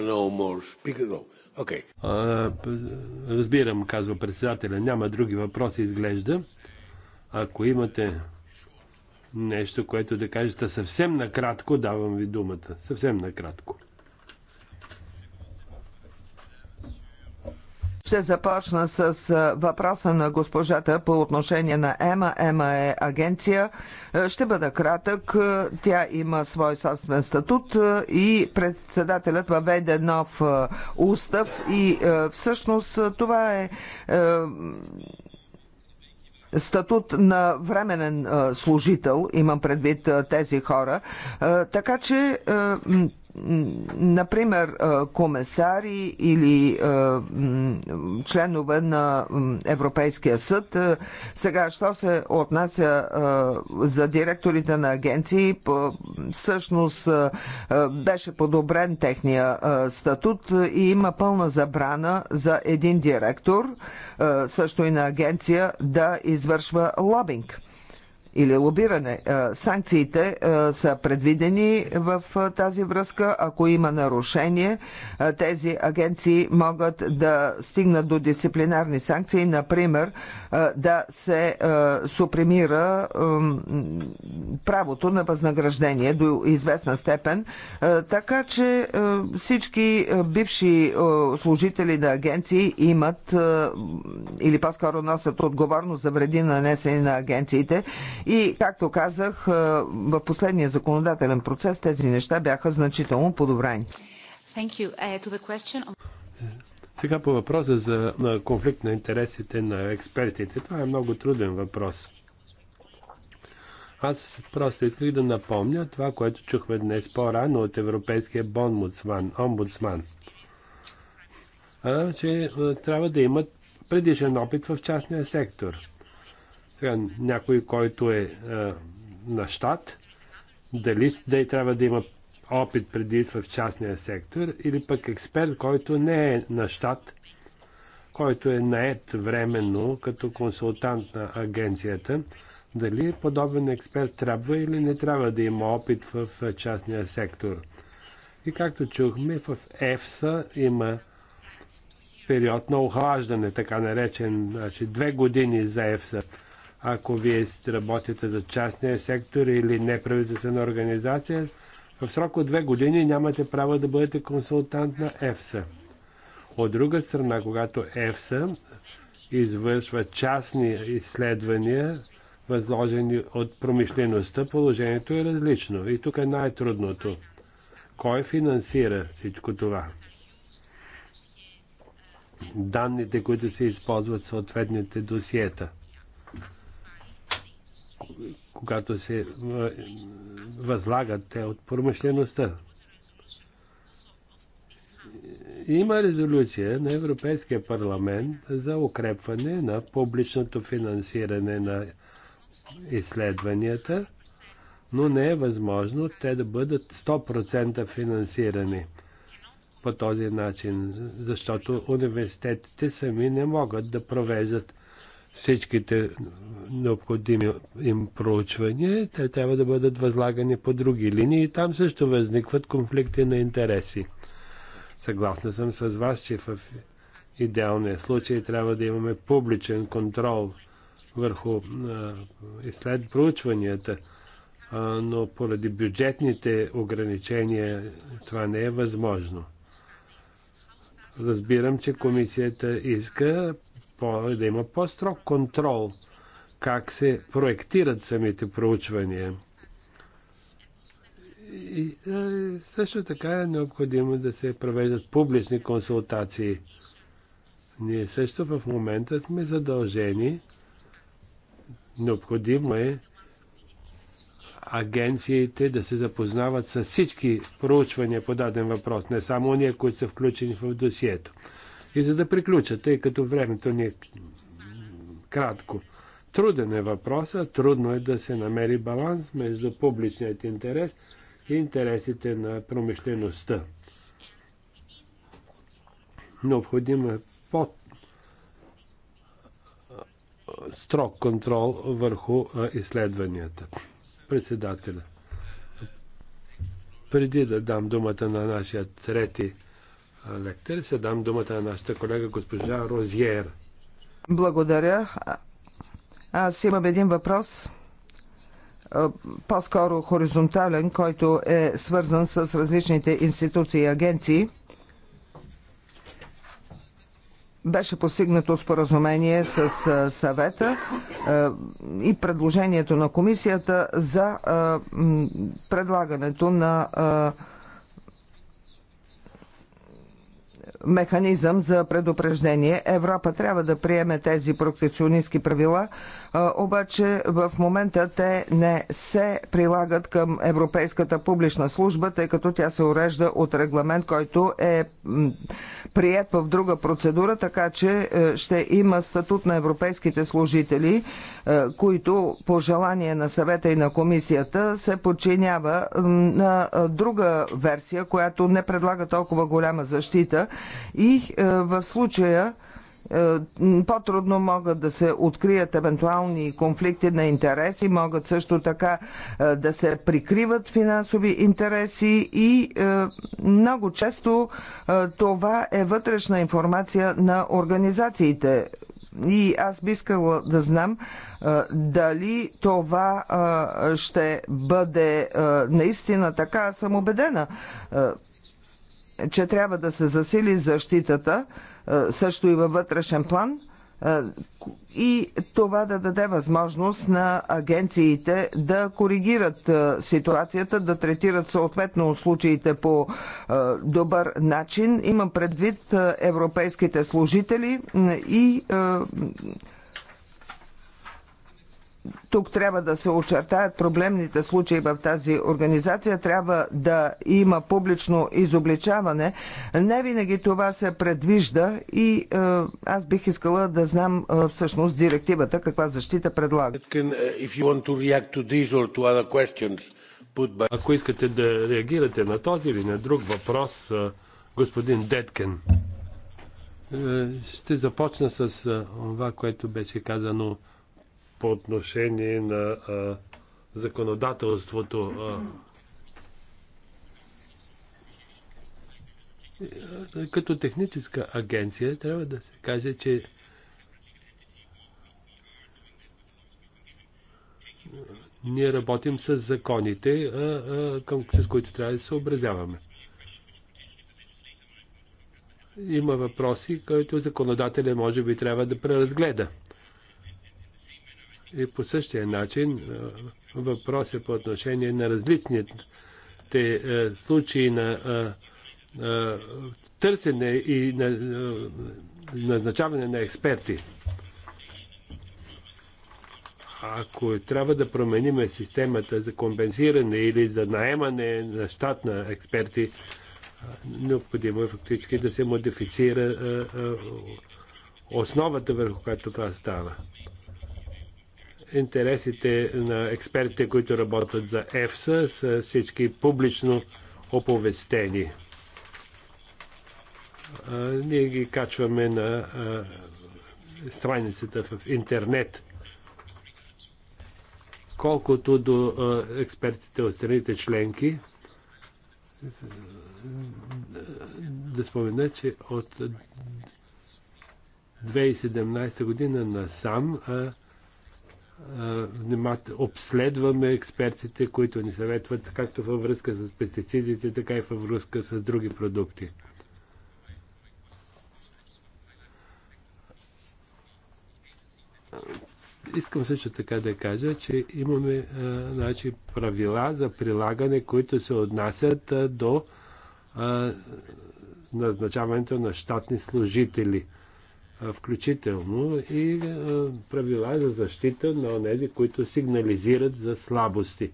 Okay. А, разбирам, казва председателя. Няма други въпроси, изглежда. Ако имате нещо, което да кажете съвсем накратко, давам ви думата. Съвсем накратко. Ще започна с въпроса на госпожата по отношение на ЕМА. ЕМА е агенция. Ще бъда кратък. Тя има свой собствен статут и председателят въведе нов устав и всъщност това е статут на временен служител, имам предвид тези хора. Така че например, комесари или членове на Европейския съд. Сега, що се отнася за директорите на агенции, всъщност беше подобрен техния статут и има пълна забрана за един директор, също и на агенция, да извършва лобинг или лобиране. Е, санкциите е, са предвидени в е, тази връзка. Ако има нарушение, тези агенции могат да стигнат до дисциплинарни санкции, например да се супремира правото на възнаграждение до известна степен. Така че всички бивши служители на агенции имат или по-скоро носят отговорност за вреди нанесени на агенциите и, както казах, е, в последния законодателен процес тези неща бяха значително подобрени. Uh, Сега по въпроса за конфликт на интересите на експертите. Това е много труден въпрос. Аз просто исках да напомня това, което чухме днес по-рано от Европейския бонбудсман, омбудсман. А, че а, трябва да имат предишен опит в частния сектор някой, който е а, е, на щат, дали, дали трябва да има опит преди в частния сектор или пък експерт, който не е на щат, който е наед временно като консултант на агенцията, дали подобен експерт трябва или не трябва да има опит в частния сектор. И както чухме, в ЕФСА има период на охлаждане, така наречен, значи две години за ЕФСА ако вие работите за частния сектор или неправителствена организация, в срок от две години нямате право да бъдете консултант на ЕФСА. От друга страна, когато ЕФСА извършва частни изследвания, възложени от промишлеността, положението е различно. И тук е най-трудното. Кой финансира всичко това? Данните, които се използват в съответните досиета когато се е, възлагат те от промишлеността. Има резолюция на Европейския парламент за укрепване на публичното финансиране на изследванията, но не е възможно те да бъдат 100% финансирани по този начин, защото университетите сами не могат да провеждат всичките необходими им проучвания, те трябва да бъдат възлагани по други линии и там също възникват конфликти на интереси. Съгласна съм с вас, че в идеалния случай трябва да имаме публичен контрол върху а, и след проучванията, а, но поради бюджетните ограничения това не е възможно. Разбирам, че комисията иска по, да има по-строг контрол как се проектират самите проучвания. И, и е, също така е необходимо да се провеждат публични консултации. Ние също в момента сме задължени. Необходимо е агенциите да се запознават с всички проучвания по даден въпрос, не само ние, които са включени в досието. И за да приключа, тъй като времето ни е кратко. Труден е въпроса, трудно е да се намери баланс между публичният интерес и интересите на промишлеността. Необходимо е под строг контрол върху изследванията. Председателя. Преди да дам думата на нашия трети лектер. ще дам думата на нашата колега госпожа Розиер. Благодаря. Аз имам един въпрос по-скоро хоризонтален, който е свързан с различните институции и агенции. Беше постигнато споразумение с съвета и предложението на комисията за предлагането на механизъм за предупреждение. Европа трябва да приеме тези протекционистски правила, обаче в момента те не се прилагат към Европейската публична служба, тъй като тя се урежда от регламент, който е прият в друга процедура, така че е, ще има статут на европейските служители, е, които по желание на съвета и на комисията се подчинява на е, друга версия, която не предлага толкова голяма защита и в случая е, по-трудно могат да се открият евентуални конфликти на интереси, могат също така е, да се прикриват финансови интереси и е, много често това е вътрешна информация на организациите. И аз би искала да знам дали това ще бъде наистина така. Аз съм убедена, че трябва да се засили защитата също и във вътрешен план и това да даде възможност на агенциите да коригират ситуацията, да третират съответно случаите по добър начин. има предвид европейските служители и тук трябва да се очертаят проблемните случаи в тази организация, трябва да има публично изобличаване. Не винаги това се предвижда и е, аз бих искала да знам е, всъщност директивата каква защита предлага. Е, Ако искате да реагирате на този или на друг въпрос, е, господин Деткен, е, ще започна с това, което беше казано по отношение на а, законодателството. А, като техническа агенция трябва да се каже, че ние работим с законите, а, а, към, с които трябва да се съобразяваме. Има въпроси, които законодателя може би трябва да преразгледа. И по същия начин въпрос е по отношение на различните случаи на търсене и на назначаване на експерти. Ако трябва да променим системата за компенсиране или за наемане на щат на експерти, необходимо е фактически да се модифицира основата върху която това става интересите на експертите, които работят за ЕФСА, са всички публично оповестени. Ние ги качваме на страницата в интернет. Колкото до експертите от страните членки, да спомена, че от 2017 година насам САМ обследваме експертите, които ни съветват, както във връзка с пестицидите, така и във връзка с други продукти. Искам също така да кажа, че имаме а, значи, правила за прилагане, които се отнасят а, до а, назначаването на щатни служители – включително и правила за защита на тези, които сигнализират за слабости.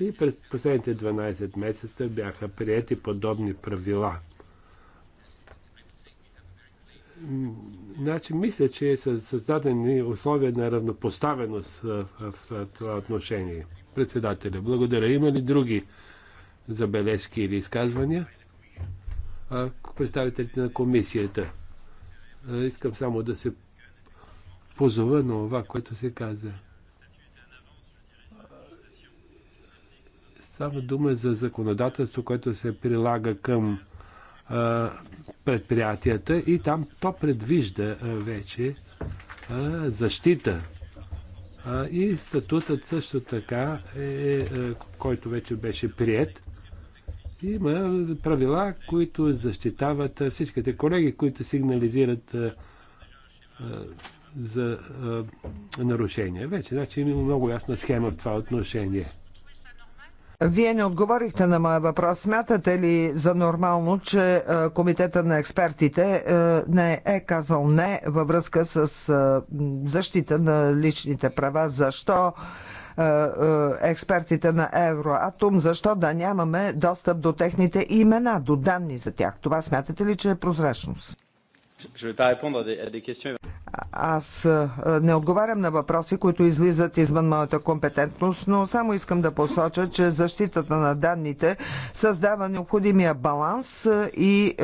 И през последните 12 месеца бяха прияти подобни правила. Значи, мисля, че са създадени условия на равнопоставеност в, в, в това отношение. Председателя, благодаря. Има ли други забележки или изказвания? Представителите на комисията. Искам само да се позова на това, което се каза. Става дума за законодателство, което се прилага към предприятията и там то предвижда вече защита. и статутът също така е, е който вече беше прият има правила, които защитават всичките колеги, които сигнализират за нарушения. Вече, значи има много ясна схема в това отношение. Вие не отговорихте на моя въпрос. Смятате ли за нормално, че Комитета на експертите не е казал не във връзка с защита на личните права? Защо е, е, експертите на Евроатом, защо да нямаме достъп до техните имена, до данни за тях? Това смятате ли, че е прозрачност? Аз е, не отговарям на въпроси, които излизат извън моята компетентност, но само искам да посоча, че защитата на данните създава необходимия баланс и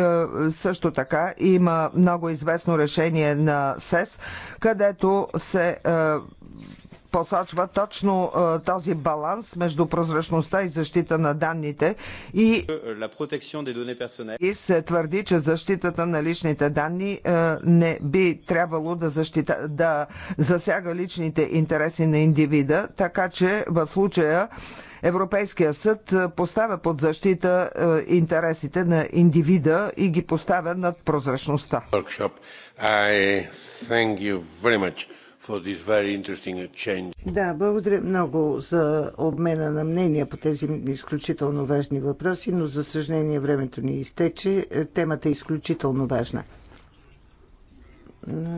също така има много известно решение на СЕС, където се посочва точно този баланс между прозрачността и защита на данните и, и се твърди, че защитата на личните данни не би трябвало да, защита, да засяга личните интереси на индивида, така че в случая Европейския съд поставя под защита интересите на индивида и ги поставя над прозрачността. Да, благодаря много за обмена на мнения по тези изключително важни въпроси, но за съжаление времето ни изтече. Е, темата е изключително важна.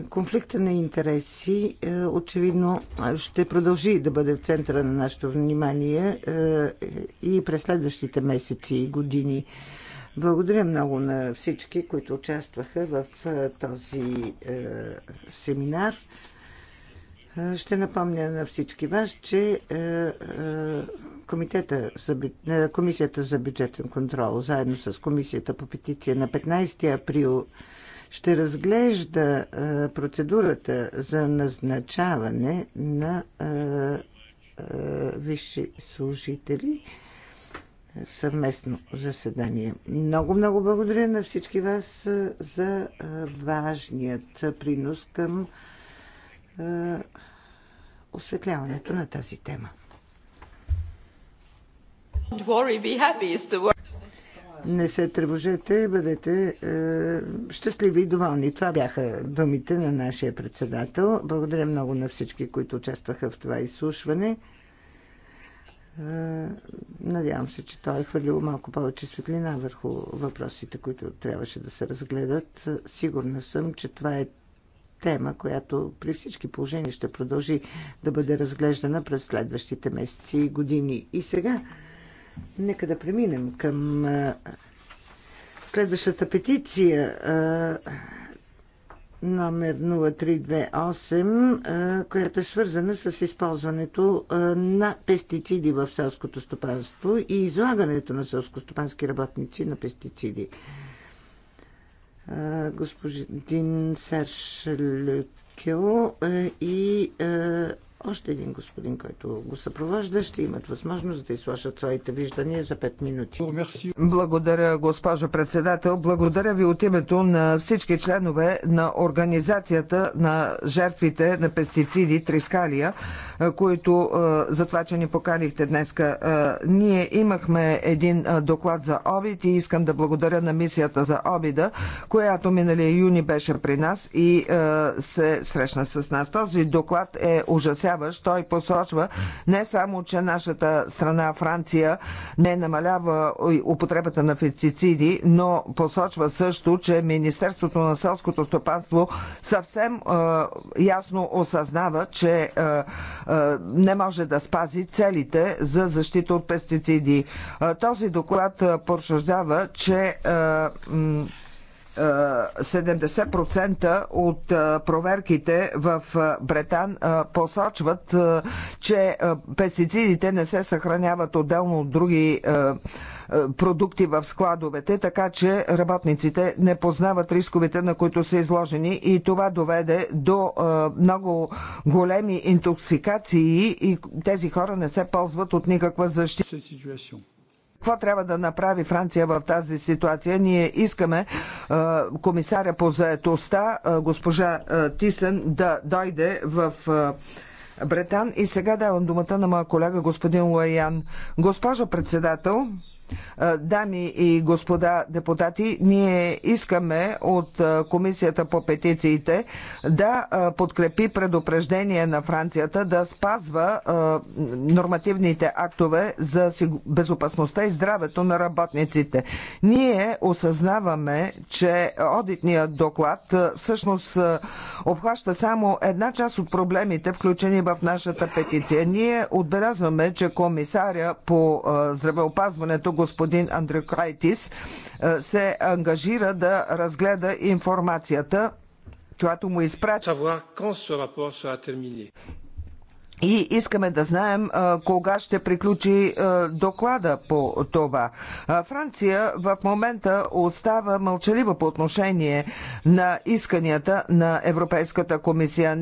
Конфликта на интереси е, очевидно ще продължи да бъде в центъра на нашето внимание е, и през следващите месеци и години. Благодаря много на всички, които участваха в този семинар. Ще напомня на всички вас, че е, е, комитета е, Комисията за бюджетен контрол, заедно с Комисията по петиция на 15 април, ще разглежда процедурата за назначаване на висши служители съвместно заседание. Много, много благодаря на всички вас за важният принос към е, осветляването на тази тема. Не се тревожете, бъдете е, щастливи и доволни. Това бяха думите на нашия председател. Благодаря много на всички, които участваха в това изслушване. Е, надявам се, че той е хвърлил малко повече светлина върху въпросите, които трябваше да се разгледат. Сигурна съм, че това е тема, която при всички положения ще продължи да бъде разглеждана през следващите месеци и години. И сега, нека да преминем към следващата петиция номер 0328, която е свързана с използването на пестициди в селското стопанство и излагането на селскостопански работници на пестициди господин Серж Люкио е, и е, още един господин, който го съпровожда, ще имат възможност да изслушат своите виждания за 5 минути. Благодаря, госпожо председател. Благодаря ви от името на всички членове на Организацията на жертвите на пестициди Трискалия, които за това, че ни поканихте днес. Ние имахме един доклад за обид и искам да благодаря на мисията за обида, която миналия юни беше при нас и се срещна с нас. Този доклад е ужасен ужасяващ. Той посочва не само, че нашата страна Франция не намалява употребата на пестициди, но посочва също, че Министерството на селското стопанство съвсем е, ясно осъзнава, че е, е, не може да спази целите за защита от пестициди. Е, този доклад е, потвърждава, че е, 70% от проверките в Бретан посочват, че пестицидите не се съхраняват отделно от други продукти в складовете, така че работниците не познават рисковете, на които са изложени и това доведе до много големи интоксикации и тези хора не се ползват от никаква защита. Какво трябва да направи Франция в тази ситуация? Ние искаме комисаря по заетостта, госпожа Тисен, да дойде в Бретан. И сега давам думата на моя колега господин Лаян. Госпожо председател, дами и господа депутати, ние искаме от Комисията по петициите да подкрепи предупреждение на Францията да спазва нормативните актове за безопасността и здравето на работниците. Ние осъзнаваме, че одитният доклад всъщност обхваща само една част от проблемите, включени в нашата петиция. Ние отбелязваме, че комисаря по здравеопазването господин Крайтис се ангажира да разгледа информацията, която му изпрати. И искаме да знаем а, кога ще приключи а, доклада по това. А, Франция в момента остава мълчалива по отношение на исканията на Европейската комисия.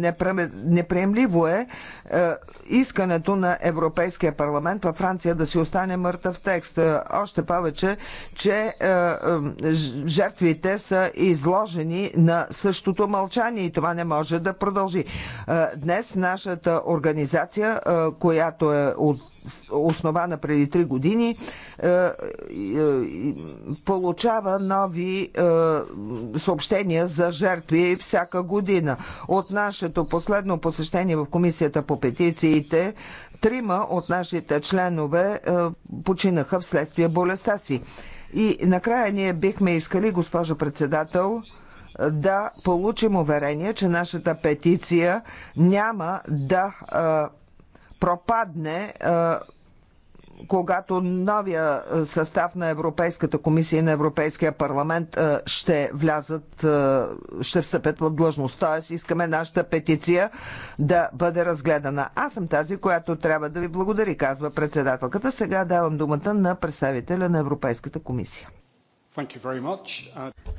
Неприемливо е а, искането на Европейския парламент във Франция да си остане мъртъв текст. А, още повече, че а, а, жертвите са изложени на същото мълчание и това не може да продължи. А, днес нашата организация организация, която е основана преди 3 години, получава нови съобщения за жертви всяка година. От нашето последно посещение в Комисията по петициите, трима от нашите членове починаха вследствие болестта си. И накрая ние бихме искали, госпожо председател, да получим уверение, че нашата петиция няма да а, пропадне. А, когато новия състав на Европейската комисия и на Европейския парламент ще влязат, ще всъпят в длъжност. Тоест, искаме нашата петиция да бъде разгледана. Аз съм тази, която трябва да ви благодари, казва председателката. Сега давам думата на представителя на Европейската комисия.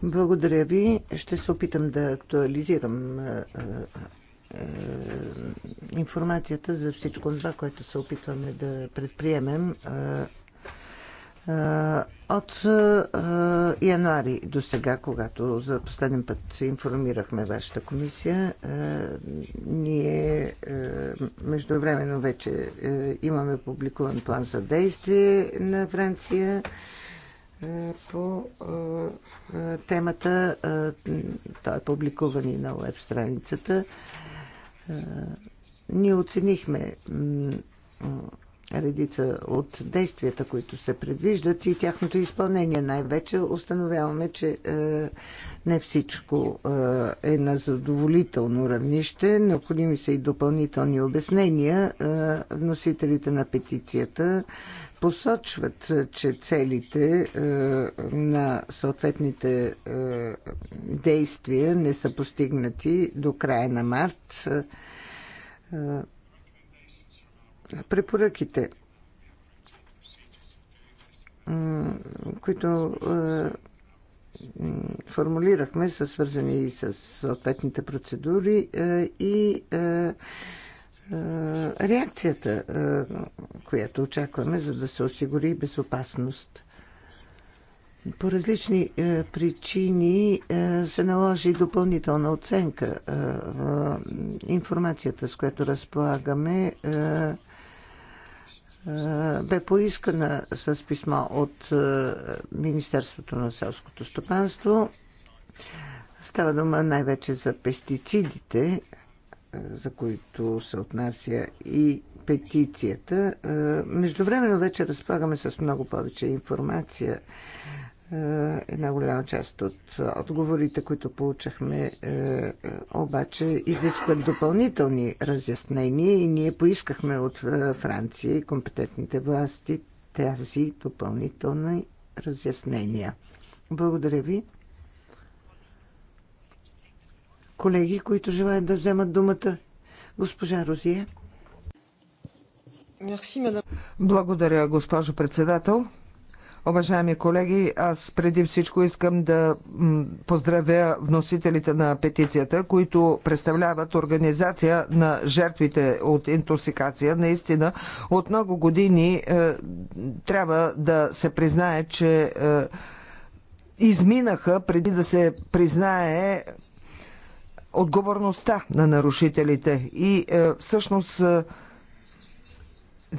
Благодаря ви. Ще се опитам да актуализирам информацията за всичко това, което се опитваме да предприемем от януари до сега, когато за последен път се информирахме вашата комисия, ние междувременно вече имаме публикуван план за действие на Франция по темата. Той е публикуван и на веб страницата. Ние оценихме редица от действията, които се предвиждат и тяхното изпълнение. Най-вече установяваме, че е, не всичко е, е на задоволително равнище. Необходими са и допълнителни обяснения. Е, вносителите на петицията посочват, е, че целите е, на съответните е, действия не са постигнати до края на март. Препоръките, които формулирахме, са свързани и с съответните процедури и реакцията, която очакваме, за да се осигури безопасност. По различни причини се наложи допълнителна оценка. информацията, с която разполагаме, бе поискана с писмо от Министерството на селското стопанство. Става дума най-вече за пестицидите, за които се отнася и петицията. Междувременно вече разполагаме с много повече информация. Една голяма част от отговорите, които получахме, обаче изискват допълнителни разяснения и ние поискахме от Франция и компетентните власти тези допълнителни разяснения. Благодаря ви колеги, които желаят да вземат думата. Госпожа Розия. Благодаря, госпожо председател. Уважаеми колеги, аз преди всичко искам да поздравя вносителите на петицията, които представляват организация на жертвите от интоксикация. Наистина, от много години е, трябва да се признае, че е, изминаха преди да се признае отговорността на нарушителите. И е, всъщност е,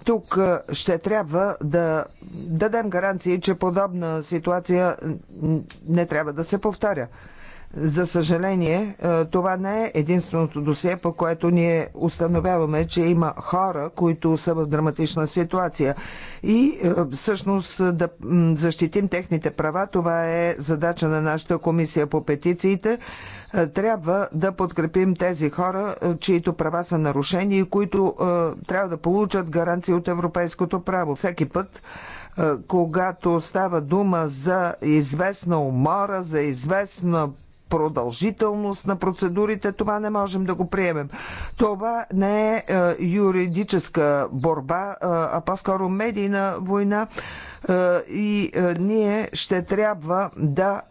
тук е, ще трябва да дадем гаранции, че подобна ситуация не трябва да се повтаря. За съжаление, това не е единственото досие, по което ние установяваме, че има хора, които са в драматична ситуация. И всъщност да защитим техните права, това е задача на нашата комисия по петициите. Е, трябва да подкрепим тези хора, е, чието права са нарушени и които е, трябва да получат гаранции от европейското право. Всеки път когато става дума за известна умора, за известна продължителност на процедурите, това не можем да го приемем. Това не е юридическа борба, а по-скоро медийна война и ние ще трябва да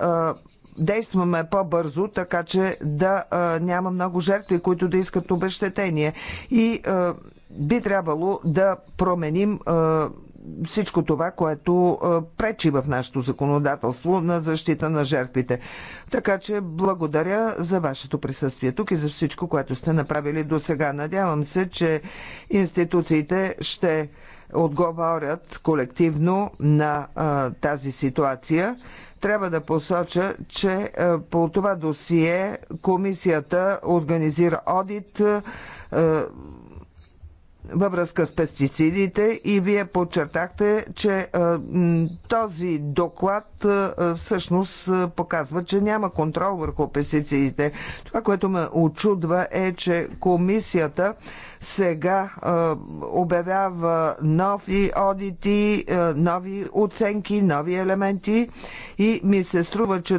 действаме по-бързо, така че да а, няма много жертви, които да искат обещетение. И а, би трябвало да променим а, всичко това, което пречи в нашето законодателство на защита на жертвите. Така че благодаря за вашето присъствие тук и за всичко, което сте направили до сега. Надявам се, че институциите ще отговорят колективно на а, тази ситуация трябва да посоча, че е, по това досие комисията организира одит е, във връзка с пестицидите и вие подчертахте, че е, този доклад е, всъщност е, показва, че няма контрол върху пестицидите. Това, което ме очудва е, че комисията сега обявява нови одити, нови оценки, нови елементи и ми се струва, че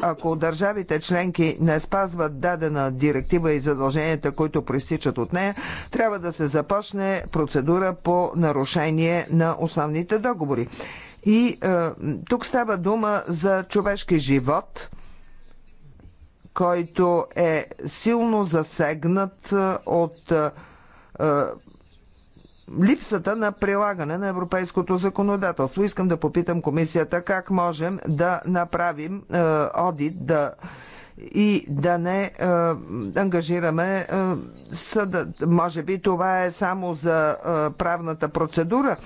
ако държавите членки не спазват дадена директива и задълженията, които проистичат от нея, трябва да се започне процедура по нарушение на основните договори. И е, тук става дума за човешки живот, който е силно засегнат е, от е, липсата на прилагане на европейското законодателство. Искам да попитам комисията как можем да направим е, одит, да и да не е, ангажираме е, съда. Може би това е само за е, правната процедура,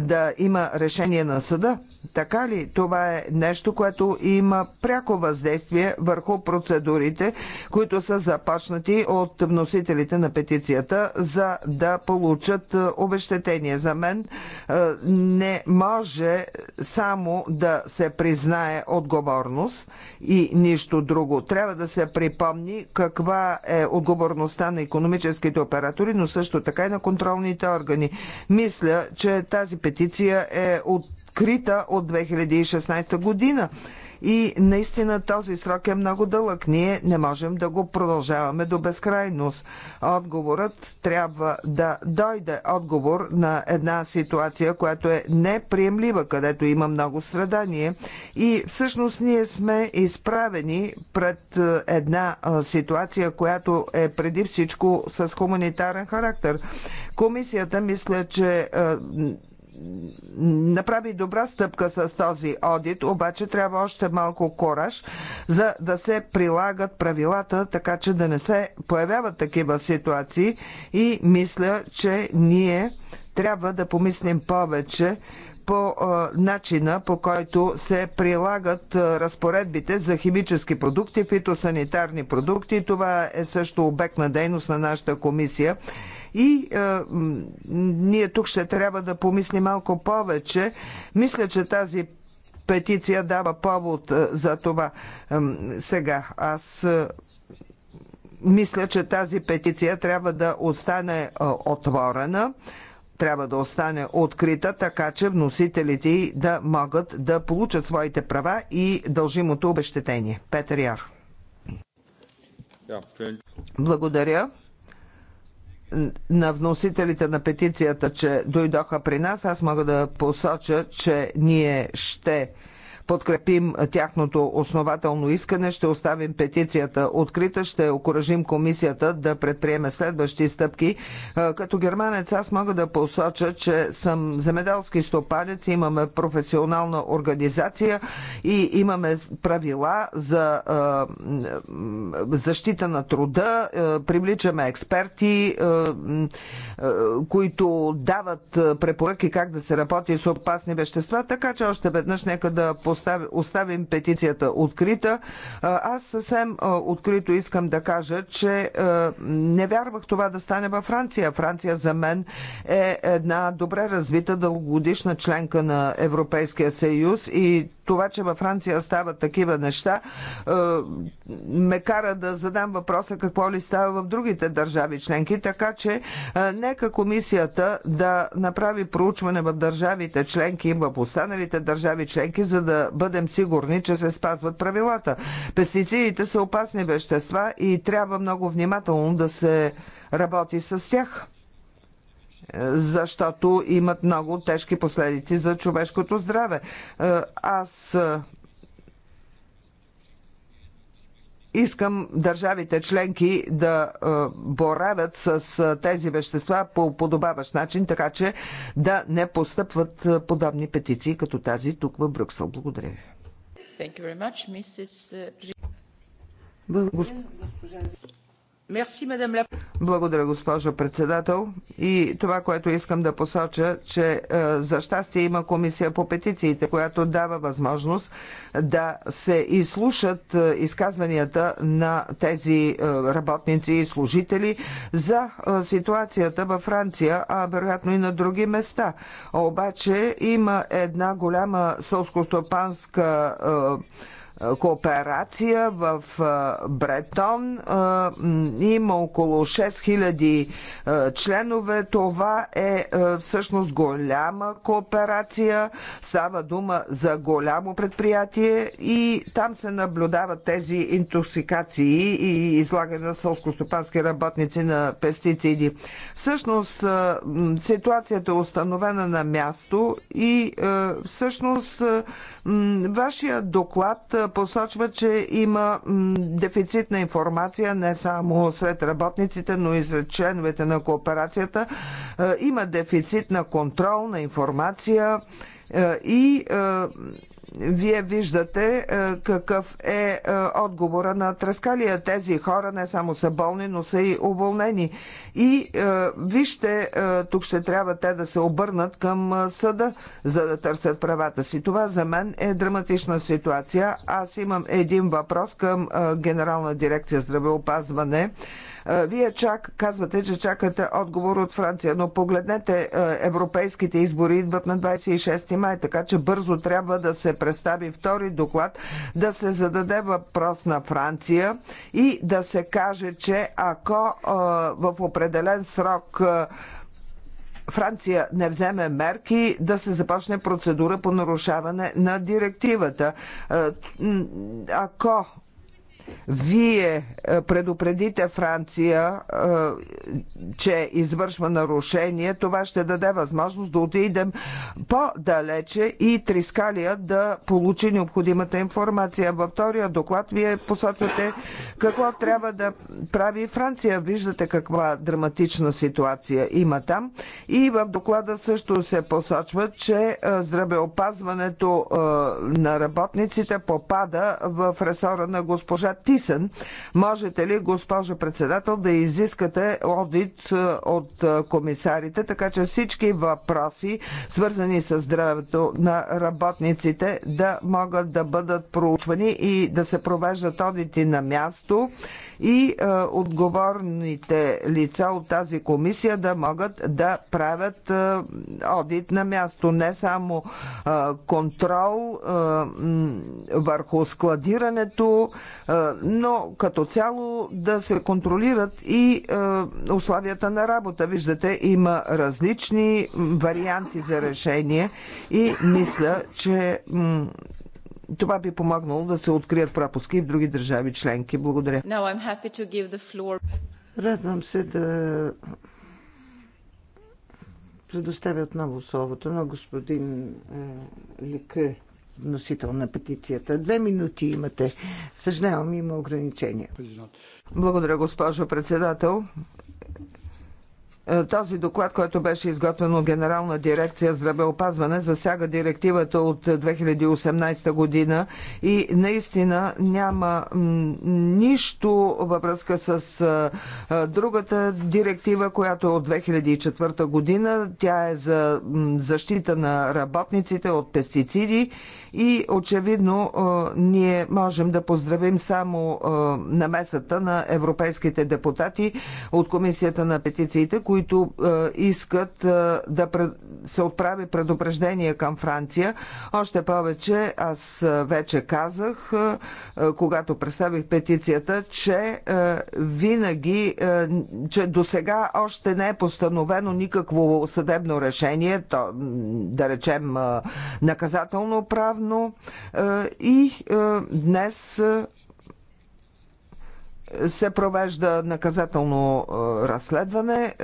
да има решение на съда? Така ли? Това е нещо, което има пряко въздействие върху процедурите, които са започнати от вносителите на петицията, за да получат е, обещетение. За мен е, не може само да се признае отговорност и нищо друго. Трябва да се припомни каква е отговорността на економическите оператори, но също така и на контролните органи. Мисля, че тази тази петиция е открита от 2016 година. И наистина този срок е много дълъг. Ние не можем да го продължаваме до безкрайност. Отговорът трябва да дойде отговор на една ситуация, която е неприемлива, където има много страдание. И всъщност ние сме изправени пред е, една е, ситуация, която е преди всичко с хуманитарен характер. Комисията мисля, че е, направи добра стъпка с този одит, обаче трябва още малко кораж, за да се прилагат правилата, така че да не се появяват такива ситуации и мисля, че ние трябва да помислим повече по начина по който се прилагат разпоредбите за химически продукти, фитосанитарни продукти. Това е също обект на дейност на нашата комисия. И е, ние тук ще трябва да помислим малко повече. Мисля, че тази петиция дава повод за това. Е, сега, аз е, мисля, че тази петиция трябва да остане е, отворена трябва да остане открита, така че вносителите да могат да получат своите права и дължимото обещетение. Петър Яр. Благодаря на вносителите на петицията, че дойдоха при нас. Аз мога да посоча, че ние ще подкрепим тяхното основателно искане, ще оставим петицията открита, ще окоръжим комисията да предприеме следващи стъпки. Като германец аз мога да посоча, че съм земеделски стопанец, имаме професионална организация и имаме правила за защита на труда, привличаме експерти, които дават препоръки как да се работи с опасни вещества, така че още веднъж нека да посочим оставим, оставим петицията открита. Аз съвсем открито искам да кажа, че не вярвах това да стане във Франция. Франция за мен е една добре развита дългогодишна членка на Европейския съюз и това, че във Франция стават такива неща, е, ме кара да задам въпроса какво ли става в другите държави членки, така че е, нека комисията да направи проучване в държавите членки и в останалите държави членки, за да бъдем сигурни, че се спазват правилата. Пестицидите са опасни вещества и трябва много внимателно да се работи с тях защото имат много тежки последици за човешкото здраве. Е, аз е, искам държавите членки да е, боравят с тези вещества по подобаващ начин, така че да не постъпват подобни петиции като тази тук в Брюксел. Благодаря ви. Thank you very much, Mrs. Госпожа благодаря, госпожо председател. И това, което искам да посоча, че е, за щастие има комисия по петициите, която дава възможност да се изслушат е, изказванията на тези е, работници и служители за ситуацията във Франция, а вероятно и на други места. Обаче има една голяма сълскостопанска е, кооперация в е, Бретон. Е, има около 6000 членове. Това е всъщност голяма кооперация. Става дума за голямо предприятие и там се наблюдават тези интоксикации и излагане на сълскостопански работници на пестициди. Всъщност ситуацията е установена на място и всъщност Вашия доклад посочва, че има дефицит на информация не само сред работниците, но и сред членовете на кооперацията. Има дефицит на контрол, на информация и вие виждате е, какъв е, е отговора на Траскалия. Тези хора не само са болни, но са и уволнени. И е, вижте, тук ще трябва те да се обърнат към съда, за да търсят правата си. Това за мен е драматична ситуация. Аз имам един въпрос към Генерална дирекция здравеопазване. Вие чак, казвате, че чакате отговор от Франция, но погледнете европейските избори идват на 26 май, така че бързо трябва да се представи втори доклад, да се зададе въпрос на Франция и да се каже, че ако в определен срок Франция не вземе мерки да се започне процедура по нарушаване на директивата. Ако вие е, предупредите Франция, е, че извършва нарушение, това ще даде възможност да отидем по-далече и Трискалия да получи необходимата информация. Във втория доклад вие посочвате какво трябва да прави Франция. Виждате каква драматична ситуация има там. И в доклада също се посочва, че е, здравеопазването на работниците попада в ресора на госпожа Тисън. Можете ли, госпожо председател, да изискате одит е, от е, комисарите, така че всички въпроси, свързани с здравето на работниците, да могат да бъдат проучвани и да се провеждат одити на място? и а, е, отговорните лица от тази комисия да могат да правят а, е, одит на място. Не само а, е, контрол а, върху складирането, а, но като цяло да се контролират и а, условията на работа. Виждате, има различни варианти за решение и мисля, че това би помогнало да се открият пропуски в други държави членки. Благодаря. Радвам се да предоставя отново словото на господин е, Лике, носител на петицията. Две минути имате. Съжалявам, има ограничения. Благодаря, госпожо председател. Е, този доклад, който беше изготвен от Генерална дирекция здравеопазване, засяга директивата от 2018 година и наистина няма нищо във връзка с е, е, другата директива, която е от 2004 година. Тя е за защита на работниците от пестициди и очевидно ние можем да поздравим само намесата на европейските депутати от Комисията на петициите, които искат да се отправи предупреждение към Франция. Още повече, аз вече казах, когато представих петицията, че винаги, че до сега още не е постановено никакво съдебно решение, то, да речем наказателно правно, по-трудно е, и е, днес е, се провежда наказателно разследване,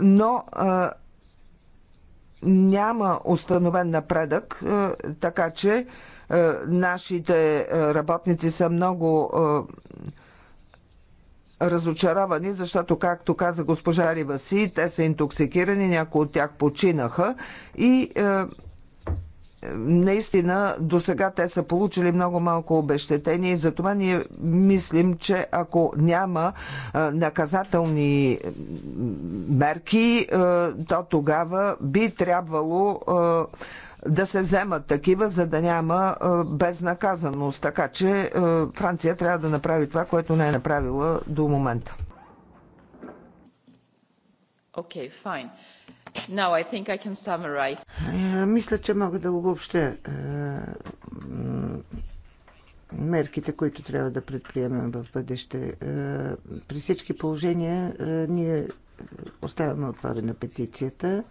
но няма установен напредък, така че нашите работници са много разочаровани, защото, както каза госпожа Риваси, те са интоксикирани, някои от тях починаха и е, наистина до сега те са получили много малко обещетение и затова ние мислим, че ако няма наказателни мерки, то тогава би трябвало да се вземат такива, за да няма безнаказаност. Така че Франция трябва да направи това, което не е направила до момента. Okay, fine. I think I can summarize. Е, мисля, че мога да обобща е, мерките, които трябва да предприемем в бъдеще. Е, при всички положения ние оставяме отворена петицията.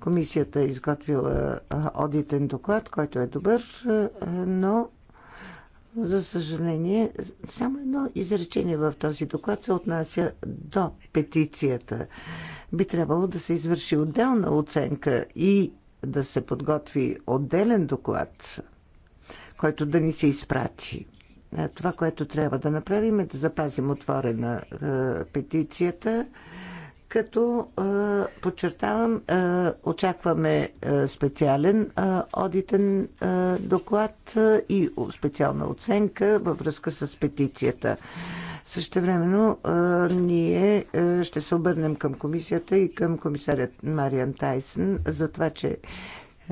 Комисията е изготвила одитен доклад, който е добър, но за съжаление, само едно изречение в този доклад се отнася до петицията. Би трябвало да се извърши отделна оценка и да се подготви отделен доклад, който да ни се изпрати. Това, което трябва да направим е да запазим отворена петицията като подчертавам, очакваме специален одитен доклад и специална оценка във връзка с петицията. а, ние ще се обърнем към комисията и към комисарят Мариан Тайсън за това, че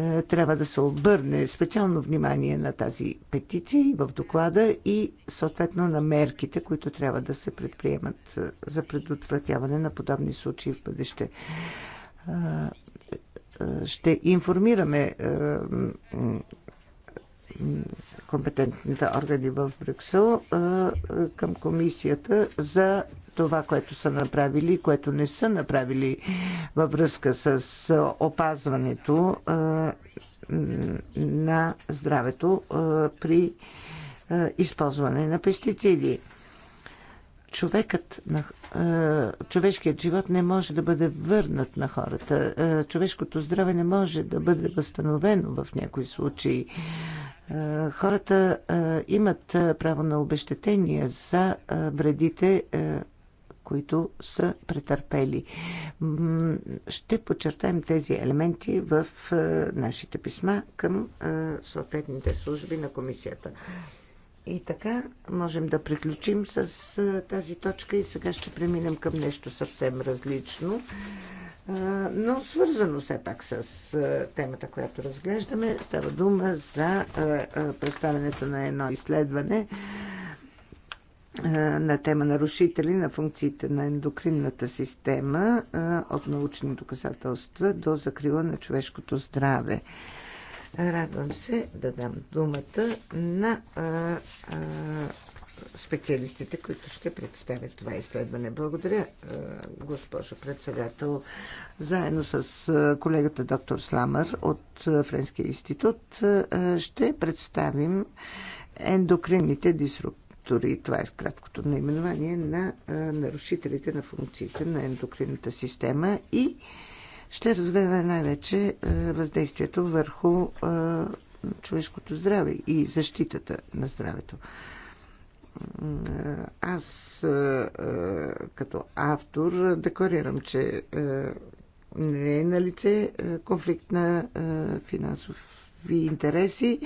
е, трябва да се обърне специално внимание на тази петиция и в доклада и съответно на мерките, които трябва да се предприемат е, за предотвратяване на подобни случаи в бъдеще. Е, ще информираме компетентните органи в Брюксел към комисията за това, което са направили и което не са направили във връзка с опазването на здравето при използване на пестициди. Човекът на, човешкият живот не може да бъде върнат на хората. Човешкото здраве не може да бъде възстановено в някои случаи. Хората имат право на обещетение за вредите които са претърпели. Ще подчертаем тези елементи в е, нашите писма към е, съответните служби на комисията. И така можем да приключим с е, тази точка и сега ще преминем към нещо съвсем различно, но свързано все пак с темата, която разглеждаме. Става дума за представянето на едно изследване на тема нарушители на функциите на ендокринната система от научни доказателства до закрила на човешкото здраве. Радвам се да дам думата на а, а, специалистите, които ще представят това изследване. Благодаря, а, госпожо председател. Заедно с колегата доктор Сламър от Френския институт а, ще представим ендокринните дисрупции и Това е краткото наименование на нарушителите на функциите на ендокринната система и ще разгледаме най-вече въздействието върху човешкото здраве и защитата на здравето. Аз като автор декларирам, че не е на лице конфликт на финансови интереси.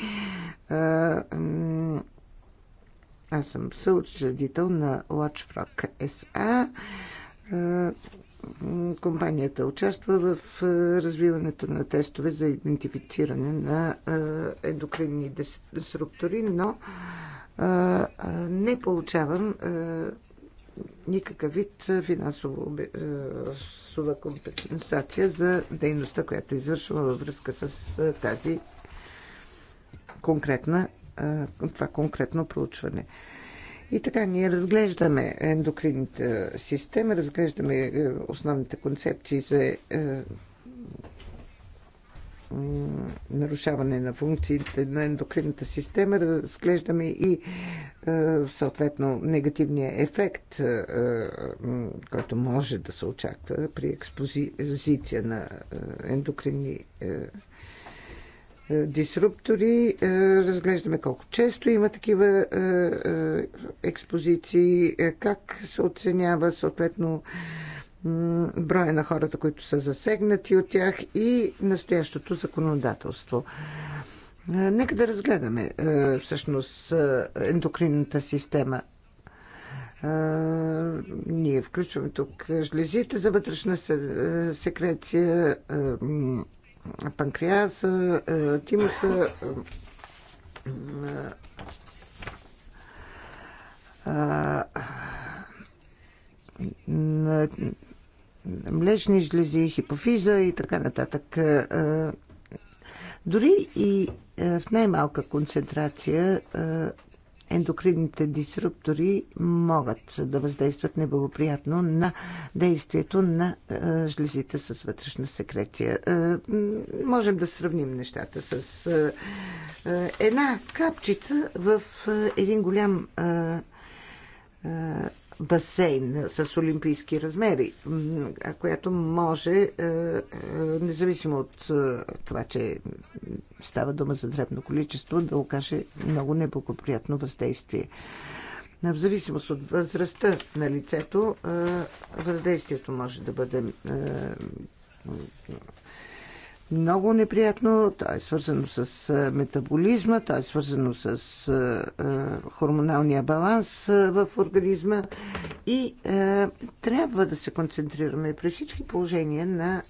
Аз съм съучредител на Watchfrog SA. Е, компанията участва в е, развиването на тестове за идентифициране на е, ендокринни дисруптори, но не получавам никакъв вид финансова компенсация за дейността, която извършвам във връзка с тази конкретна това конкретно проучване. И така, ние разглеждаме ендокринната система, разглеждаме е, основните концепции за е, нарушаване на функциите на ендокринната система, разглеждаме и е, съответно негативния ефект, който може да се очаква при експозиция на ендокринни е, дисруптори. Е, разглеждаме колко често има такива е, експозиции, как се оценява съответно броя на хората, които са засегнати от тях и настоящото законодателство. Нека да разгледаме всъщност ендокринната система. Ние включваме тук жлезите за вътрешна секреция, панкреаса, е, тимуса, е, е, млечни жлези, хипофиза и така нататък. Дори и в най-малка концентрация ендокринните дисруптори могат да въздействат неблагоприятно на действието на е, жлезите с вътрешна секреция. Е, можем да сравним нещата с е, една капчица в един голям басейн с олимпийски размери, която може, е, е, независимо от е, това, че става дума за дребно количество, да окаже много неблагоприятно въздействие. В зависимост от възрастта на лицето, въздействието може да бъде много неприятно. То е свързано с метаболизма, то е свързано с хормоналния баланс в организма и трябва да се концентрираме при всички положения на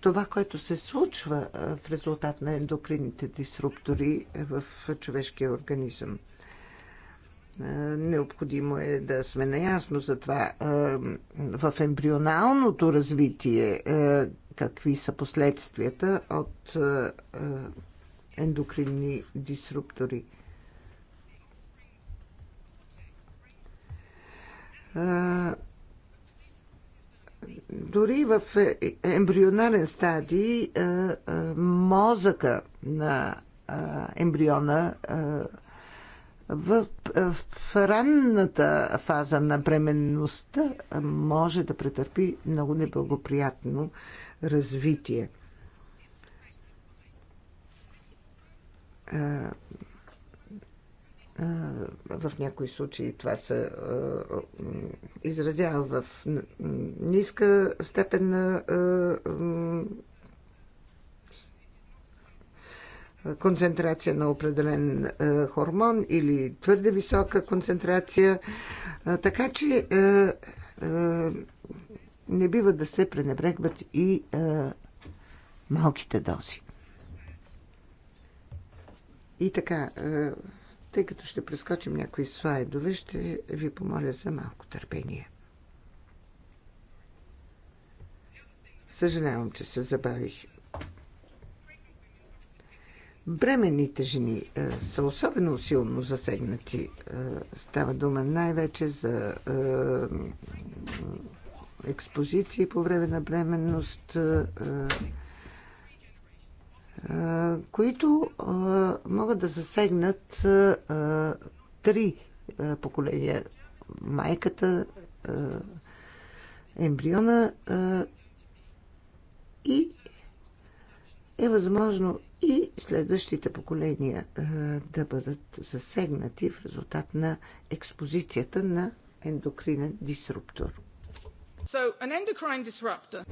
това, което се случва в резултат на ендокринните дисруптори в човешкия организъм. Е, необходимо е да сме наясно за това е, в ембрионалното развитие е, какви са последствията от ендокринни дисруптори. Дори в ембрионален стадий мозъка на ембриона в, е, в ранната фаза на бременността може да претърпи много неблагоприятно развитие. Е, е, в някои случаи това се изразява в ниска степен на концентрация на определен е, хормон или твърде висока концентрация. Е, така че е, не бива да се пренебрегват и малките дози. И така, тъй като ще прескочим някои слайдове, ще ви помоля за малко търпение. Съжалявам, че се забавих. Бременните жени е, са особено силно засегнати. Е, става дума най-вече за е, експозиции по време на бременност, е, е, които е, могат да засегнат е, три е, поколения. Майката, е, ембриона е, и е възможно и следващите поколения да бъдат засегнати в резултат на експозицията на ендокринен дисруптор. So, an endocrine disruptor.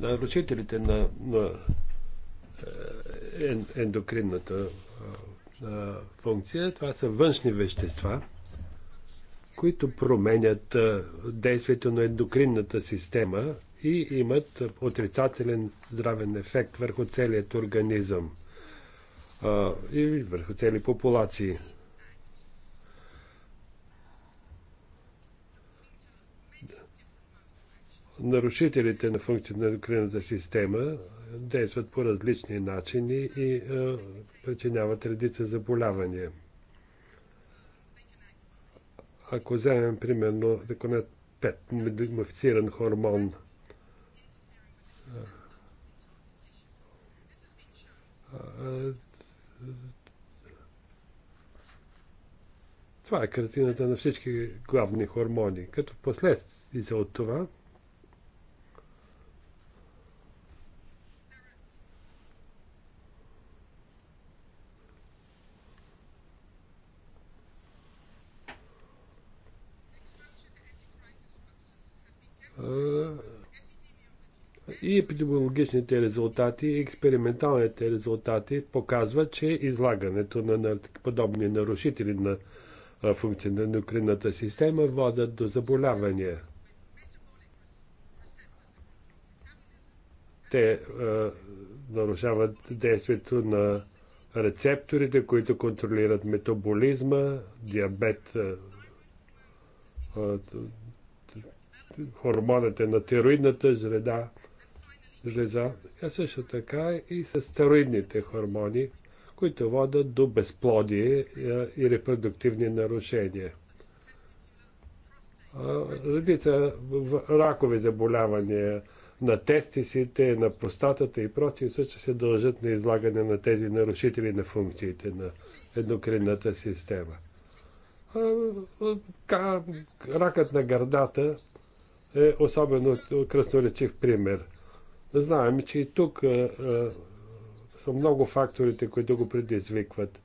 Нарушителите на, на е, ендокринната е, функция, това са външни вещества, които променят е, действието на ендокринната система и имат отрицателен здравен ефект върху целият организъм и върху цели популации. Нарушителите на функцията на ендокринната система действат по различни начини и а, причиняват редица заболявания. Ако вземем примерно деконет 5, модифициран хормон, а Това е картината на всички главни хормони. Като последствие от това, и епидемиологичните резултати, и експерименталните резултати показват, че излагането на подобни нарушители на Функцията на ендокринната система водят до заболявания. Те е, нарушават действието на рецепторите, които контролират метаболизма, диабет, е, хормоните на тероидната жреда, жлеза, а също така и с стероидните хормони – които водят до безплодие е, и репродуктивни нарушения. Редица ракови заболявания на тестисите, на простатата и прочие също се дължат на излагане на тези нарушители на функциите на еднокринната система. Ракът на гърдата е особено красноречив пример. Знаем, че и тук са много факторите, които го предизвикват.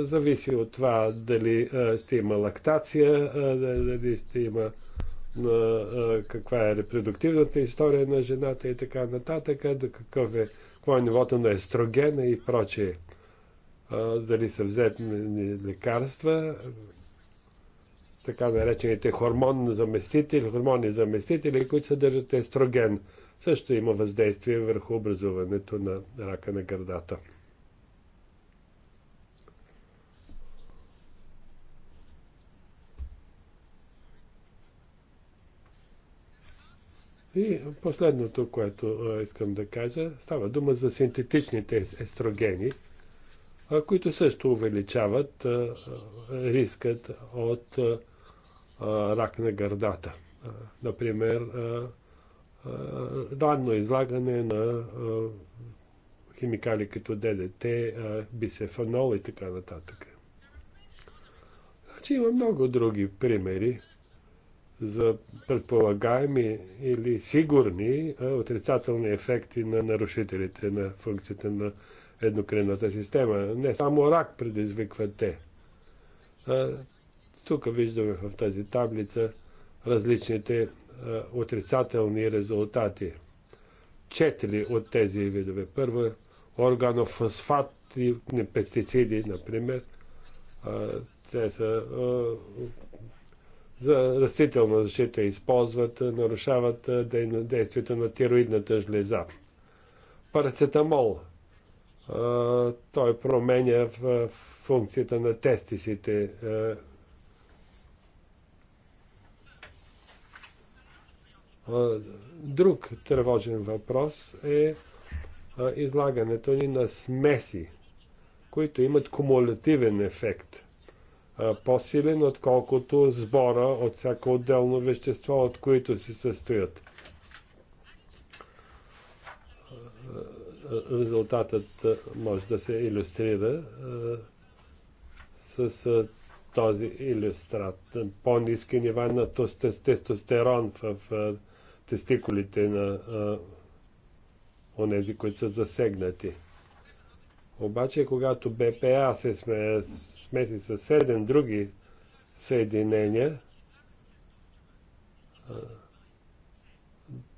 Зависи от това дали ще има лактация, дали ще има на каква е репродуктивната история на жената и така нататък, до какъв е, какво е нивото на естрогена и прочее. Дали са взети лекарства, така наречените хормон заместители, хормони заместители, които съдържат естроген също има въздействие върху образуването на рака на гърдата. И последното, което искам да кажа, става дума за синтетичните естрогени, които също увеличават рискът от рак на гърдата. Например, ранно е, излагане на е, химикали като ДДТ, е, бисефанол и така нататък. Значи има много други примери за предполагаеми или сигурни отрицателни ефекти на нарушителите на функцията на еднокринната система. Не само рак предизвикват те. Тук виждаме в тази таблица различните е, отрицателни резултати. Четири от тези видове. Първо, органофосфат и пестициди, например. Е, те са е, за растителна защита използват, нарушават действието на тироидната жлеза. Парацетамол. Той променя функцията на тестисите Друг тревожен въпрос е излагането ни на смеси, които имат кумулативен ефект. По-силен, отколкото сбора от всяко отделно вещество, от които се състоят. Резултатът може да се иллюстрира с този иллюстрат. По-низки нива на тестостерон в тестикулите на онези, които са засегнати. Обаче, когато БПА се смеси с 7 други съединения,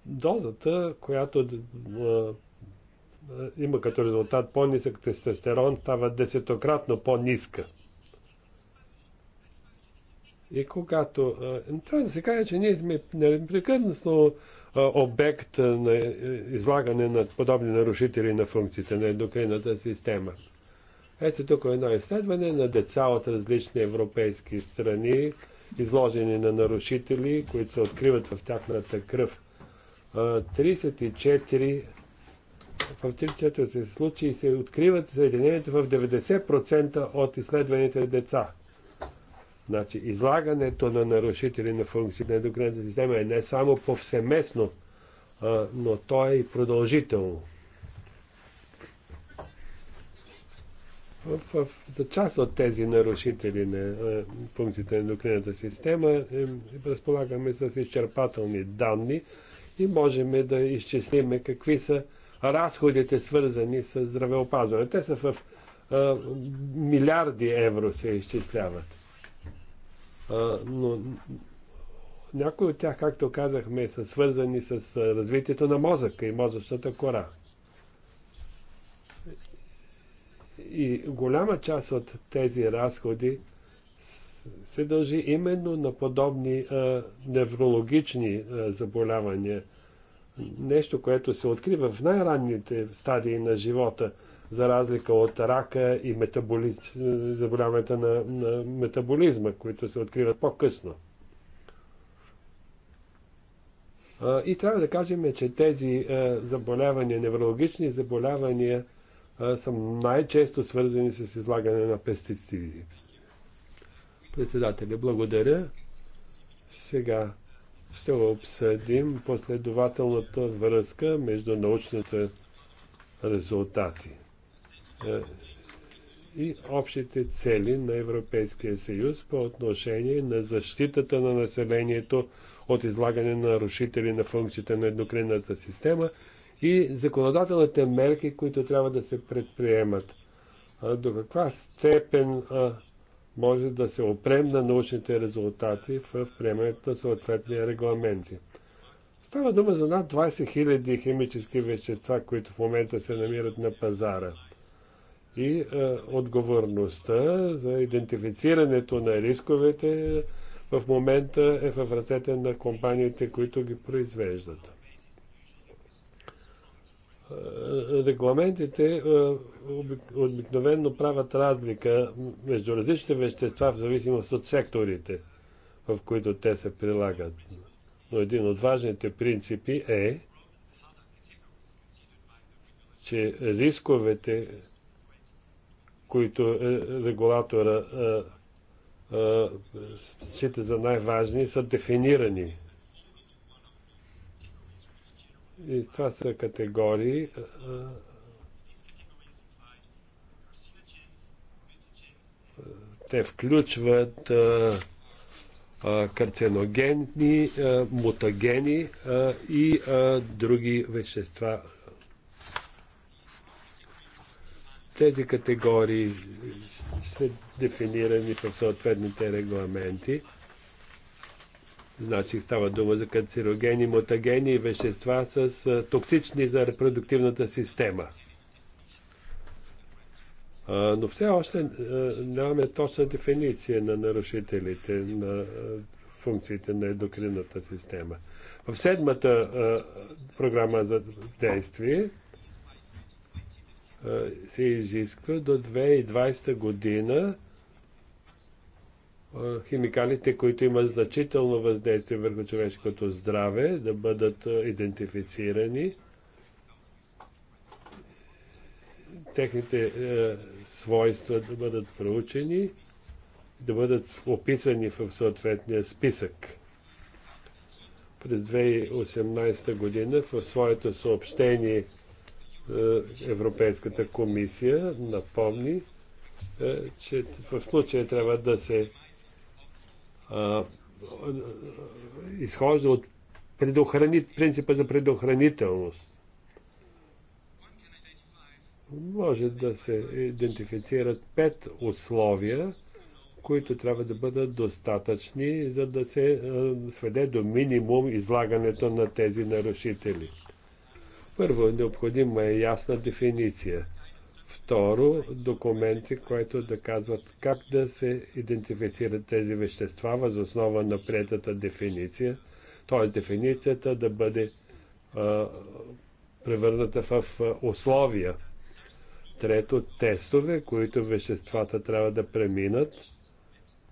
дозата, която има като резултат по-нисък тестостерон, става десетократно по-ниска. И когато... Трябва да се каже, че ние сме непрекъснато обект на е, излагане на подобни нарушители на функциите на ендокринната система. Ето тук е едно изследване на деца от различни европейски страни, изложени на нарушители, които се откриват в тяхната кръв. 34 в 34 случаи се откриват съединението в 90% от изследваните деца. Значи, излагането на нарушители на функции на ендокринната система е не само повсеместно, а, но то е и продължително. В, в, за част от тези нарушители на а, функциите на ендокринната система е, разполагаме с изчерпателни данни и можем да изчислиме какви са разходите свързани с здравеопазване. Те са в а, милиарди евро се изчисляват но някои от тях, както казахме, са свързани с развитието на мозъка и мозъчната кора. И голяма част от тези разходи се дължи именно на подобни а, неврологични а, заболявания. Нещо, което се открива в най-ранните стадии на живота – за разлика от рака и метаболиз... заболяването на, на метаболизма, които се откриват по-късно. И трябва да кажем, че тези заболявания, неврологични заболявания, са най-често свързани с излагане на пестициди. Председателя, благодаря. Сега ще обсъдим последователната връзка между научните резултати и общите цели на Европейския съюз по отношение на защитата на населението от излагане на нарушители на функциите на еднокринната система и законодателните мерки, които трябва да се предприемат. До каква степен може да се опрем на научните резултати в приемането на съответни регламенти. Става дума за над 20 000 химически вещества, които в момента се намират на пазара и а, е, отговорността за идентифицирането на рисковете в момента е в ръцете на компаниите, които ги произвеждат. Е, регламентите е, обикновено правят разлика между различните вещества в зависимост от секторите, в които те се прилагат. Но един от важните принципи е, че рисковете, които е, регулатора е, е, счита за най-важни, са дефинирани. И това са категории. Те включват карциногенни, мутагени и други вещества, Тези категории са дефинирани в съответните регламенти. Значи става дума за канцерогени, мутагени и вещества с токсични за репродуктивната система. Но все още нямаме точна дефиниция на нарушителите на функциите на ендокринната система. В седмата програма за действие се изиска до 2020 година химикалите, които имат значително въздействие върху човешкото здраве, да бъдат идентифицирани. Техните е, свойства да бъдат проучени, да бъдат описани в съответния списък. През 2018 година в своето съобщение е, Европейската комисия напомни, е, че в случая трябва да се изхожда от принципа за предохранителност. Може да се идентифицират пет условия, които трябва да бъдат достатъчни, за да се е, сведе до минимум излагането на тези нарушители. Първо, необходима е ясна дефиниция. Второ, документи, които да казват как да се идентифицират тези вещества въз основа на приятата дефиниция, т.е. дефиницията да бъде а, превърната в условия. Трето, тестове, които веществата трябва да преминат,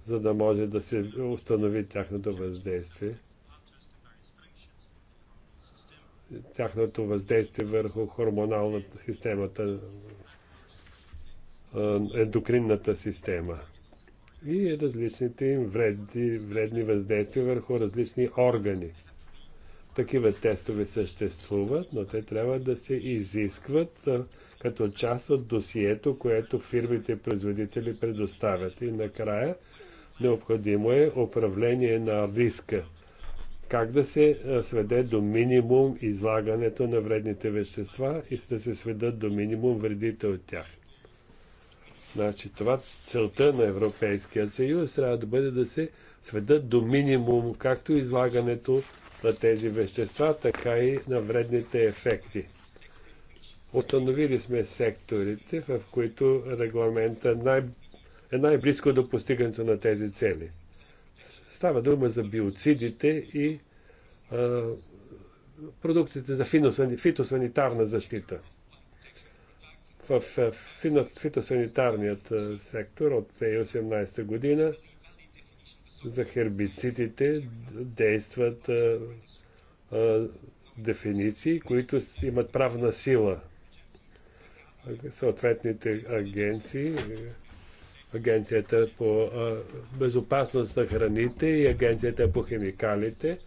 за да може да се установи тяхното въздействие тяхното въздействие върху хормоналната системата, ендокринната система и различните им вредни, вредни въздействия върху различни органи. Такива тестове съществуват, но те трябва да се изискват като част от досието, което фирмите производители предоставят. И накрая необходимо е управление на риска как да се сведе до минимум излагането на вредните вещества и да се сведат до минимум вредите от тях. Значи това целта на Европейския съюз трябва да бъде да се сведат до минимум както излагането на тези вещества, така и на вредните ефекти. Установили сме секторите, в които регламента най- е най-близко до постигането на тези цели. Става дума за биоцидите и а, продуктите за фитосанитарна защита. В фитосанитарният сектор от 2018 година за хербицидите действат а, а, дефиниции, които имат правна сила. Съответните агенции Агенцията по безопасност на храните и Агенцията по химикалите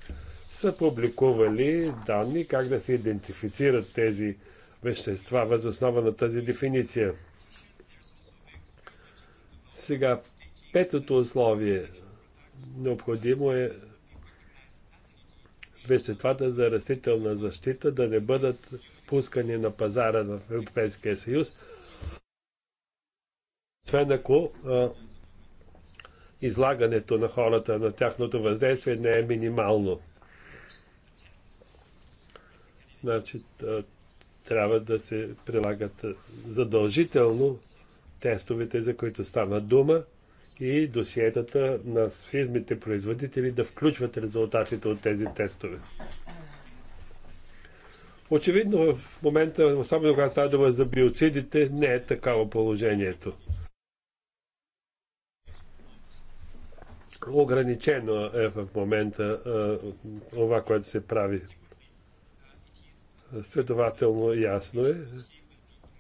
са публикували данни как да се идентифицират тези вещества въз основа на тази дефиниция. Сега, петото условие необходимо е веществата за растителна защита да не бъдат пускани на пазара в Европейския съюз, освен ако а, излагането на хората на тяхното въздействие не е минимално. Значи, а, трябва да се прилагат задължително тестовете, за които стана дума и досиетата на фирмите производители да включват резултатите от тези тестове. Очевидно в момента, особено когато става дума за биоцидите, не е такава положението. ограничено е в момента е, това, което се прави. Следователно ясно е,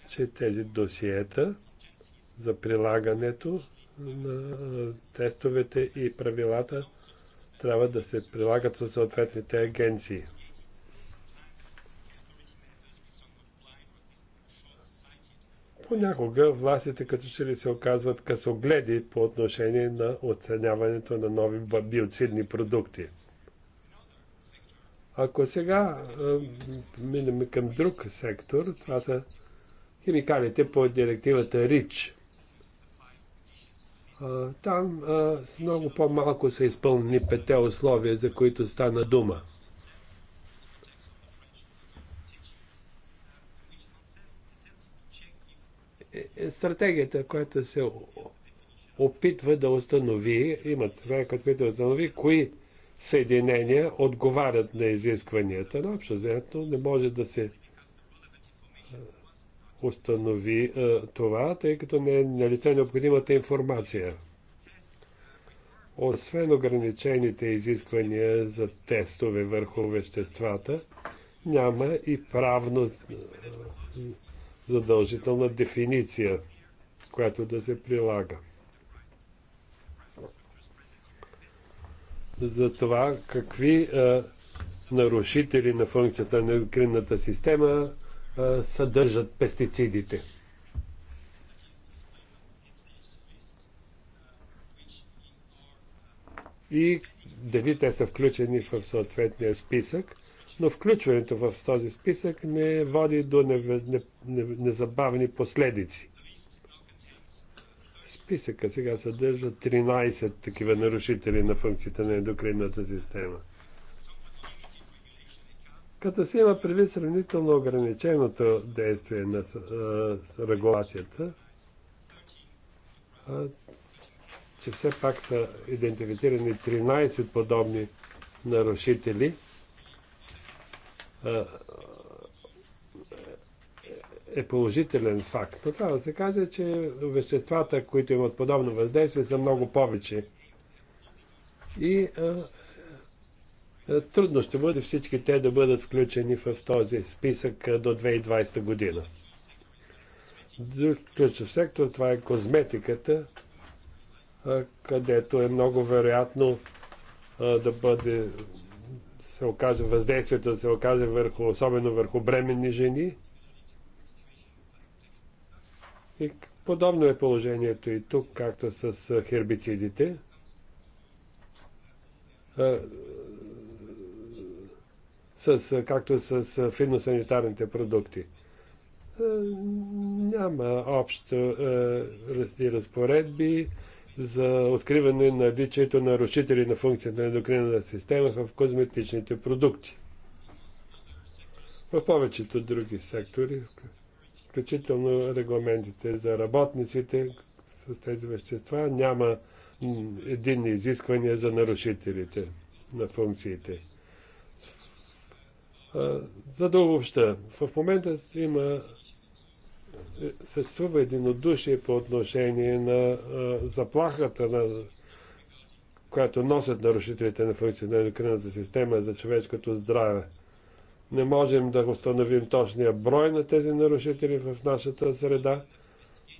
че тези досиета за прилагането на е, тестовете и правилата трябва да се прилагат със съответните агенции. Понякога властите като че ли се оказват късогледи по отношение на оценяването на нови биоцидни продукти. Ако сега минем към друг сектор, това са химикалите по директивата РИЧ. Там много по-малко са изпълнени пете условия, за които стана дума. Е, е стратегията, която се опитва да установи, има стратегия, която да установи кои съединения отговарят на изискванията. Но общо взето не може да се е, установи това, тъй като не е налице необходимата информация. Освен ограничените изисквания за тестове върху веществата, няма и правно задължителна дефиниция, която да се прилага. За това какви а, нарушители на функцията на гринната система а, съдържат пестицидите. И дали те са включени в съответния списък – но включването в този списък не води до незабавни последици. Списъка сега съдържа 13 такива нарушители на функциите на ендокринната система. Като се има предвид сравнително ограниченото действие на а, регулацията, а, че все пак са идентифицирани 13 подобни нарушители, е положителен факт. Но трябва да се каже, че веществата, които имат подобно въздействие, са много повече. И а, трудно ще бъде всички те да бъдат включени в този списък до 2020 година. Друг ключов сектор това е козметиката, а, където е много вероятно а, да бъде се окаже, въздействието да се окаже върху, особено върху бременни жени. И подобно е положението и тук, както с хербицидите. С, както с финосанитарните продукти. Няма общо разпоредби за откриване на наличието на нарушители на функцията на ендокринната система в козметичните продукти. В повечето други сектори, включително регламентите за работниците с тези вещества, няма единни изисквания за нарушителите на функциите. За да обобща, в момента има съществува единодушие по отношение на заплахата, на, която носят нарушителите на функционалната система за човешкото здраве. Не можем да установим точния брой на тези нарушители в нашата среда.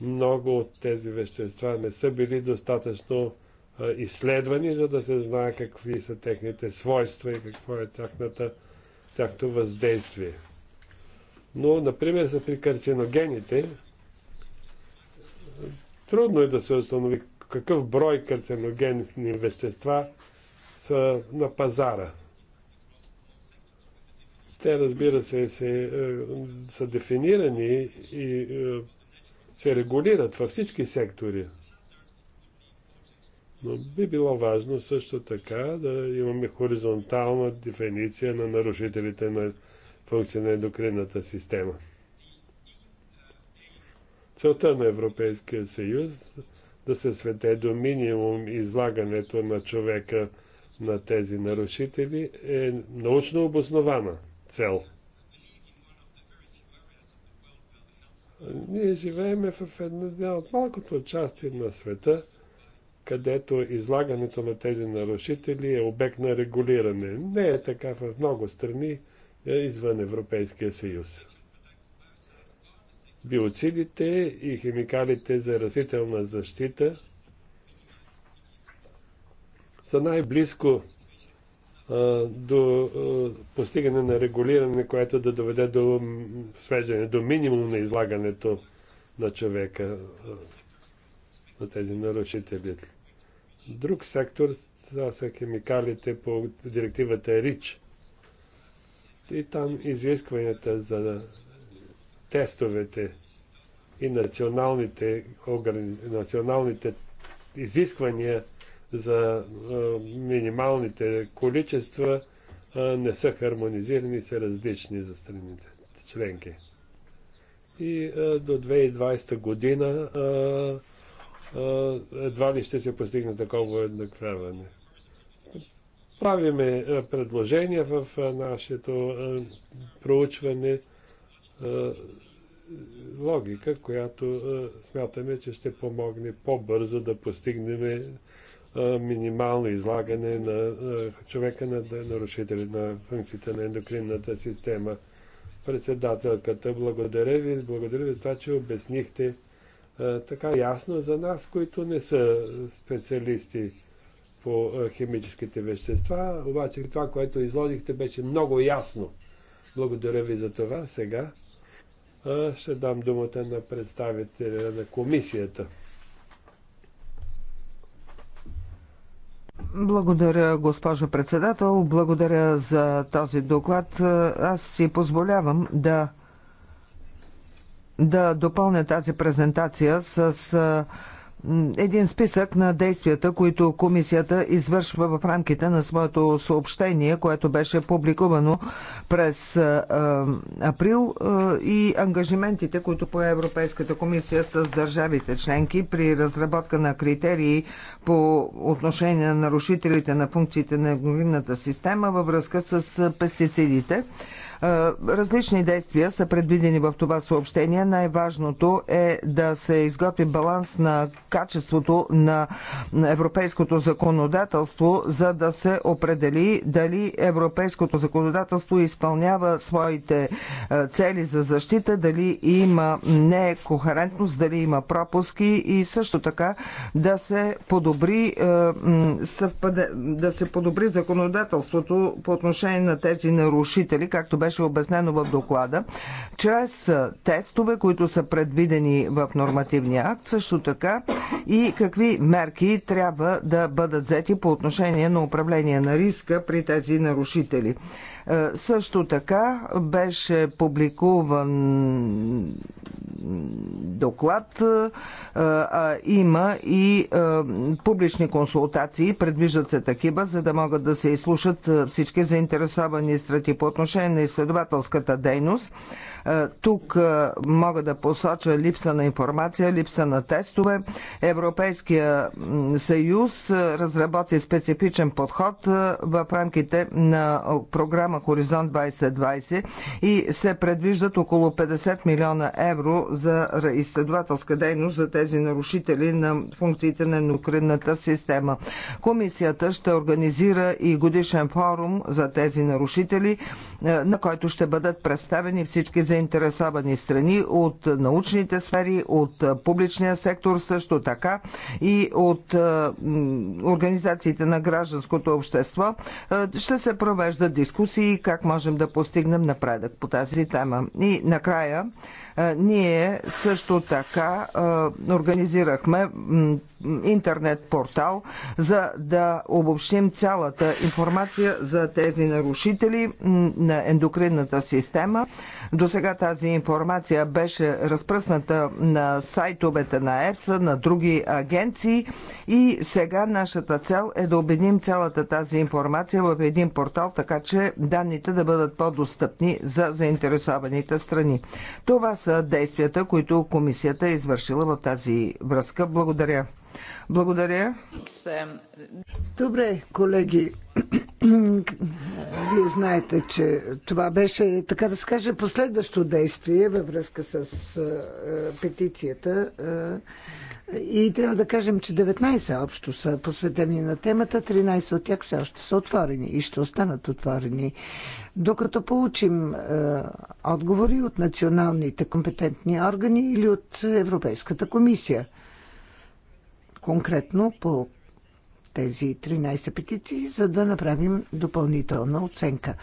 Много от тези вещества не са били достатъчно изследвани, за да се знае какви са техните свойства и какво е тяхната, тяхното въздействие. Но, например, за при карциногените, трудно е да се установи какъв брой карциногенни вещества са на пазара. Те, разбира се, се е, са дефинирани и е, се регулират във всички сектори. Но би било важно също така да имаме хоризонтална дефиниция на нарушителите на функция на ендокринната система. Целта на Европейския съюз е да се свете до минимум излагането на човека на тези нарушители е научно обоснована цел. Ние живееме в една от малкото части на света, където излагането на тези нарушители е обект на регулиране. Не е така в много страни е, извън Европейския съюз. Биоцидите и химикалите за растителна защита са най-близко до а, постигане на регулиране, което да доведе до свеждане, до минимум на излагането на човека на тези нарушители. Друг сектор това са химикалите по директивата РИЧ. И там изискванията за тестовете и националните, националните изисквания за минималните количества не са хармонизирани, са различни за страните членки. И до 2020 година едва ли ще се постигне такова еднаквяване правиме предложения в нашето проучване логика, която смятаме, че ще помогне по-бързо да постигнем минимално излагане на човека на нарушители на функциите на ендокринната система. Председателката, благодаря ви, благодаря ви за това, че обяснихте така ясно за нас, които не са специалисти по е, химическите вещества, обаче това, което изложихте, беше много ясно. Благодаря ви за това. Сега е, ще дам думата на представителя на комисията. Благодаря, госпожо председател. Благодаря за този доклад. Аз си позволявам да, да допълня тази презентация с е, един списък на действията, които комисията извършва в рамките на своето съобщение, което беше публикувано през април и ангажиментите, които по Европейската комисия с държавите членки при разработка на критерии по отношение на нарушителите на функциите на енергийната система във връзка с пестицидите. Е, различни действия са предвидени в това съобщение. Най-важното е да се изготви баланс на качеството на европейското законодателство, за да се определи дали европейското законодателство изпълнява своите е, цели за защита, дали има некохерентност, е дали има пропуски и също така да се подобри, да се подобри законодателството по отношение на тези нарушители, както беше беше обяснено в доклада, чрез тестове, които са предвидени в нормативния акт, също така и какви мерки трябва да бъдат взети по отношение на управление на риска при тези нарушители. Е, също така беше публикуван доклад, е, а има и е, публични консултации, предвиждат се такива, за да могат да се изслушат всички заинтересовани страти по отношение на изследователската дейност. Тук мога да посоча липса на информация, липса на тестове. Европейския съюз разработи специфичен подход в рамките на програма програма Хоризонт 2020 и се предвиждат около 50 милиона евро за изследователска дейност за тези нарушители на функциите на енокринната система. Комисията ще организира и годишен форум за тези нарушители, е, на който ще бъдат представени всички заинтересовани страни от научните сфери, от е, публичния сектор също така и от е, организациите на гражданското общество. Ще се провеждат дискусии и как можем да постигнем напредък по тази тема. И накрая ние също така организирахме интернет портал, за да обобщим цялата информация за тези нарушители на ендокринната система. До сега тази информация беше разпръсната на сайтовете на ЕПСА, на други агенции и сега нашата цел е да обединим цялата тази информация в един портал, така че данните да бъдат по-достъпни за заинтересованите страни. Това са действията, които комисията е извършила в тази връзка. Благодаря. Благодаря. Добре, колеги. Вие знаете, че това беше, така да се каже, последващо действие във връзка с е, петицията е, и трябва да кажем, че 19 общо са посветени на темата, 13 от тях все още са отворени и ще останат отворени. Докато получим е, отговори от националните компетентни органи или от Европейската комисия, конкретно по тези 13 петиции, за да направим допълнителна оценка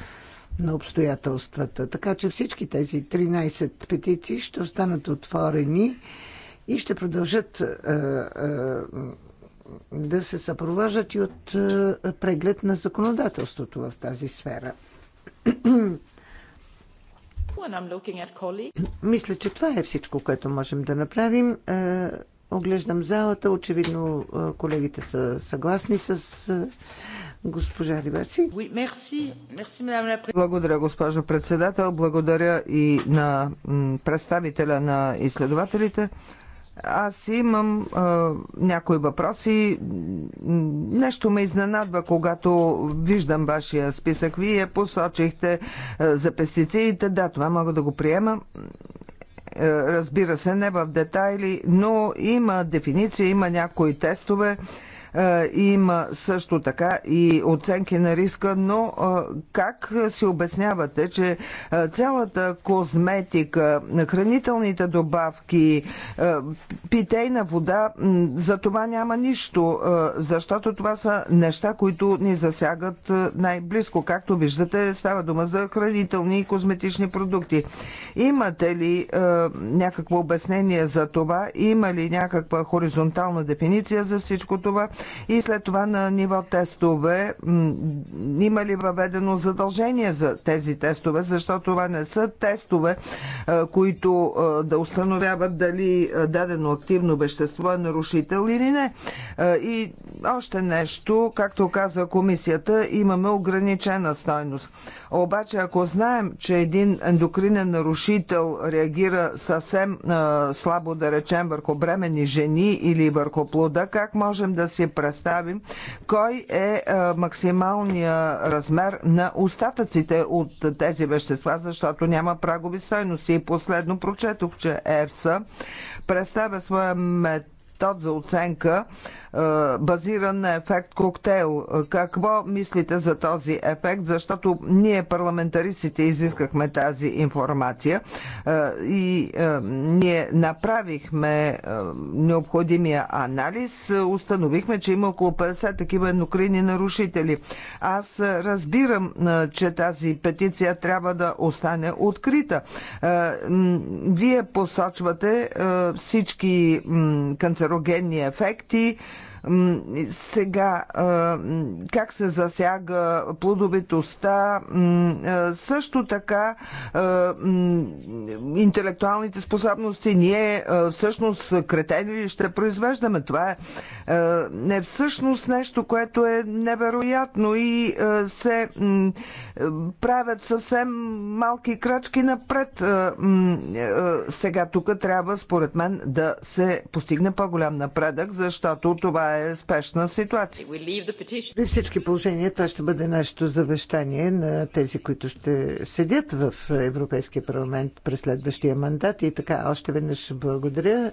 на обстоятелствата. Така че всички тези 13 петиции ще останат отворени и ще продължат е, е, да се съпровождат и от е, преглед на законодателството в тази сфера. Мисля, че това е всичко, което можем да направим. Оглеждам залата. Очевидно колегите са съгласни с госпожа Рибаси. Благодаря, госпожо председател. Благодаря и на представителя на изследователите. Аз имам а, някои въпроси. Нещо ме изненадва, когато виждам вашия списък. Вие посочихте а, за пестицидите. Да, това мога да го приема. Е, разбира се, не в детайли, но има дефиниция, има някои тестове. А, е, има също така и оценки на риска, но е, как си обяснявате, че е, цялата козметика, хранителните добавки, питейна вода, за това няма нищо, защото това са неща, които ни засягат най-близко. Както виждате, става дума за хранителни и козметични продукти. Имате ли някакво обяснение за това? Има ли някаква хоризонтална дефиниция за всичко това? И след това на ниво тестове има ли въведено задължение за тези тестове, защото това не са тестове, които да установяват дали дадено активно вещество е нарушител или не. И още нещо, както каза комисията, имаме ограничена стойност. Обаче, ако знаем, че един ендокринен нарушител реагира съвсем слабо, да речем, върху бремени жени или върху плода, как можем да си представим кой е максималния размер на остатъците от тези вещества, защото няма прагови стойности. И последно прочетох, че ЕФСА представя своя метод метод за оценка, е, базиран на ефект коктейл. Какво мислите за този ефект? Защото ние, парламентаристите, изискахме тази информация е, и е, ние направихме необходимия анализ. Установихме, че има около 50 такива еднокрини нарушители. Аз разбирам, че тази петиция трябва да остане открита. Вие посочвате всички канцерогенни хетерогенни ефекти, сега, как се засяга плодовитостта, също така интелектуалните способности, ние всъщност кретени ли ще произвеждаме. Това е не всъщност нещо, което е невероятно и се правят съвсем малки крачки напред. Сега тук трябва, според мен, да се постигне по-голям напредък, защото това е спешна ситуация. При всички положения това ще бъде нашето завещание на тези, които ще седят в Европейския парламент през следващия мандат. И така, още веднъж благодаря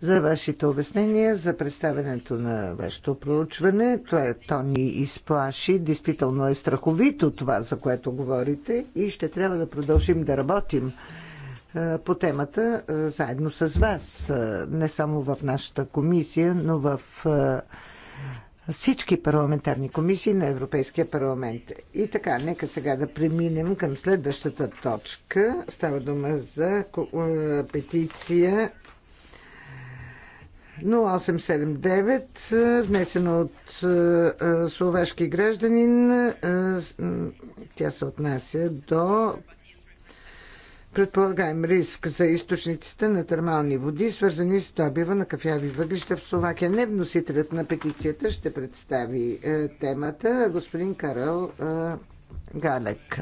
за вашите обяснения, за представенето на вашето проучване. Това е, то ни изплаши. Действително е страховито това, за което говорите и ще трябва да продължим да работим. Е, по темата е, заедно с вас, е, не само в нашата комисия, но в всички парламентарни комисии на Европейския парламент. И така, нека сега да преминем към следващата точка. Става дума за петиция 0879, внесена от словашки гражданин. Тя се отнася до предполагаем риск за източниците на термални води, свързани с добива на кафяви въглища в Словакия. Не вносителят на петицията ще представи е, темата, господин Карел е, Галек.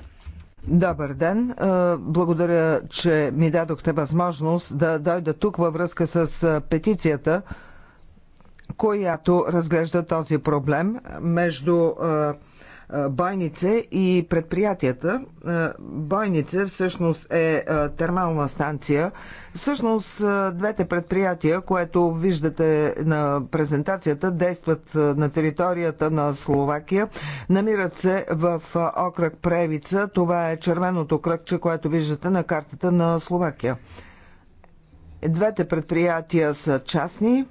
Добър ден. Е, благодаря, че ми дадохте възможност да дойда тук във връзка с е, петицията, която разглежда този проблем между е, Бойнице и предприятията. Бойнице всъщност е термална станция. Всъщност двете предприятия, което виждате на презентацията, действат на територията на Словакия. Намират се в окръг Превица. Това е червеното кръгче, което виждате на картата на Словакия. Двете предприятия са частни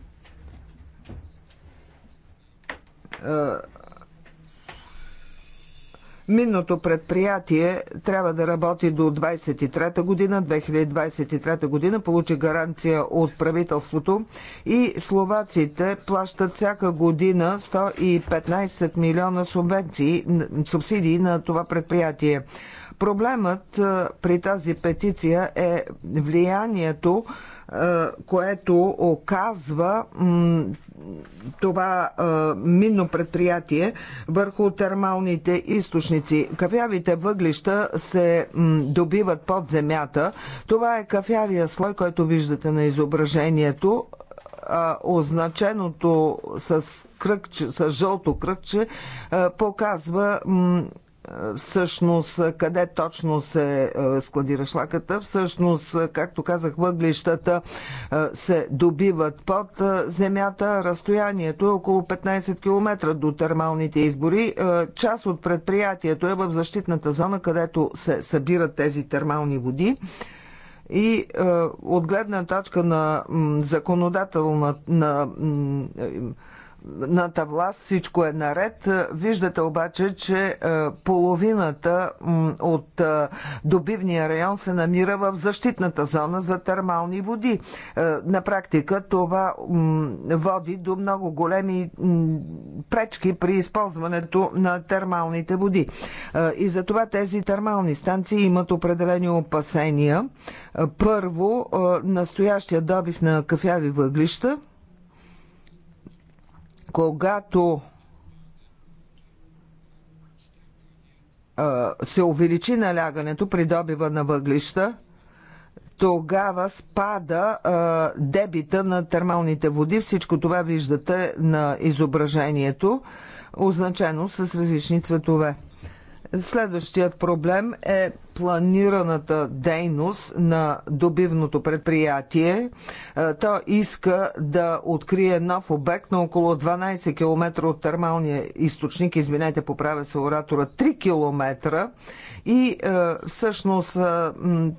Минното предприятие трябва да работи до 23 година. 2023 година получи гаранция от правителството и словаците плащат всяка година 115 милиона субвенции, субсидии на това предприятие. Проблемът при тази петиция е влиянието, което оказва това а, минно предприятие върху термалните източници. Кафявите въглища се м, добиват под земята. Това е кафявия слой, който виждате на изображението. А, означеното с, кръгче, с жълто кръгче а, показва м, всъщност къде точно се е, складира шлаката. Всъщност, както казах, въглищата е, се добиват под е, земята. Разстоянието е около 15 км до термалните избори. Част от предприятието е в защитната зона, където се събират тези термални води. И от гледна точка на законодателна на, на съдебната власт всичко е наред. Виждате обаче, че е, половината от е, добивния район се намира в защитната зона за термални води. Е, на практика това води до много големи пречки при използването на термалните води. И затова тези термални станции имат определени опасения. Първо, настоящия добив на кафяви въглища когато се увеличи налягането при добива на въглища, тогава спада а, дебита на термалните води. Всичко това виждате на изображението, означено с различни цветове. Следващият проблем е планираната дейност на добивното предприятие. Е, то иска да открие нов обект на около 12 км от термалния източник, извинете, поправя се оратора, 3 км и е, всъщност е,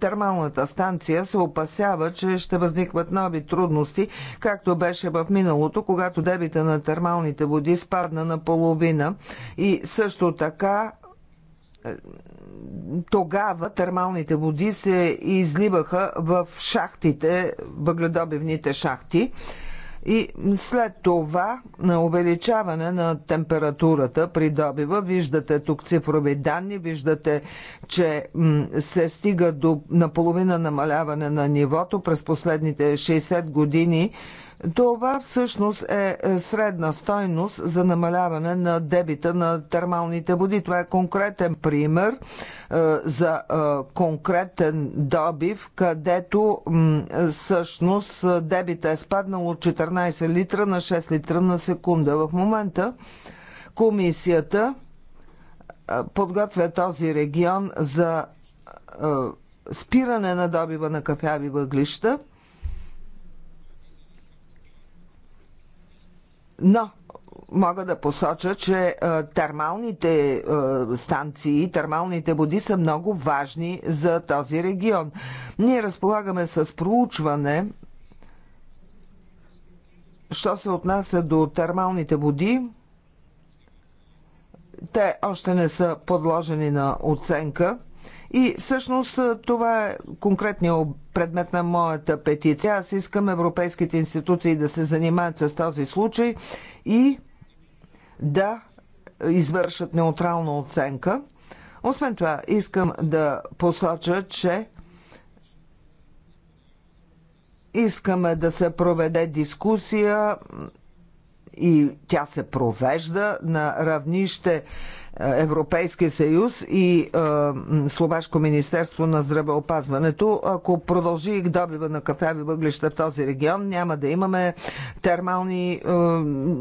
термалната станция се опасява, че ще възникват нови трудности, както беше в миналото, когато дебита на термалните води спадна на половина и също така тогава термалните води се изливаха в шахтите, въгледобивните шахти. И след това на увеличаване на температурата при добива, виждате тук цифрови данни, виждате, че се стига до наполовина намаляване на нивото през последните 60 години това всъщност е, е средна стойност за намаляване на дебита на термалните води. Това е конкретен пример е, за е, конкретен добив, където всъщност дебита е спаднал от 14 литра на 6 литра на секунда. В момента комисията подготвя този регион за спиране на добива на кафяви въглища – Но мога да посоча, че термалните станции, термалните води са много важни за този регион. Ние разполагаме с проучване, що се отнася до термалните води. Те още не са подложени на оценка. И всъщност това е конкретният предмет на моята петиция. Аз искам европейските институции да се занимават с този случай и да извършат неутрална оценка. Освен това, искам да посоча, че искаме да се проведе дискусия и тя се провежда на равнище Европейския съюз и Словашко Министерство на здравеопазването. Ако продължи добива на кафяви въглища в този регион, няма да имаме термални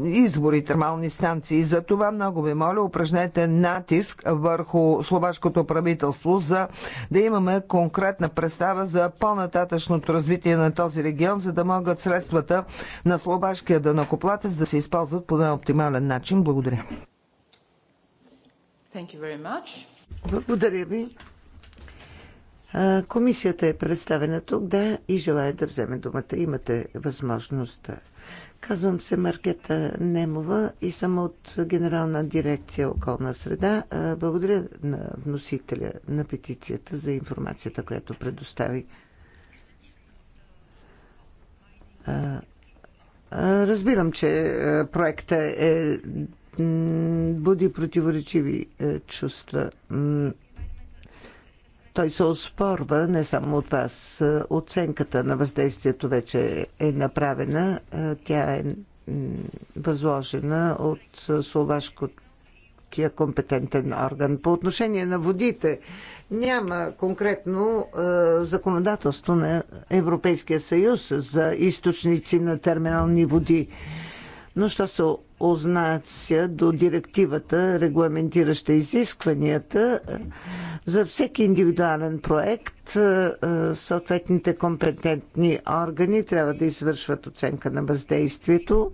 избори, термални станции. За това много ви моля, упражнете натиск върху словашкото правителство, за да имаме конкретна представа за по-нататъчното развитие на този регион, за да могат средствата на словашкия за да се използват по най-оптимален начин. Благодаря. Благодаря ви. Комисията е представена тук, да, и желая да вземе думата. Имате възможността. Казвам се Маркета Немова и съм от Генерална дирекция околна среда. Благодаря на вносителя на петицията за информацията, която предостави. Разбирам, че проектът е буди противоречиви е, чувства. Той се оспорва не само от вас. Е, оценката на въздействието вече е направена. Е, тя е възложена от словашкото компетентен орган. По отношение на водите няма конкретно е, законодателство на Европейския съюз за източници на терминални води. Но що се ознася до директивата, регламентираща изискванията, е, за всеки индивидуален проект е, е, съответните компетентни органи трябва да извършват оценка на въздействието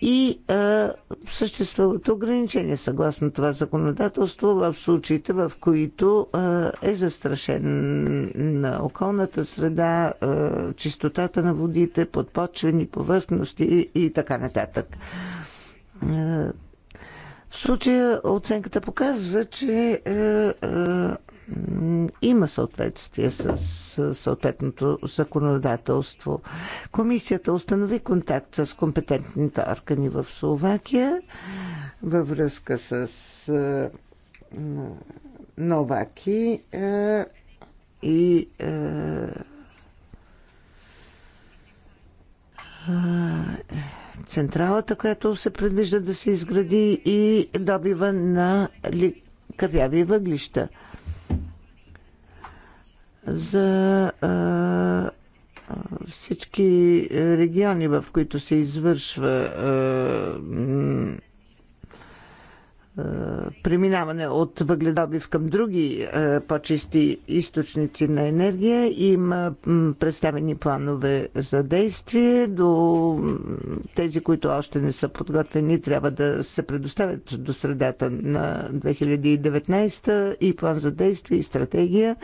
и а, съществуват ограничения съгласно това законодателство в случаите, в които а, е застрашен на околната среда, а, чистотата на водите, подпочвени повърхности и, и така нататък. А, в случая оценката показва, че а, е, е, има съответствие с съответното законодателство. Комисията установи контакт с компетентните органи в Словакия във връзка с Новаки и централата, която се предвижда да се изгради и добива на кавяви въглища за всички региони, в които се извършва преминаване от въгледобив към други по-чисти източници на енергия. Има представени планове за действие. До тези, които още не са подготвени, трябва да се предоставят до средата на 2019 и план за действие и стратегия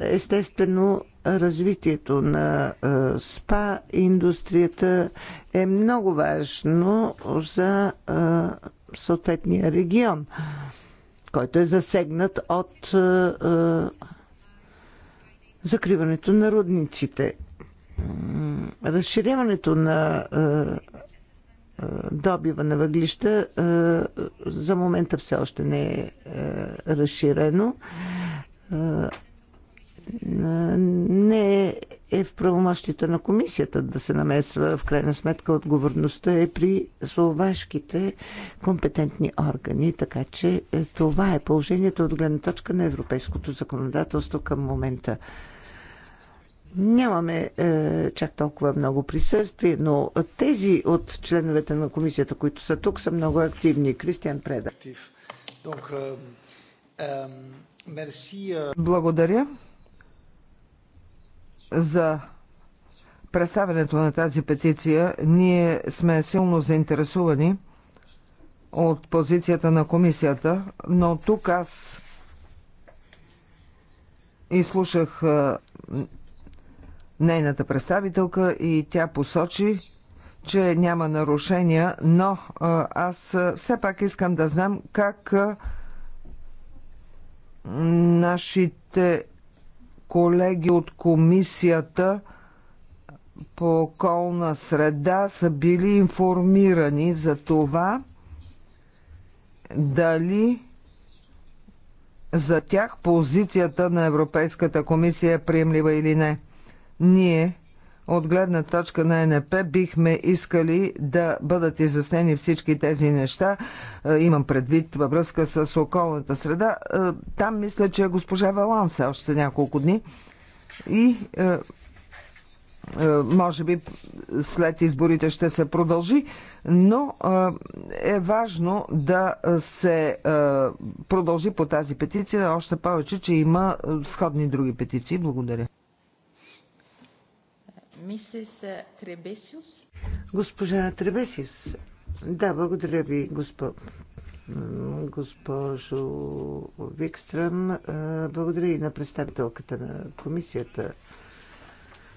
Естествено, развитието на СПА индустрията е много важно за съответния регион, който е засегнат от закриването на родниците. Разширяването на добива на въглища за момента все още не е разширено не е в правомощите на комисията да се намесва. В крайна сметка отговорността е при словашките компетентни органи, така че е, това е положението от гледна точка на европейското законодателство към момента. Нямаме е, чак толкова много присъствие, но тези от членовете на комисията, които са тук, са много активни. Кристиан Преда. Donc, euh, euh... Euh, Благодаря за представянето на тази петиция. Ние сме силно заинтересувани от позицията на комисията, но тук аз изслушах нейната представителка и тя посочи, че няма нарушения, но аз все пак искам да знам как нашите колеги от комисията по околна среда са били информирани за това дали за тях позицията на Европейската комисия е приемлива или не. Ние от гледна точка на НП бихме искали да бъдат изяснени всички тези неща. Е, имам предвид във връзка с околната среда. Е, там мисля, че е госпожа Валанса още няколко дни. И е, може би след изборите ще се продължи, но е важно да се продължи по тази петиция, още повече, че има сходни други петиции. Благодаря. Мисис е, Требесиус. Госпожа Требесис. Да, благодаря ви, госпо... госпожо Викстрам. Е, благодаря и на представителката на комисията.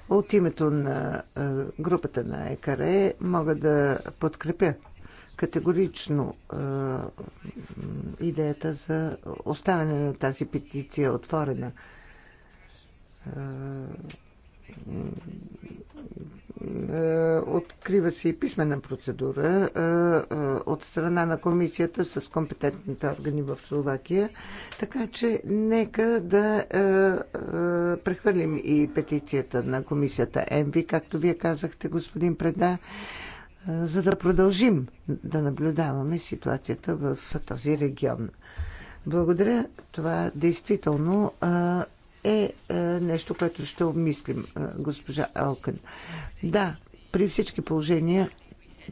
От името на е, групата на ЕКАРЕ мога да подкрепя категорично идеята за оставяне на тази петиция отворена. Е, открива се и писмена процедура е, е, от страна на комисията с компетентните органи в Словакия, така че нека да прехвърлим и петицията на комисията ЕМВИ, както вие казахте, господин Преда, за да продължим да наблюдаваме ситуацията в този регион. Благодаря. Това действително е, е нещо, което ще обмислим, е, госпожа Алкън. Да, при всички положения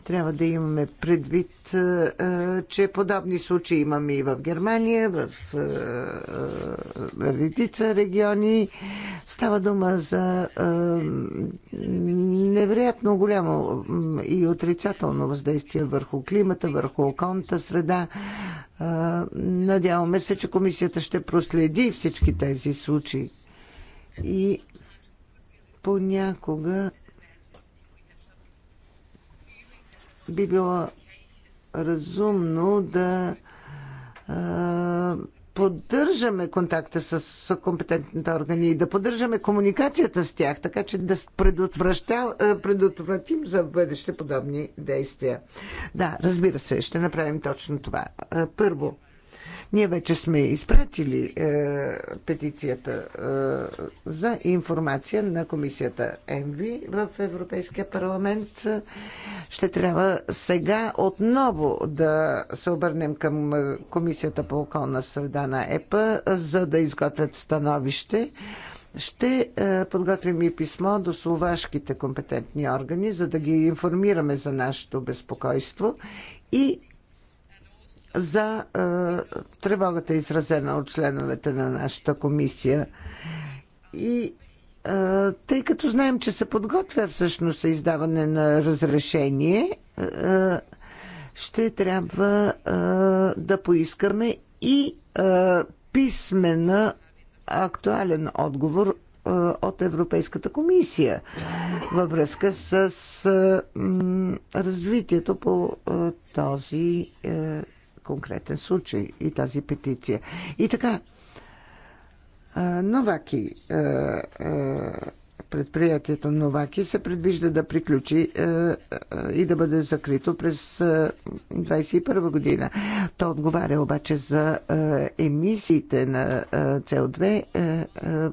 трябва да имаме предвид, е, е, че подобни случаи имаме и в Германия, в е, редица региони. Става дума за невероятно голямо и отрицателно въздействие върху климата, върху околната среда. Надяваме се, че комисията ще проследи всички тези случаи. И понякога би било разумно да поддържаме контакта с компетентните органи и да поддържаме комуникацията с тях, така че да предотвратим за бъдеще подобни действия. Да, разбира се, ще направим точно това. Първо, ние вече сме изпратили е, петицията е, за информация на комисията ЕМВИ в Европейския парламент. Ще трябва сега отново да се обърнем към комисията по околна среда на ЕПА, за да изготвят становище. Ще е, подготвим и писмо до словашките компетентни органи, за да ги информираме за нашето безпокойство и за е, тревогата, изразена от членовете на нашата комисия. И е, тъй като знаем, че се подготвя всъщност издаване на разрешение, е, ще трябва да поискаме и писмена актуален отговор от Европейската комисия във връзка с развитието по този конкретен случай и тази петиция. И така, Новаки Предприятието Новаки се предвижда да приключи е, е, и да бъде закрито през 2021 е, година. То отговаря обаче за емисиите на CO2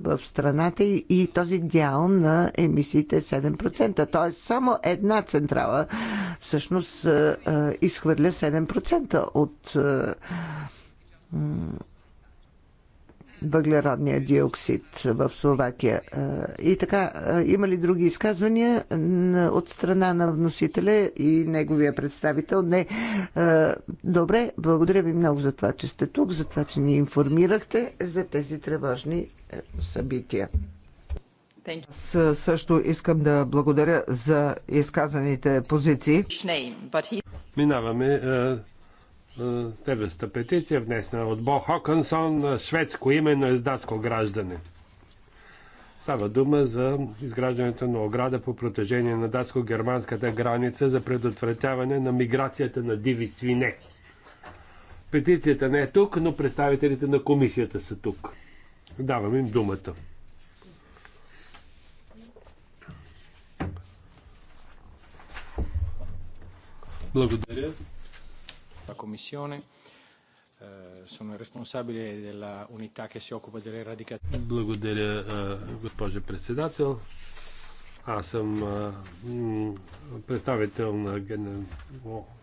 в страната и този дял на емисиите е 7%. Тоест само една централа всъщност изхвърля 7% от въглеродния диоксид в Словакия. И така, има ли други изказвания от страна на вносителя и неговия представител? Не. Добре, благодаря ви много за това, че сте тук, за това, че ни информирахте за тези тревожни е, събития. Аз също искам да благодаря за изказаните позиции. Минаваме е, е, следващата петиция, внесена от Бо Хокансон, шведско име, но е с датско граждане. Става дума за изграждането на ограда по протежение на датско-германската граница за предотвратяване на миграцията на диви свине. Петицията не е тук, но представителите на комисията са тук. Давам им думата. Благодаря la Commissione. Eh, sono il responsabile della unità che si occupa delle radicazioni. Благодаря, е, госпожо председател. Аз съм е, представител на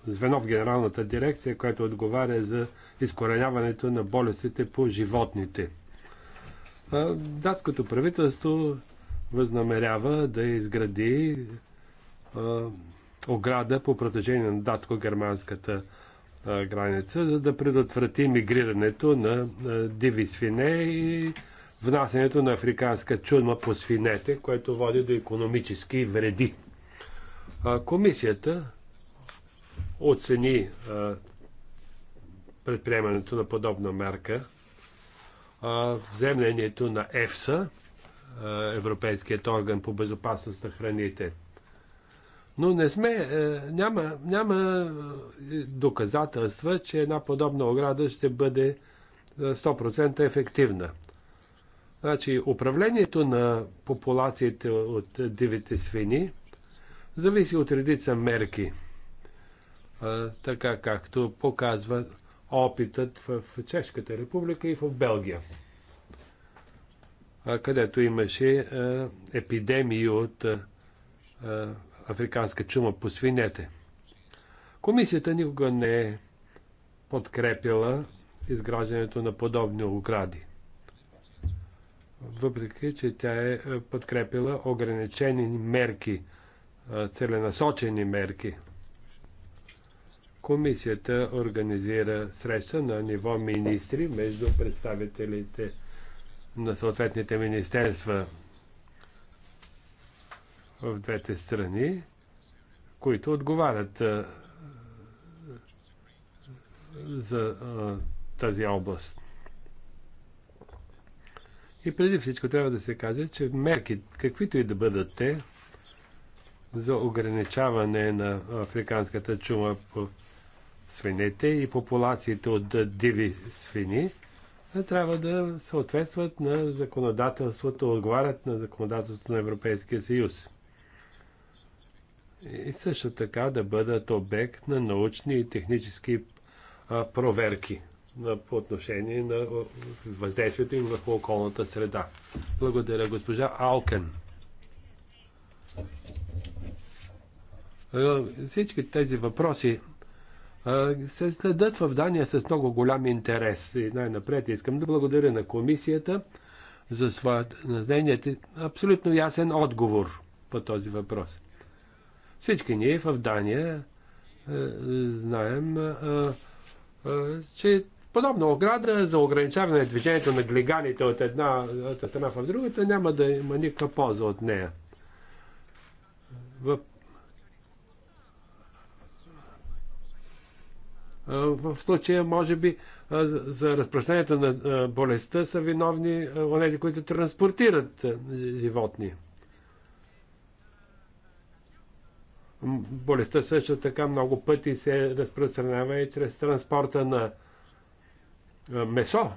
звено в Генералната дирекция, което отговаря за изкореняването на болестите по животните. Е, датското правителство възнамерява да изгради ограда по протежение на датко-германската граница, за да предотврати мигрирането на диви свине и внасянето на африканска чурма по свинете, което води до економически вреди. Комисията оцени предприемането на подобна мерка, вземлението на ЕФСА, Европейският орган по безопасност на храните. Но не сме, е, няма, няма е, доказателства, че една подобна ограда ще бъде 100% е, ефективна. Значи, управлението на популациите от дивите свини зависи от редица мерки, така както показва опитът в Чешката република и в Белгия, където имаше епидемии от африканска чума по свинете. Комисията никога не е подкрепила изграждането на подобни огради. Въпреки, че тя е, е подкрепила ограничени мерки, е, целенасочени мерки. Комисията организира среща на ниво министри между представителите на съответните министерства в двете страни, които отговарят а, за а, тази област. И преди всичко трябва да се каже, че мерки, каквито и да бъдат те, за ограничаване на африканската чума по свинете и популациите от диви свини, трябва да съответстват на законодателството, отговарят на законодателството на Европейския съюз и също така да бъдат обект на научни и технически проверки по отношение на въздействието им върху околната среда. Благодаря, госпожа Алкен. Всички тези въпроси се следят в Дания с много голям интерес. И най-напред искам да благодаря на комисията за своят нейният абсолютно ясен отговор по този въпрос. Всички ние в Дания е, знаем, е, е, че подобна ограда за ограничаване на движението на глиганите от една страна в другата няма да има никаква полза от нея. В В случая, може би, за разпространението на болестта са виновни онези, които транспортират животни. Болестта също така много пъти се разпространява и чрез транспорта на месо.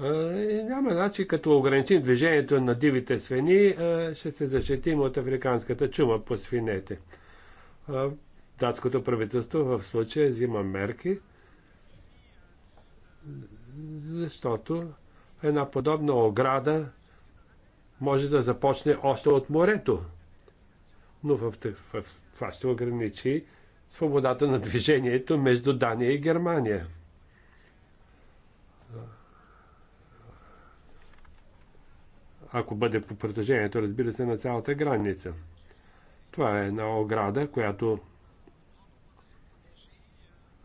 И няма начин като ограничим движението на дивите свини, ще се защитим от африканската чума по свинете. Датското правителство в случая взима мерки, защото една подобна ограда може да започне още от морето но в, в, в това ще ограничи свободата на движението между Дания и Германия. Ако бъде по протежението, разбира се, на цялата граница. Това е една ограда, която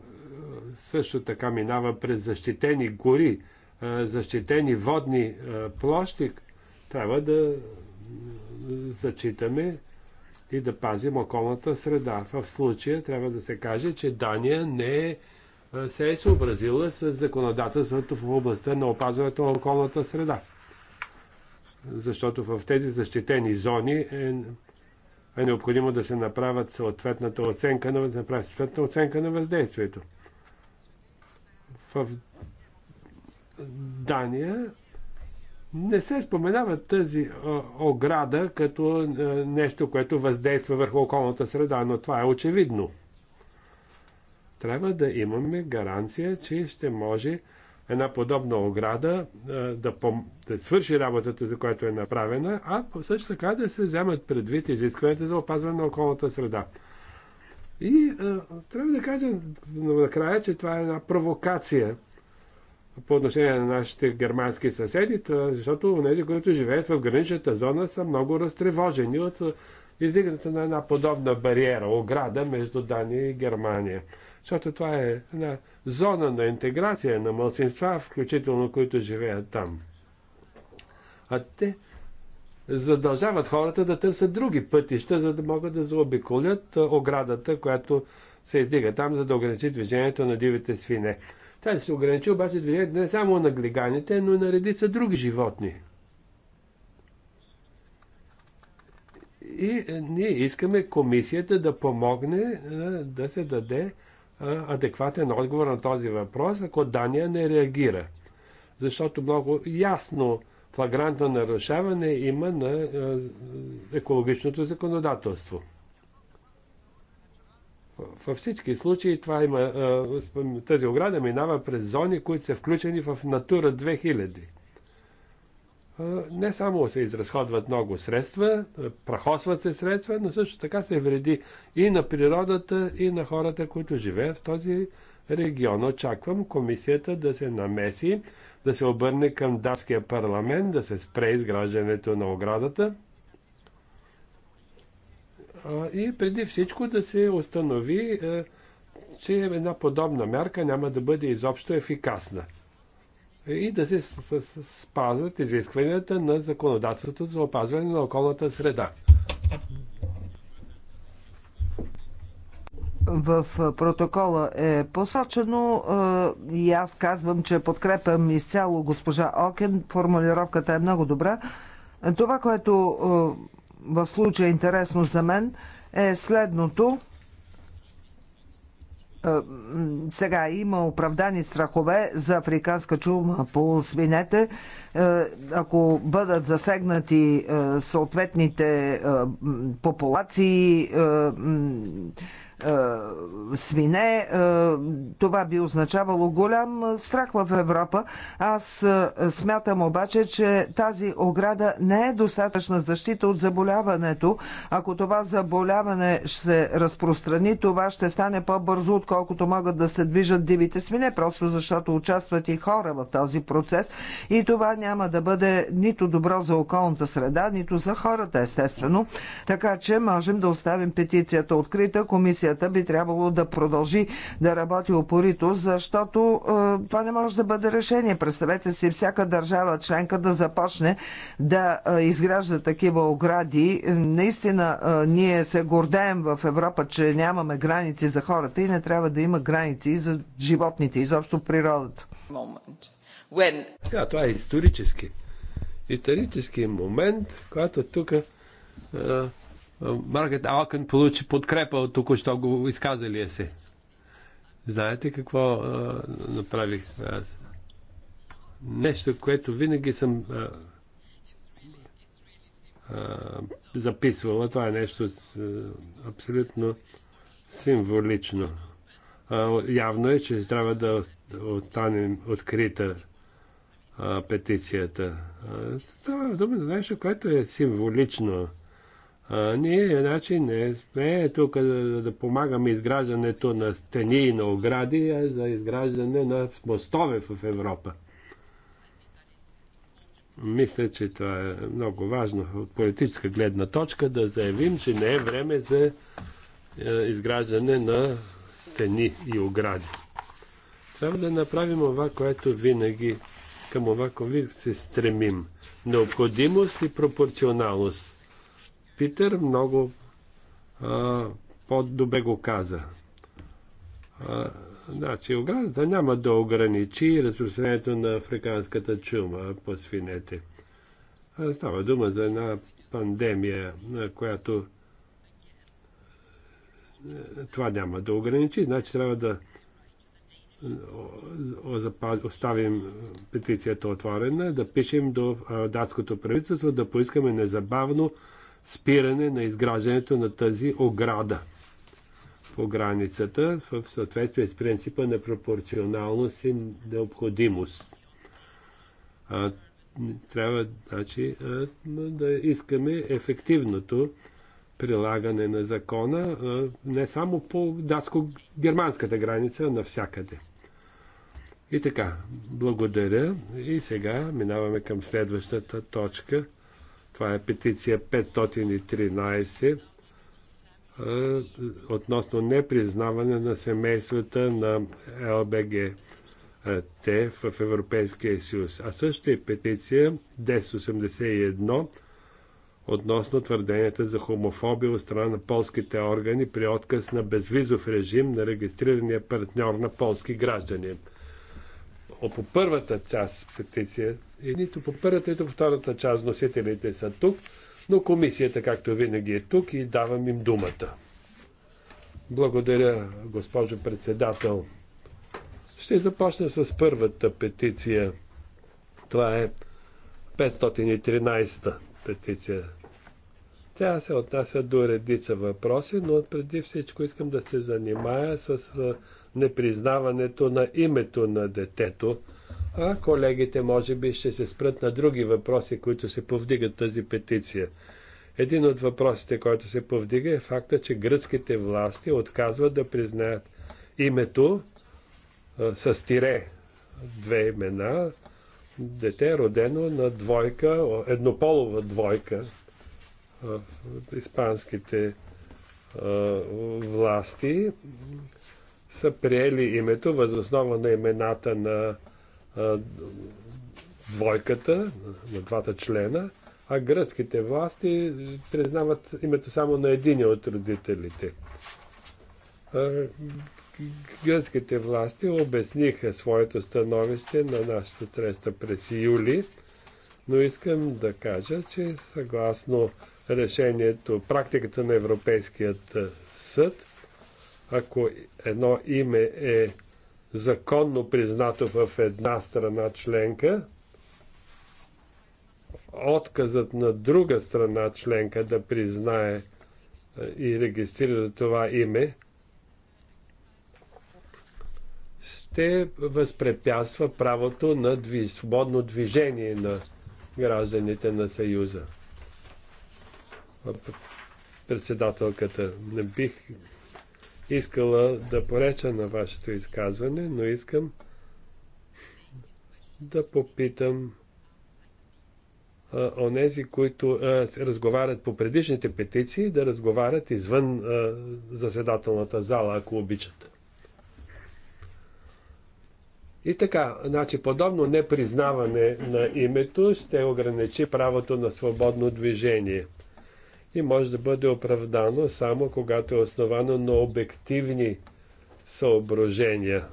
е, също така минава през защитени гори, е, защитени водни е, площи. Трябва да зачитаме и да пазим околната среда. В случая трябва да се каже, че Дания не е се е съобразила с законодателството в областта на опазването на околната среда. Защото в тези защитени зони е, е необходимо да се направят съответната оценка на, направят съответна оценка на въздействието. В Дания не се споменава тази ограда като нещо, което въздейства върху околната среда, но това е очевидно. Трябва да имаме гаранция, че ще може една подобна ограда да, пом- да свърши работата, за която е направена, а също така да се вземат предвид изискванията за опазване на околната среда. И а, трябва да кажа накрая, че това е една провокация по отношение на нашите германски съседи, защото тези, които живеят в граничната зона, са много разтревожени от издигането на една подобна бариера, ограда между Дания и Германия. Защото това е една зона на интеграция на мълцинства, включително които живеят там. А те задължават хората да търсят други пътища, за да могат да заобиколят оградата, която се издига там, за да ограничи движението на дивите свине. Тя се ограничи обаче движението не само на глиганите, но и на редица други животни. И е, ние искаме комисията да помогне е, да се даде е, адекватен отговор на този въпрос, ако Дания не реагира. Защото много ясно флагрантно нарушаване има на екологичното законодателство. Във всички случаи това има, тази ограда минава през зони, които са включени в Натура 2000. Не само се изразходват много средства, прахосват се средства, но също така се вреди и на природата, и на хората, които живеят в този регион. Очаквам комисията да се намеси, да се обърне към датския парламент, да се спре изграждането на оградата и преди всичко да се установи, е, че една подобна мярка няма да бъде изобщо ефикасна. И да се спазват изискванията на законодателството за опазване на околната среда. в протокола е посочено и аз казвам, че подкрепям изцяло госпожа Окен. Формулировката е много добра. Това, което в случая интересно за мен, е следното. Е, сега има оправдани страхове за африканска чума по свинете. Е, ако бъдат засегнати е, съответните популации, е, свине. Е, това би означавало голям е, страх в Европа. Аз смятам обаче, че тази ограда не е достатъчна защита от заболяването. Ако това заболяване ще се разпространи, това ще стане по-бързо, отколкото могат да се движат дивите свине, просто защото участват и хора в този процес. И това няма да бъде нито добро за околната среда, нито за хората, естествено. Така че можем да оставим петицията открита. Комисията комисията би трябвало да продължи да работи опорито, защото е, това не може да бъде решение. Представете си всяка държава членка да започне да е, изгражда такива огради. Наистина е, ние се гордеем в Европа, че нямаме граници за хората и не трябва да има граници и за животните, изобщо природата. When... това е исторически. Исторически момент, когато тук Маргарет Алкън получи подкрепа от току-що го изказалия се. Знаете какво а, направих? Аз? Нещо, което винаги съм а, а, записвала. Това е нещо с, а, абсолютно символично. А, явно е, че трябва да останем открита а, петицията. Става дума за нещо, което е символично а, ние значи, не сме тук да, да помагаме изграждането на стени и на огради, а за изграждане на мостове в Европа. Мисля, че това е много важно от политическа гледна точка да заявим, че не е време за е, изграждане на стени и огради. Трябва да направим това, което винаги към това, което се стремим. Необходимост и пропорционалност. Питър много по-добре го каза. А, значи, оградата няма да ограничи разпространението на африканската чума по свинете. А, става дума за една пандемия, на която е, това няма да ограничи. Значи трябва да оставим петицията отворена, да пишем до датското правителство, да поискаме незабавно спиране на изграждането на тази ограда по границата в съответствие с принципа на пропорционалност и необходимост. А, трябва значи, а, да искаме ефективното прилагане на закона а, не само по датско-германската граница, а навсякъде. И така, благодаря. И сега минаваме към следващата точка – това е петиция 513 относно непризнаване на семействата на ЛБГ те в Европейския съюз. А също и петиция 1081 относно твърденията за хомофобия от страна на полските органи при отказ на безвизов режим на регистрирания партньор на полски граждани. По първата част петиция и нито по първата, нито по втората част носителите са тук, но комисията, както винаги, е тук и давам им думата. Благодаря, госпожо председател. Ще започна с първата петиция. Това е 513-та петиция. Тя се отнася до редица въпроси, но преди всичко искам да се занимая с непризнаването на името на детето а колегите може би ще се спрат на други въпроси, които се повдигат тази петиция. Един от въпросите, който се повдига е факта, че гръцките власти отказват да признаят името а, с тире две имена, дете родено на двойка, еднополова двойка а, испанските а, власти са приели името възоснова на имената на двойката, на двата члена, а гръцките власти признават името само на един от родителите. Гръцките власти обясниха своето становище на нашата среща през юли, но искам да кажа, че съгласно решението, практиката на Европейският съд, ако едно име е законно признато в една страна членка, отказът на друга страна членка да признае и регистрира това име, ще възпрепятства правото на дви, свободно движение на гражданите на Съюза. Председателката, не бих искала да пореча на вашето изказване, но искам да попитам онези, които а, разговарят по предишните петиции, да разговарят извън а, заседателната зала, ако обичат. И така, значи, подобно непризнаване на името ще ограничи правото на свободно движение – и може да бъде оправдано само когато е основано на обективни съображения.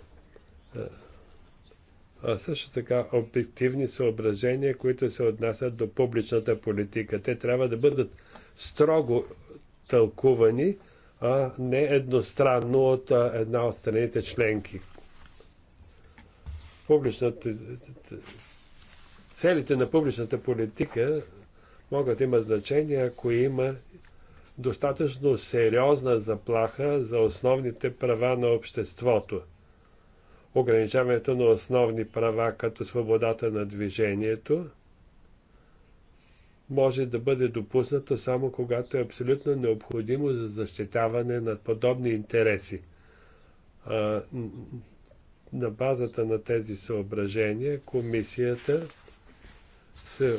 А също така обективни съображения, които се отнасят до публичната политика. Те трябва да бъдат строго тълкувани, а не едностранно от една от страните членки. Публичната, целите на публичната политика могат да имат значение, ако има достатъчно сериозна заплаха за основните права на обществото. Ограничаването на основни права, като свободата на движението, може да бъде допуснато само когато е абсолютно необходимо за защитаване на подобни интереси. А, на базата на тези съображения комисията се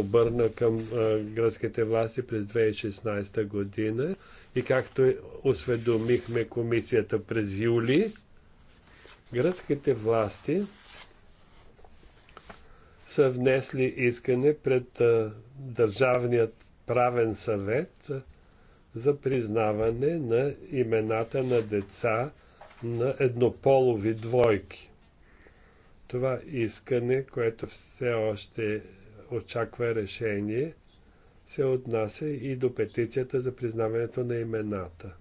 обърна към гръцките власти през 2016 година и както осведомихме комисията през юли, гръцките власти са внесли искане пред Държавният правен съвет за признаване на имената на деца на еднополови двойки. Това искане, което все още очаква решение, се отнася и до петицията за признаването на имената.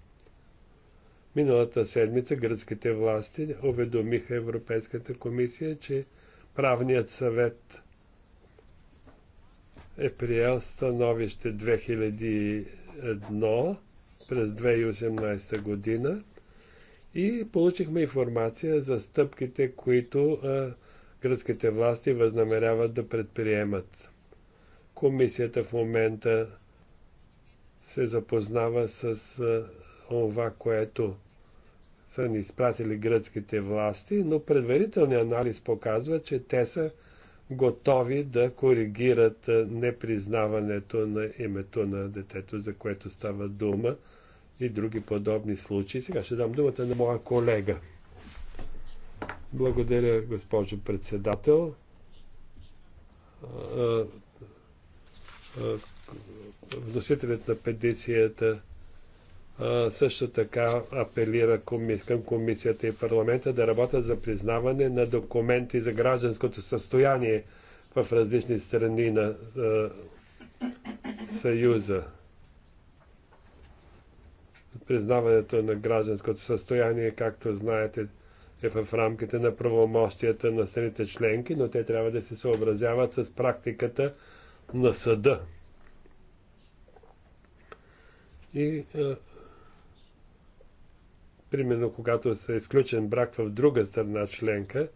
Миналата седмица гръцките власти уведомиха Европейската комисия, че правният съвет е приел становище 2001 през 2018 година и получихме информация за стъпките, които а, гръцките власти възнамеряват да предприемат. Комисията в момента се запознава с това, което са ни изпратили гръцките власти, но предварителният анализ показва, че те са готови да коригират непризнаването на името на детето, за което става дума и други подобни случаи. Сега ще дам думата на моя колега. Благодаря, госпожо председател. Вносителят на петицията също така апелира към комисията и парламента да работят за признаване на документи за гражданското състояние в различни страни на Съюза. Признаването на гражданското състояние, както знаете, е в рамките на правомощията на страните членки, но те трябва да се съобразяват с практиката на съда. И а, примерно когато се е изключен брак в друга страна членка,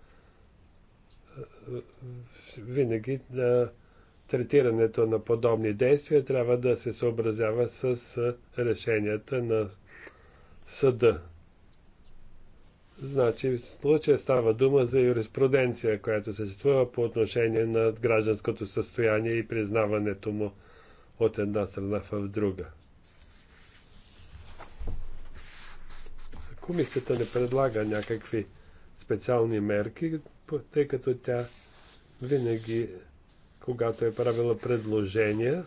винаги на третирането на подобни действия трябва да се съобразява с решенията на съда. Значи, в случая става дума за юриспруденция, която съществува по отношение на гражданското състояние и признаването му от една страна в друга. Комисията не предлага някакви специални мерки, тъй като тя винаги, когато е правила предложения,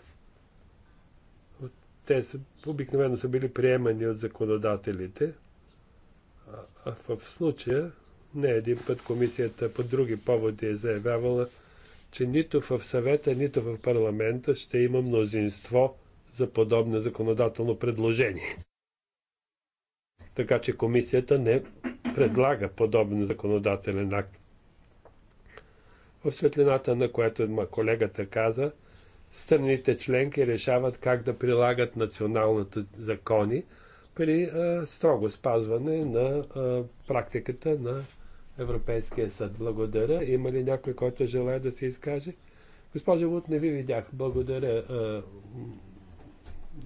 те са, обикновено са били приемани от законодателите – в случая не един път комисията по други поводи е заявявала, че нито в съвета, нито в парламента ще има мнозинство за подобно законодателно предложение. Така че комисията не предлага подобен законодателен акт. В светлината на което колегата каза, страните членки решават как да прилагат националните закони, при а, строго спазване на а, практиката на Европейския съд. Благодаря. Има ли някой, който желая да се изкаже? Госпожа Лут, не ви видях. Благодаря. А,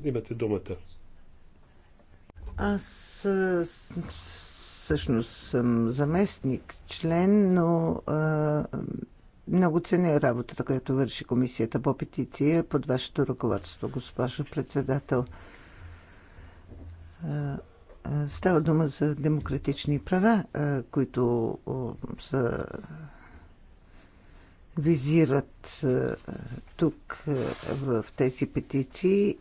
имате думата. Аз всъщност съм заместник, член, но а, много ценя работата, която върши комисията по петиция под вашето ръководство, госпожо председател. А, Става дума за демократични права, които са визират тук в тези петиции.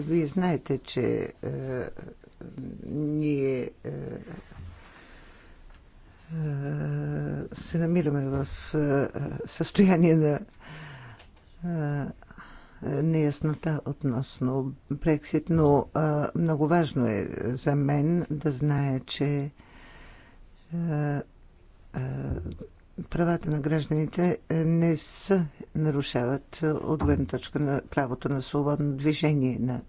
Вие знаете, че ние се намираме в състояние на е, неяснота относно Брексит, но а, е, много важно е за мен да знае, че а, е, а, правата на гражданите не се нарушават от гледна точка на правото на свободно движение на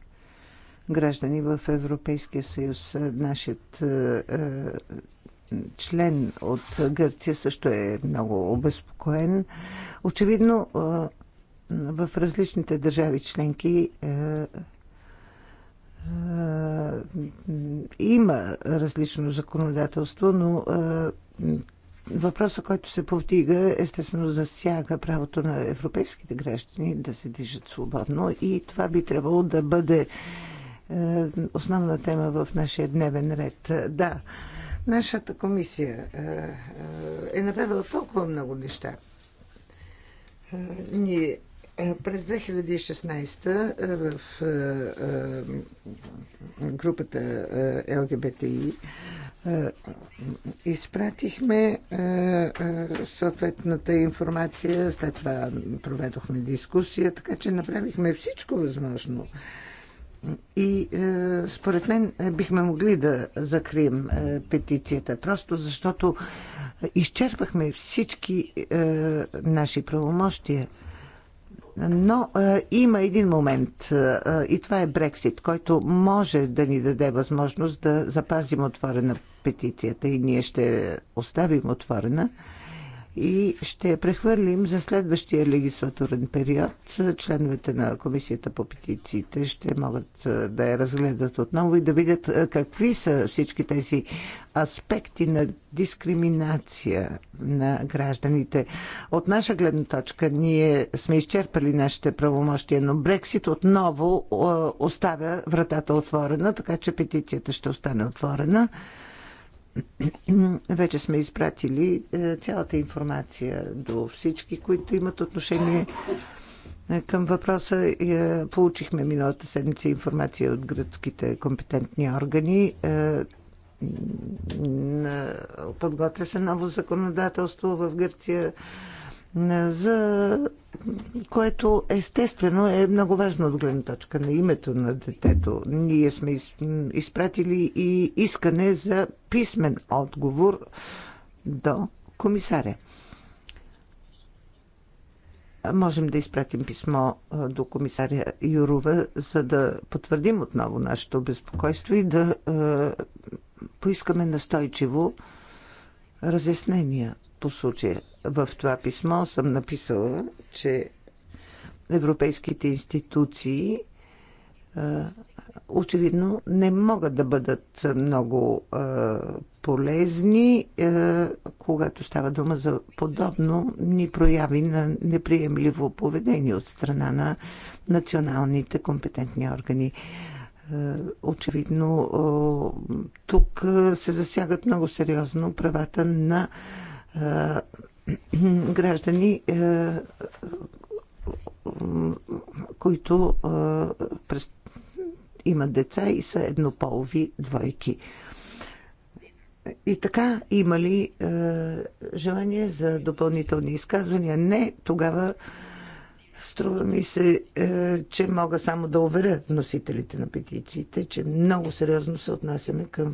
граждани в Европейския съюз. Нашият а, член от Гърция също е много обезпокоен. Очевидно, а, в различните държави членки е, е, има различно законодателство, но е, въпросът, който се повдига, естествено засяга правото на европейските граждани да се движат свободно и това би трябвало да бъде основна тема в нашия дневен ред. Да, нашата комисия е направила толкова много неща. Ние е, през 2016 е, в е, групата ЛГБТИ изпратихме съответната информация, след това проведохме дискусия, така че направихме всичко възможно. И според мен бихме могли да закрием петицията, просто защото изчерпахме всички наши правомощия. Но а, е, има един момент а, е, е, и това е Брексит, който може да ни даде възможност да запазим отворена петицията и ние ще оставим отворена и ще я прехвърлим за следващия легислатурен период. Членовете на Комисията по петициите ще могат да я разгледат отново и да видят какви са всички тези аспекти на дискриминация на гражданите. От наша гледна точка ние сме изчерпали нашите правомощия, но Брексит отново оставя вратата отворена, така че петицията ще остане отворена. Вече сме изпратили е, цялата информация до всички, които имат отношение е, към въпроса. Е, получихме миналата седмица информация от гръцките компетентни органи. Подготвя се ново законодателство в Гърция за което естествено е много важно от гледна точка на името на детето. Ние сме изпратили и искане за писмен отговор до комисаря. Можем да изпратим писмо до комисаря Юрова, за да потвърдим отново нашето безпокойство и да е, поискаме настойчиво разяснения по случая. В това писмо съм написала, че европейските институции очевидно не могат да бъдат много полезни, когато става дума за подобно ни прояви на неприемливо поведение от страна на националните компетентни органи. Очевидно, тук се засягат много сериозно правата на граждани, които имат деца и са еднополови двойки. И така, има ли е, желание за допълнителни изказвания? Не, тогава струва ми се, е, че мога само да уверя носителите на петициите, че много сериозно се отнасяме към